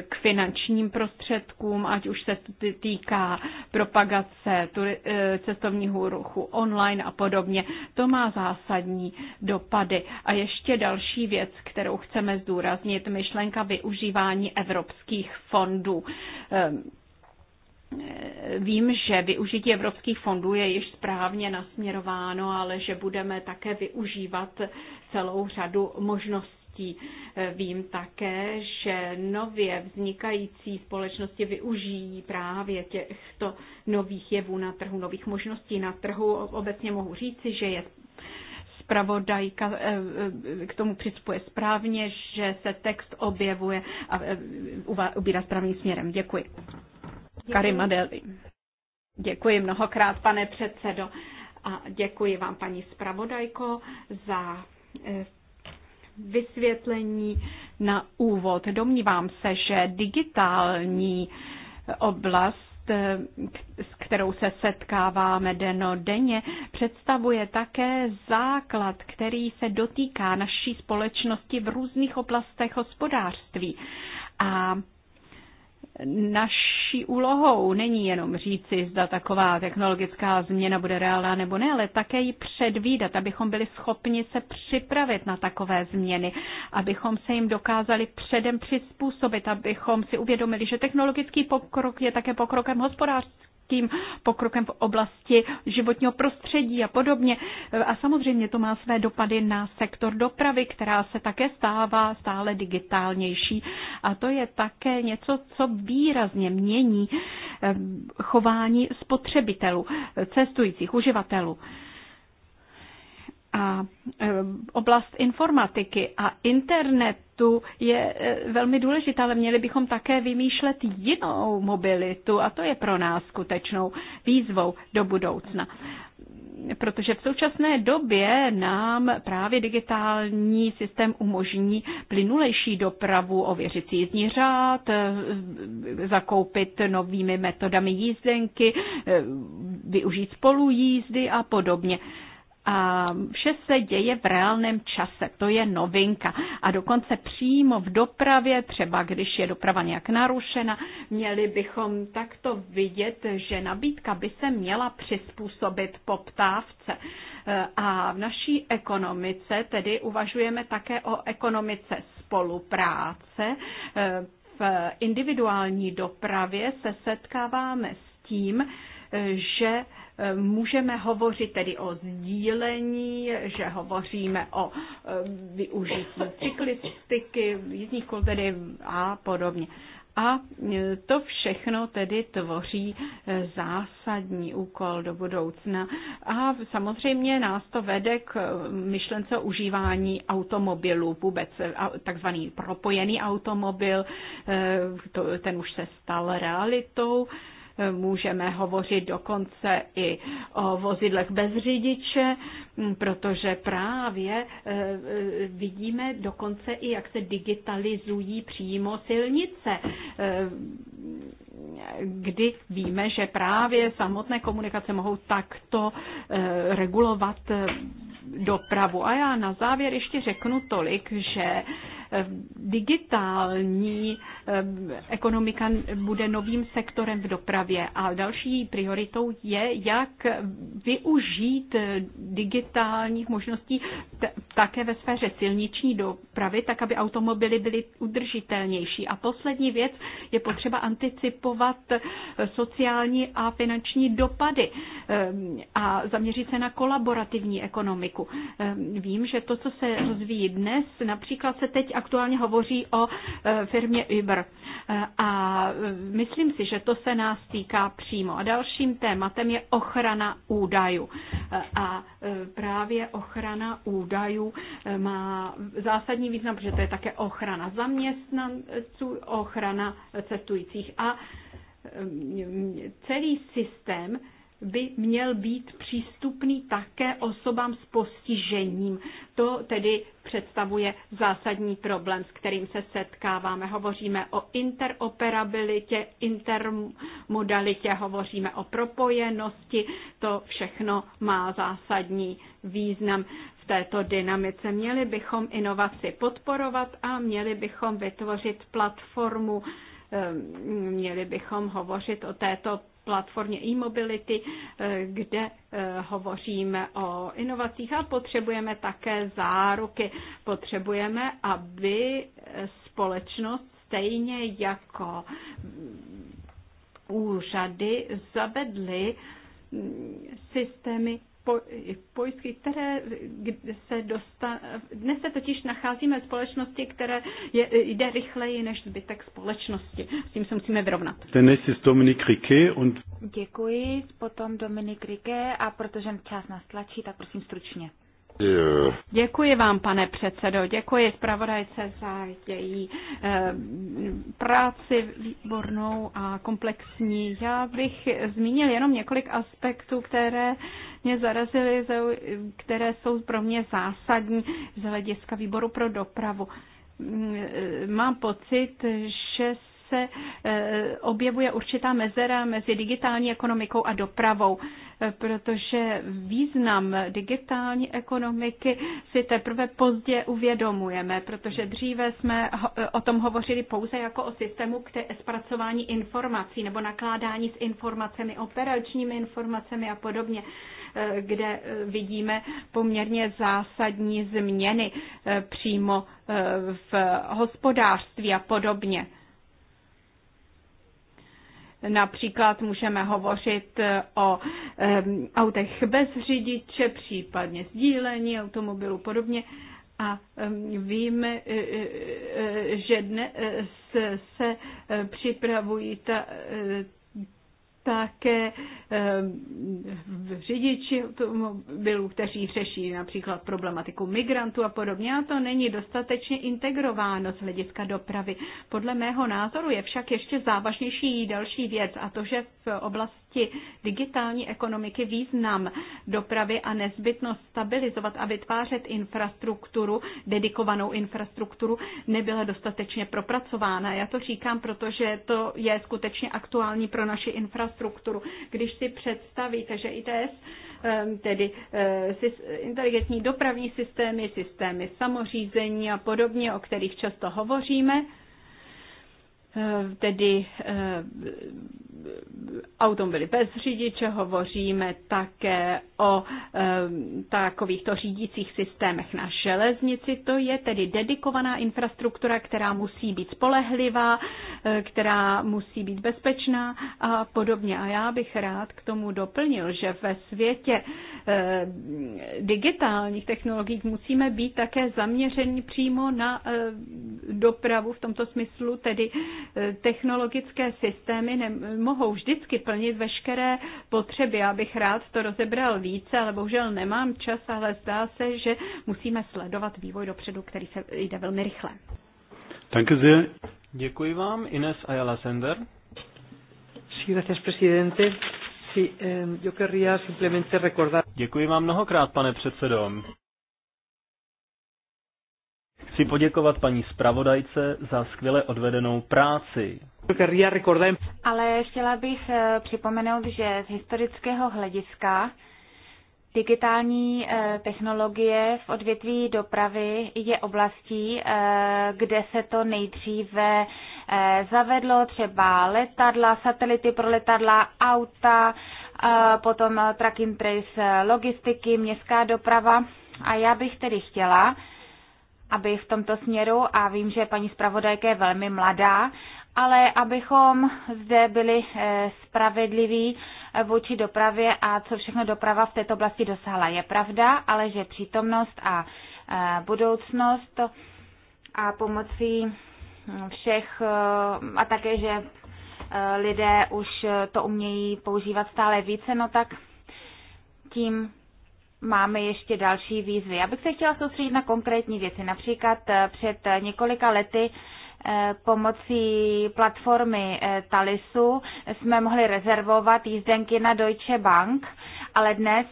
k finančním prostředkům, ať už se týká propagace eh, cestovního ruchu online a podobně. To má zásadní dopady. A ještě další věc, kterou chceme zdůraznit, myšlenka využívání evropských fondů. Ehm, eh, vím, že využití evropských fondů je již správně nasměrováno, ale že budeme také využívat celou řadu možností společností. Eh, vím také, že nově vznikající společnosti využijí právě těchto nových jevů na trhu, nových možností na trhu. Obecně mohu říci, že je zpravodajka eh, eh, k tomu přispuje správně, že se text objevuje a ubírá správným směrem. Děkuji. Děkuji. Karima Deli. Děkuji mnohokrát, pane předsedo. A děkuji vám, paní zpravodajko, za vysvětlení na úvod. Domnívám se, že digitální oblast s kterou se setkáváme denně, představuje také základ, který se dotýká naší společnosti v různých oblastech hospodářství. A Naší úlohou není jenom říci, zda taková technologická změna bude reálná nebo ne, ale také ji předvídat, abychom byli schopni se připravit na takové změny, abychom se jim dokázali předem přizpůsobit, abychom si uvědomili, že technologický pokrok je také pokrokem hospodářství technologickým pokrokem v oblasti životního prostředí a podobně. A samozřejmě to má své dopady na sektor dopravy, která se také stává stále digitálnější. A to je také něco, co výrazně mění eh, chování spotřebitelů, eh, cestujících, uživatelů a e, oblast informatiky a internetu je e, velmi důležitá, ale měli bychom také vymýšlet jinou mobilitu a to je pro nás skutečnou výzvou do budoucna. Protože v současné době nám právě digitální systém umožní plynulejší dopravu, ověřit si jízdní řád, e, zakoupit novými metodami jízdenky, využít spolujízdy a podobně. A vše se děje v reálném čase, to je novinka. A dokonce přímo v dopravě, třeba když je doprava nějak narušena, měli bychom takto vidět, že nabídka by se měla přizpůsobit poptávce. A v naší ekonomice tedy uvažujeme také o ekonomice spolupráce. V individuální dopravě se setkáváme s tím, že Můžeme hovořit tedy o sdílení, že hovoříme o eh, využití cyklistiky, jízdních kol tedy a podobně. A eh, to všechno tedy tvoří eh, zásadní úkol do budoucna. A samozřejmě nás to vede k myšlence užívání automobilů vůbec, takzvaný propojený automobil, ten už se stal realitou. Můžeme hovořit dokonce i o vozidlech bez řidiče, protože právě e, e, vidíme dokonce i, jak se digitalizují přímo silnice e, kdy víme, že právě samotné komunikace mohou takto regulovat dopravu. A já na závěr ještě řeknu tolik, že Digitální eh, ekonomika bude novým sektorem v dopravě a další prioritou je, jak využít digitálních možností také ve sféře silniční dopravy, tak aby automobily byly udržitelnější. A poslední věc je potřeba anticipovat sociální a finanční dopady eh, a zaměřit se na kolaborativní ekonomiku. Eh, vím, že to, co se rozvíjí dnes, například se teď aktuálně hovoří o e, firmě Uber. E, a e, myslím si, že to se nás týká přímo. A dalším tématem je ochrana údajů. A právě ochrana údajů má zásadní význam, protože to je také ochrana zaměstnanců, ochrana cestujících a celý systém by měl být přístupný také osobám s postižením. To tedy představuje zásadní problém, s kterým se setkáváme. Hovoříme o interoperabilitě, intermodalitě, hovoříme o propojenosti. To všechno má zásadní význam v této dynamice. Měli bychom inovaci podporovat a měli bychom vytvořit platformu, eh, měli bychom hovořit o této platformě e-mobility, eh, kde eh, hovoříme o inovacích a potřebujeme také záruky. Potřebujeme, aby společnost stejně jako úřady zavedly mm, systémy pojistky, které se dostane. Dnes se totiž nacházíme v společnosti, které je, jde rychleji než zbytek společnosti. S tím se musíme vyrovnat. je Dominik Děkuji, potom Dominik Riquet a protože čas nás tlačí, tak prosím stručně. Děkuji vám, pane předsedo, děkuji zpravodajce za její eh, práci výbornou a komplexní. Já bych zmínil jenom několik aspektů, které mě zarazily, které jsou pro mě zásadní z hlediska výboru pro dopravu. Mm, eh, mám pocit, že se eh, objevuje určitá mezera mezi digitální ekonomikou a dopravou, eh, protože význam digitální ekonomiky si teprve pozdě uvědomujeme, protože dříve jsme eh, o tom hovořili pouze jako o systému k zpracování informací nebo nakládání s informacemi, operačními informacemi a podobně kde vidíme poměrně zásadní změny přímo v hospodářství a podobně. Například můžeme hovořit eh, o autech bez řidiče, případně sdílení automobilů podobně. A víme, eh, eh, že dnes se připravují ta, také ehm, řidiči automobilů, kteří řeší například problematiku migrantů a podobně. A to není dostatečně integrováno z hlediska dopravy. Podle mého názoru je však ještě závažnější další věc a to, že v oblasti oblasti digitální ekonomiky význam dopravy a nezbytnost stabilizovat a vytvářet infrastrukturu, dedikovanou infrastrukturu, nebyla dostatečně propracována. Já to říkám, protože to je skutečně aktuální pro naši infrastrukturu. Když si představíte, že ITS, tedy eh, inteligentní dopravní systémy, systémy samořízení a podobně, o kterých často hovoříme, eh, tedy eh, automobily bez řidiče, hovoříme také o takovýchto řídících systémech na železnici. To je tedy dedikovaná infrastruktura, která musí být spolehlivá, eh, která musí být bezpečná a podobně. A já bych rád k tomu doplnil, že ve světě eh, digitálních technologií musíme být také zaměření přímo na eh, dopravu v tomto smyslu, tedy technologické systémy nemohou nemohou vždycky plnit veškeré potřeby. Já bych rád to rozebral více, ale bohužel nemám čas, ale zdá se, že musíme sledovat vývoj dopředu, který se jde velmi rychle. Danke sehr. Děkuji vám. Ines Ayala Sender. Sí, gracias, presidente. Sí, eh, yo querría simplemente recordar... Děkuji vám mnohokrát, pane předsedo. Chci poděkovat paní zpravodajce za skvěle odvedenou práci. Ale chtěla bych eh, připomenout, že z historického hlediska digitální eh, technologie v odvětví dopravy je oblastí, eh, kde se to nejdříve zavedlo, třeba letadla, satelity pro letadla, auta, potom track and trace logistiky, městská doprava. A já bych tedy chtěla, aby v tomto směru, a vím, že paní zpravodajka je velmi mladá, ale abychom zde byli eh, spravedliví eh, vůči dopravě a co všechno doprava v této oblasti dosáhla. Je pravda, ale že přítomnost a eh, budoucnost a pomocí všech a také, že lidé už to umějí používat stále více, no tak tím máme ještě další výzvy. Já bych se chtěla soustředit na konkrétní věci. Například eh, před eh, několika lety eh, pomocí platformy Talisu jsme mohli rezervovat jízdenky na Deutsche Bank, ale dnes,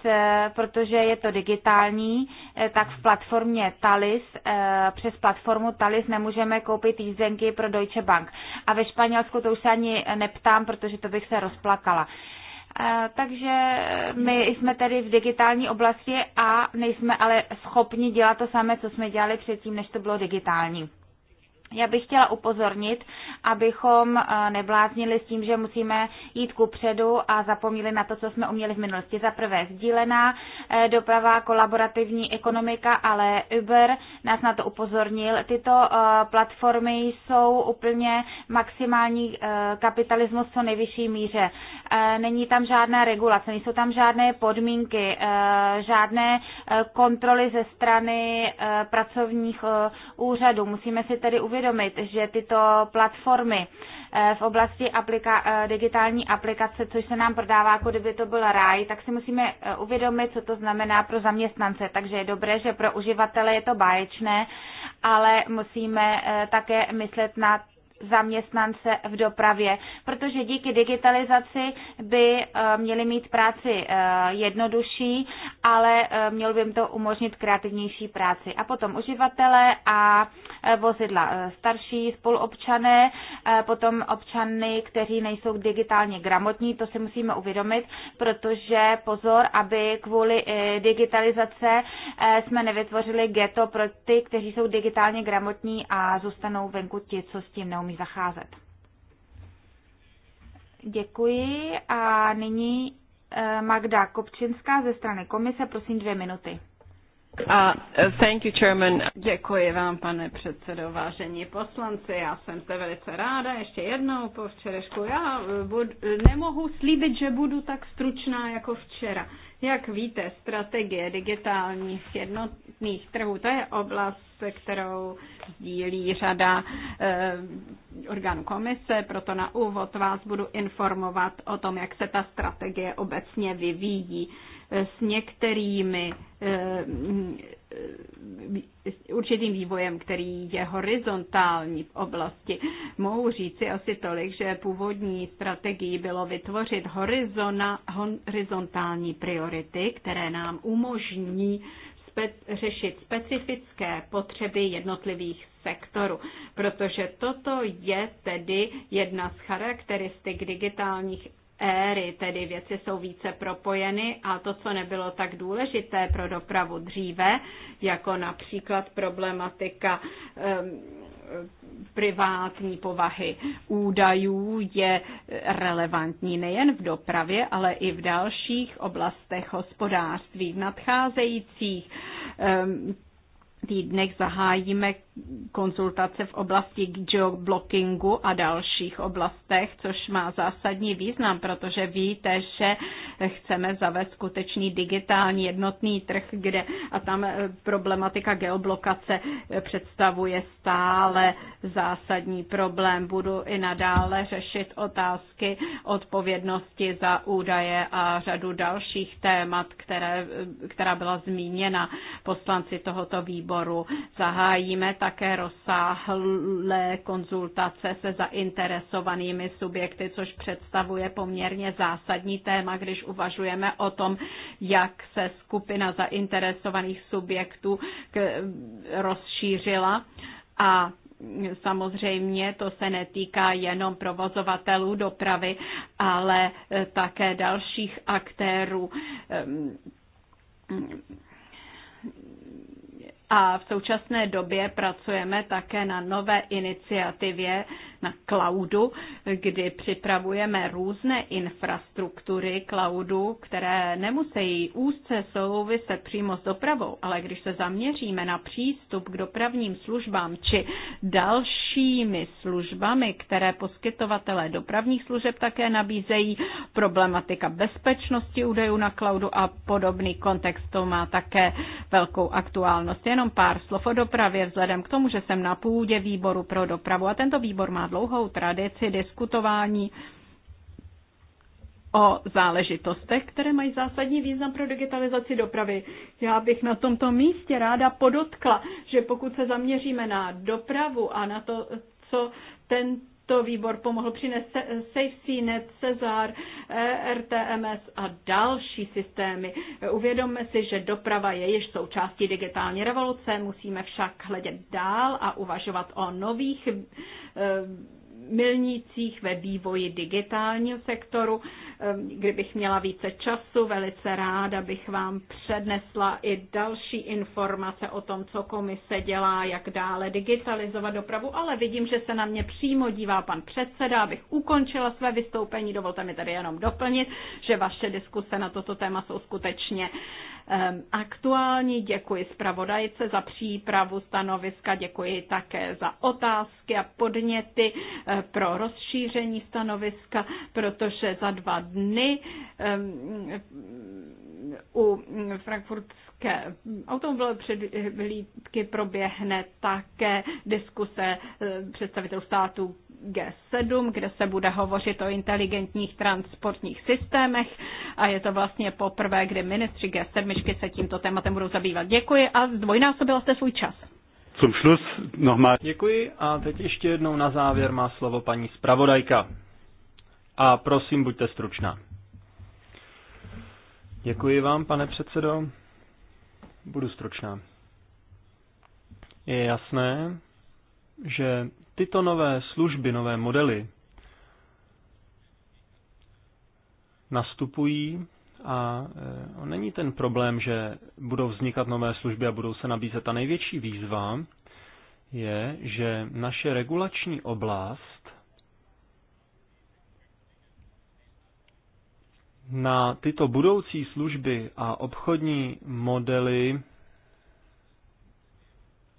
protože je to digitální, tak v platformě Talis, přes platformu Talis nemůžeme koupit jízdenky pro Deutsche Bank. A ve Španělsku to už se ani neptám, protože to bych se rozplakala. Eh, takže my jsme tedy v digitální oblasti a nejsme ale schopni dělat to samé, co jsme dělali předtím, než to bylo digitální. Já bych chtěla upozornit, abychom eh, nebláznili s tím, že musíme jít ku předu a zapomněli na to, co jsme uměli v minulosti. Za prvé sdílená eh, doprava, kolaborativní ekonomika, ale Uber nás na to upozornil. Tyto eh, platformy jsou úplně maximální kapitalismus co nejvyšší míře. Není tam žádná regulace, nejsou tam žádné podmínky, žádné kontroly ze strany pracovních úřadů. Musíme si tedy uvědomit, uvědomit, že tyto platformy eh, v oblasti aplika- eh, digitální aplikace, což se nám prodává, jako kdyby to byl ráj, tak si musíme eh, uvědomit, co to znamená pro zaměstnance. Takže je dobré, že pro uživatele je to báječné, ale musíme také myslet na zaměstnance v dopravě, protože díky digitalizaci by eh, měli mít práci eh, jednodušší, ale eh, mělo by jim to umožnit kreativnější práci. A potom uživatelé a vozidla starší, spoluobčané, potom občany, kteří nejsou digitálně gramotní, to si musíme uvědomit, protože pozor, aby kvůli digitalizace jsme nevytvořili ghetto pro ty, kteří jsou digitálně gramotní a zůstanou venku ti, co s tím neumí umí zacházet. Děkuji a nyní eh, Magda Kopčinská ze strany komise, prosím dvě minuty. uh, thank you, Chairman. Děkuji vám, pane předsedo, vážení poslanci. Já jsem se velice ráda. Ještě jednou po včerešku. Já eh, budu, nemohu slíbit, že budu tak stručná jako včera. Jak víte, strategie digitálních jednotných trhů, to je oblast, kterou sdílí řada eh, orgánů komise, proto na úvod vás budu informovat o tom, jak se ta strategie obecně vyvíjí. Eh, s některými eh, Eh, určitým vývojem, který je horizontální v oblasti. Mohu říci asi tolik, že původní strategií bylo vytvořit horizona, horizontální priority, které nám umožní spe- řešit specifické potřeby jednotlivých sektorů, protože toto je tedy jedna z charakteristik digitálních éry, tedy věci jsou více propojeny a to, co nebylo tak důležité pro dopravu dříve, jako například problematika privátní povahy údajů je relevantní nejen v dopravě, ale i v dalších oblastech hospodářství. V nadcházejících týdnech zahájíme konzultace v oblasti geoblockingu a dalších oblastech, což má zásadní význam, protože víte, že chceme zavést skutečný digitální jednotný trh, kde a tam eh, problematika geoblokace eh, představuje stále zásadní problém. Budu i nadále řešit otázky odpovědnosti za údaje a řadu dalších témat, které, eh, která byla zmíněna poslanci tohoto výboru. Zahájíme tak také rozsáhlé konzultace se zainteresovanými subjekty, což představuje poměrně zásadní téma, když uvažujeme o tom, jak se skupina zainteresovaných subjektů rozšířila. A samozřejmě to se netýká jenom provozovatelů dopravy, ale také dalších aktérů a v současné době pracujeme také na nové iniciativě na cloudu, kdy připravujeme různé infrastruktury cloudu, které nemusí úzce souviset přímo s dopravou, ale když se zaměříme na přístup k dopravním službám či dalšími službami, které poskytovatelé dopravních služeb také nabízejí, problematika bezpečnosti údajů na cloudu a podobný kontext to má také velkou aktuálnost. Jenom pár slov o dopravě vzhledem k tomu, že jsem na půdě výboru pro dopravu a tento výbor má dlouhou tradici diskutování o záležitostech, které mají zásadní význam pro digitalizaci dopravy. Já bych na tomto místě ráda podotkla, že pokud se zaměříme na dopravu a na to, co ten to výbor pomohl přinést SafeCNet, Cezar, RTMS a další systémy. Uvědomme si, že doprava je již součástí digitální revoluce, musíme však hledět dál a uvažovat o nových eh, milnících ve vývoji digitálního sektoru Ehm, kdybych měla více času, velice ráda bych vám přednesla i další informace o tom, co komise dělá, jak dále digitalizovat dopravu, ale vidím, že se na mě přímo dívá pan předseda, abych ukončila své vystoupení. Dovolte mi tady jenom doplnit, že vaše diskuse na toto téma jsou skutečně ehm, aktuální. Děkuji zpravodajce za přípravu stanoviska, děkuji také za otázky a podněty eh, pro rozšíření stanoviska, protože za dva dny u frankfurtské automobilové předhlídky proběhne také diskuse eh, představitelů států G7, kde se bude hovořit o inteligentních transportních systémech a je to vlastně poprvé, kdy ministři G7 se tímto tématem budou zabývat. Děkuji a zdvojnásobila jste svůj čas. Zum Schluss nochmal. Děkuji a teď ještě jednou na závěr má slovo paní zpravodajka a prosím, buďte stručná. Děkuji vám, pane předsedo. Budu stručná. Je jasné, že tyto nové služby, nové modely nastupují a e, není ten problém, že budou vznikat nové služby a budou se nabízet. Ta největší výzva je, že naše regulační oblast na tyto budoucí služby a obchodní modely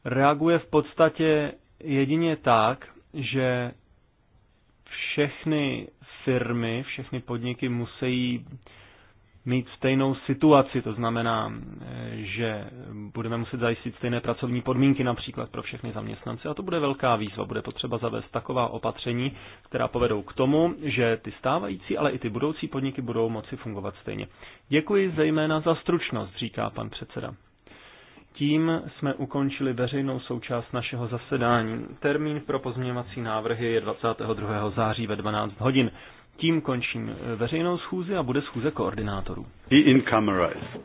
reaguje v podstatě jedině tak, že všechny firmy, všechny podniky musí mít stejnou situaci, to znamená, eh, že budeme muset zajistit stejné pracovní podmínky například pro všechny zaměstnance a to bude velká výzva. Bude potřeba zavést taková opatření, která povedou k tomu, že ty stávající, ale i ty budoucí podniky budou moci fungovat stejně. Děkuji zejména za stručnost, říká pan předseda. Tím jsme ukončili veřejnou součást našeho zasedání. Termín pro pozměňovací návrhy je 22. září ve 12 hodin. Tím končím eh, veřejnou schůzi a bude schůze koordinátorů. I in camera.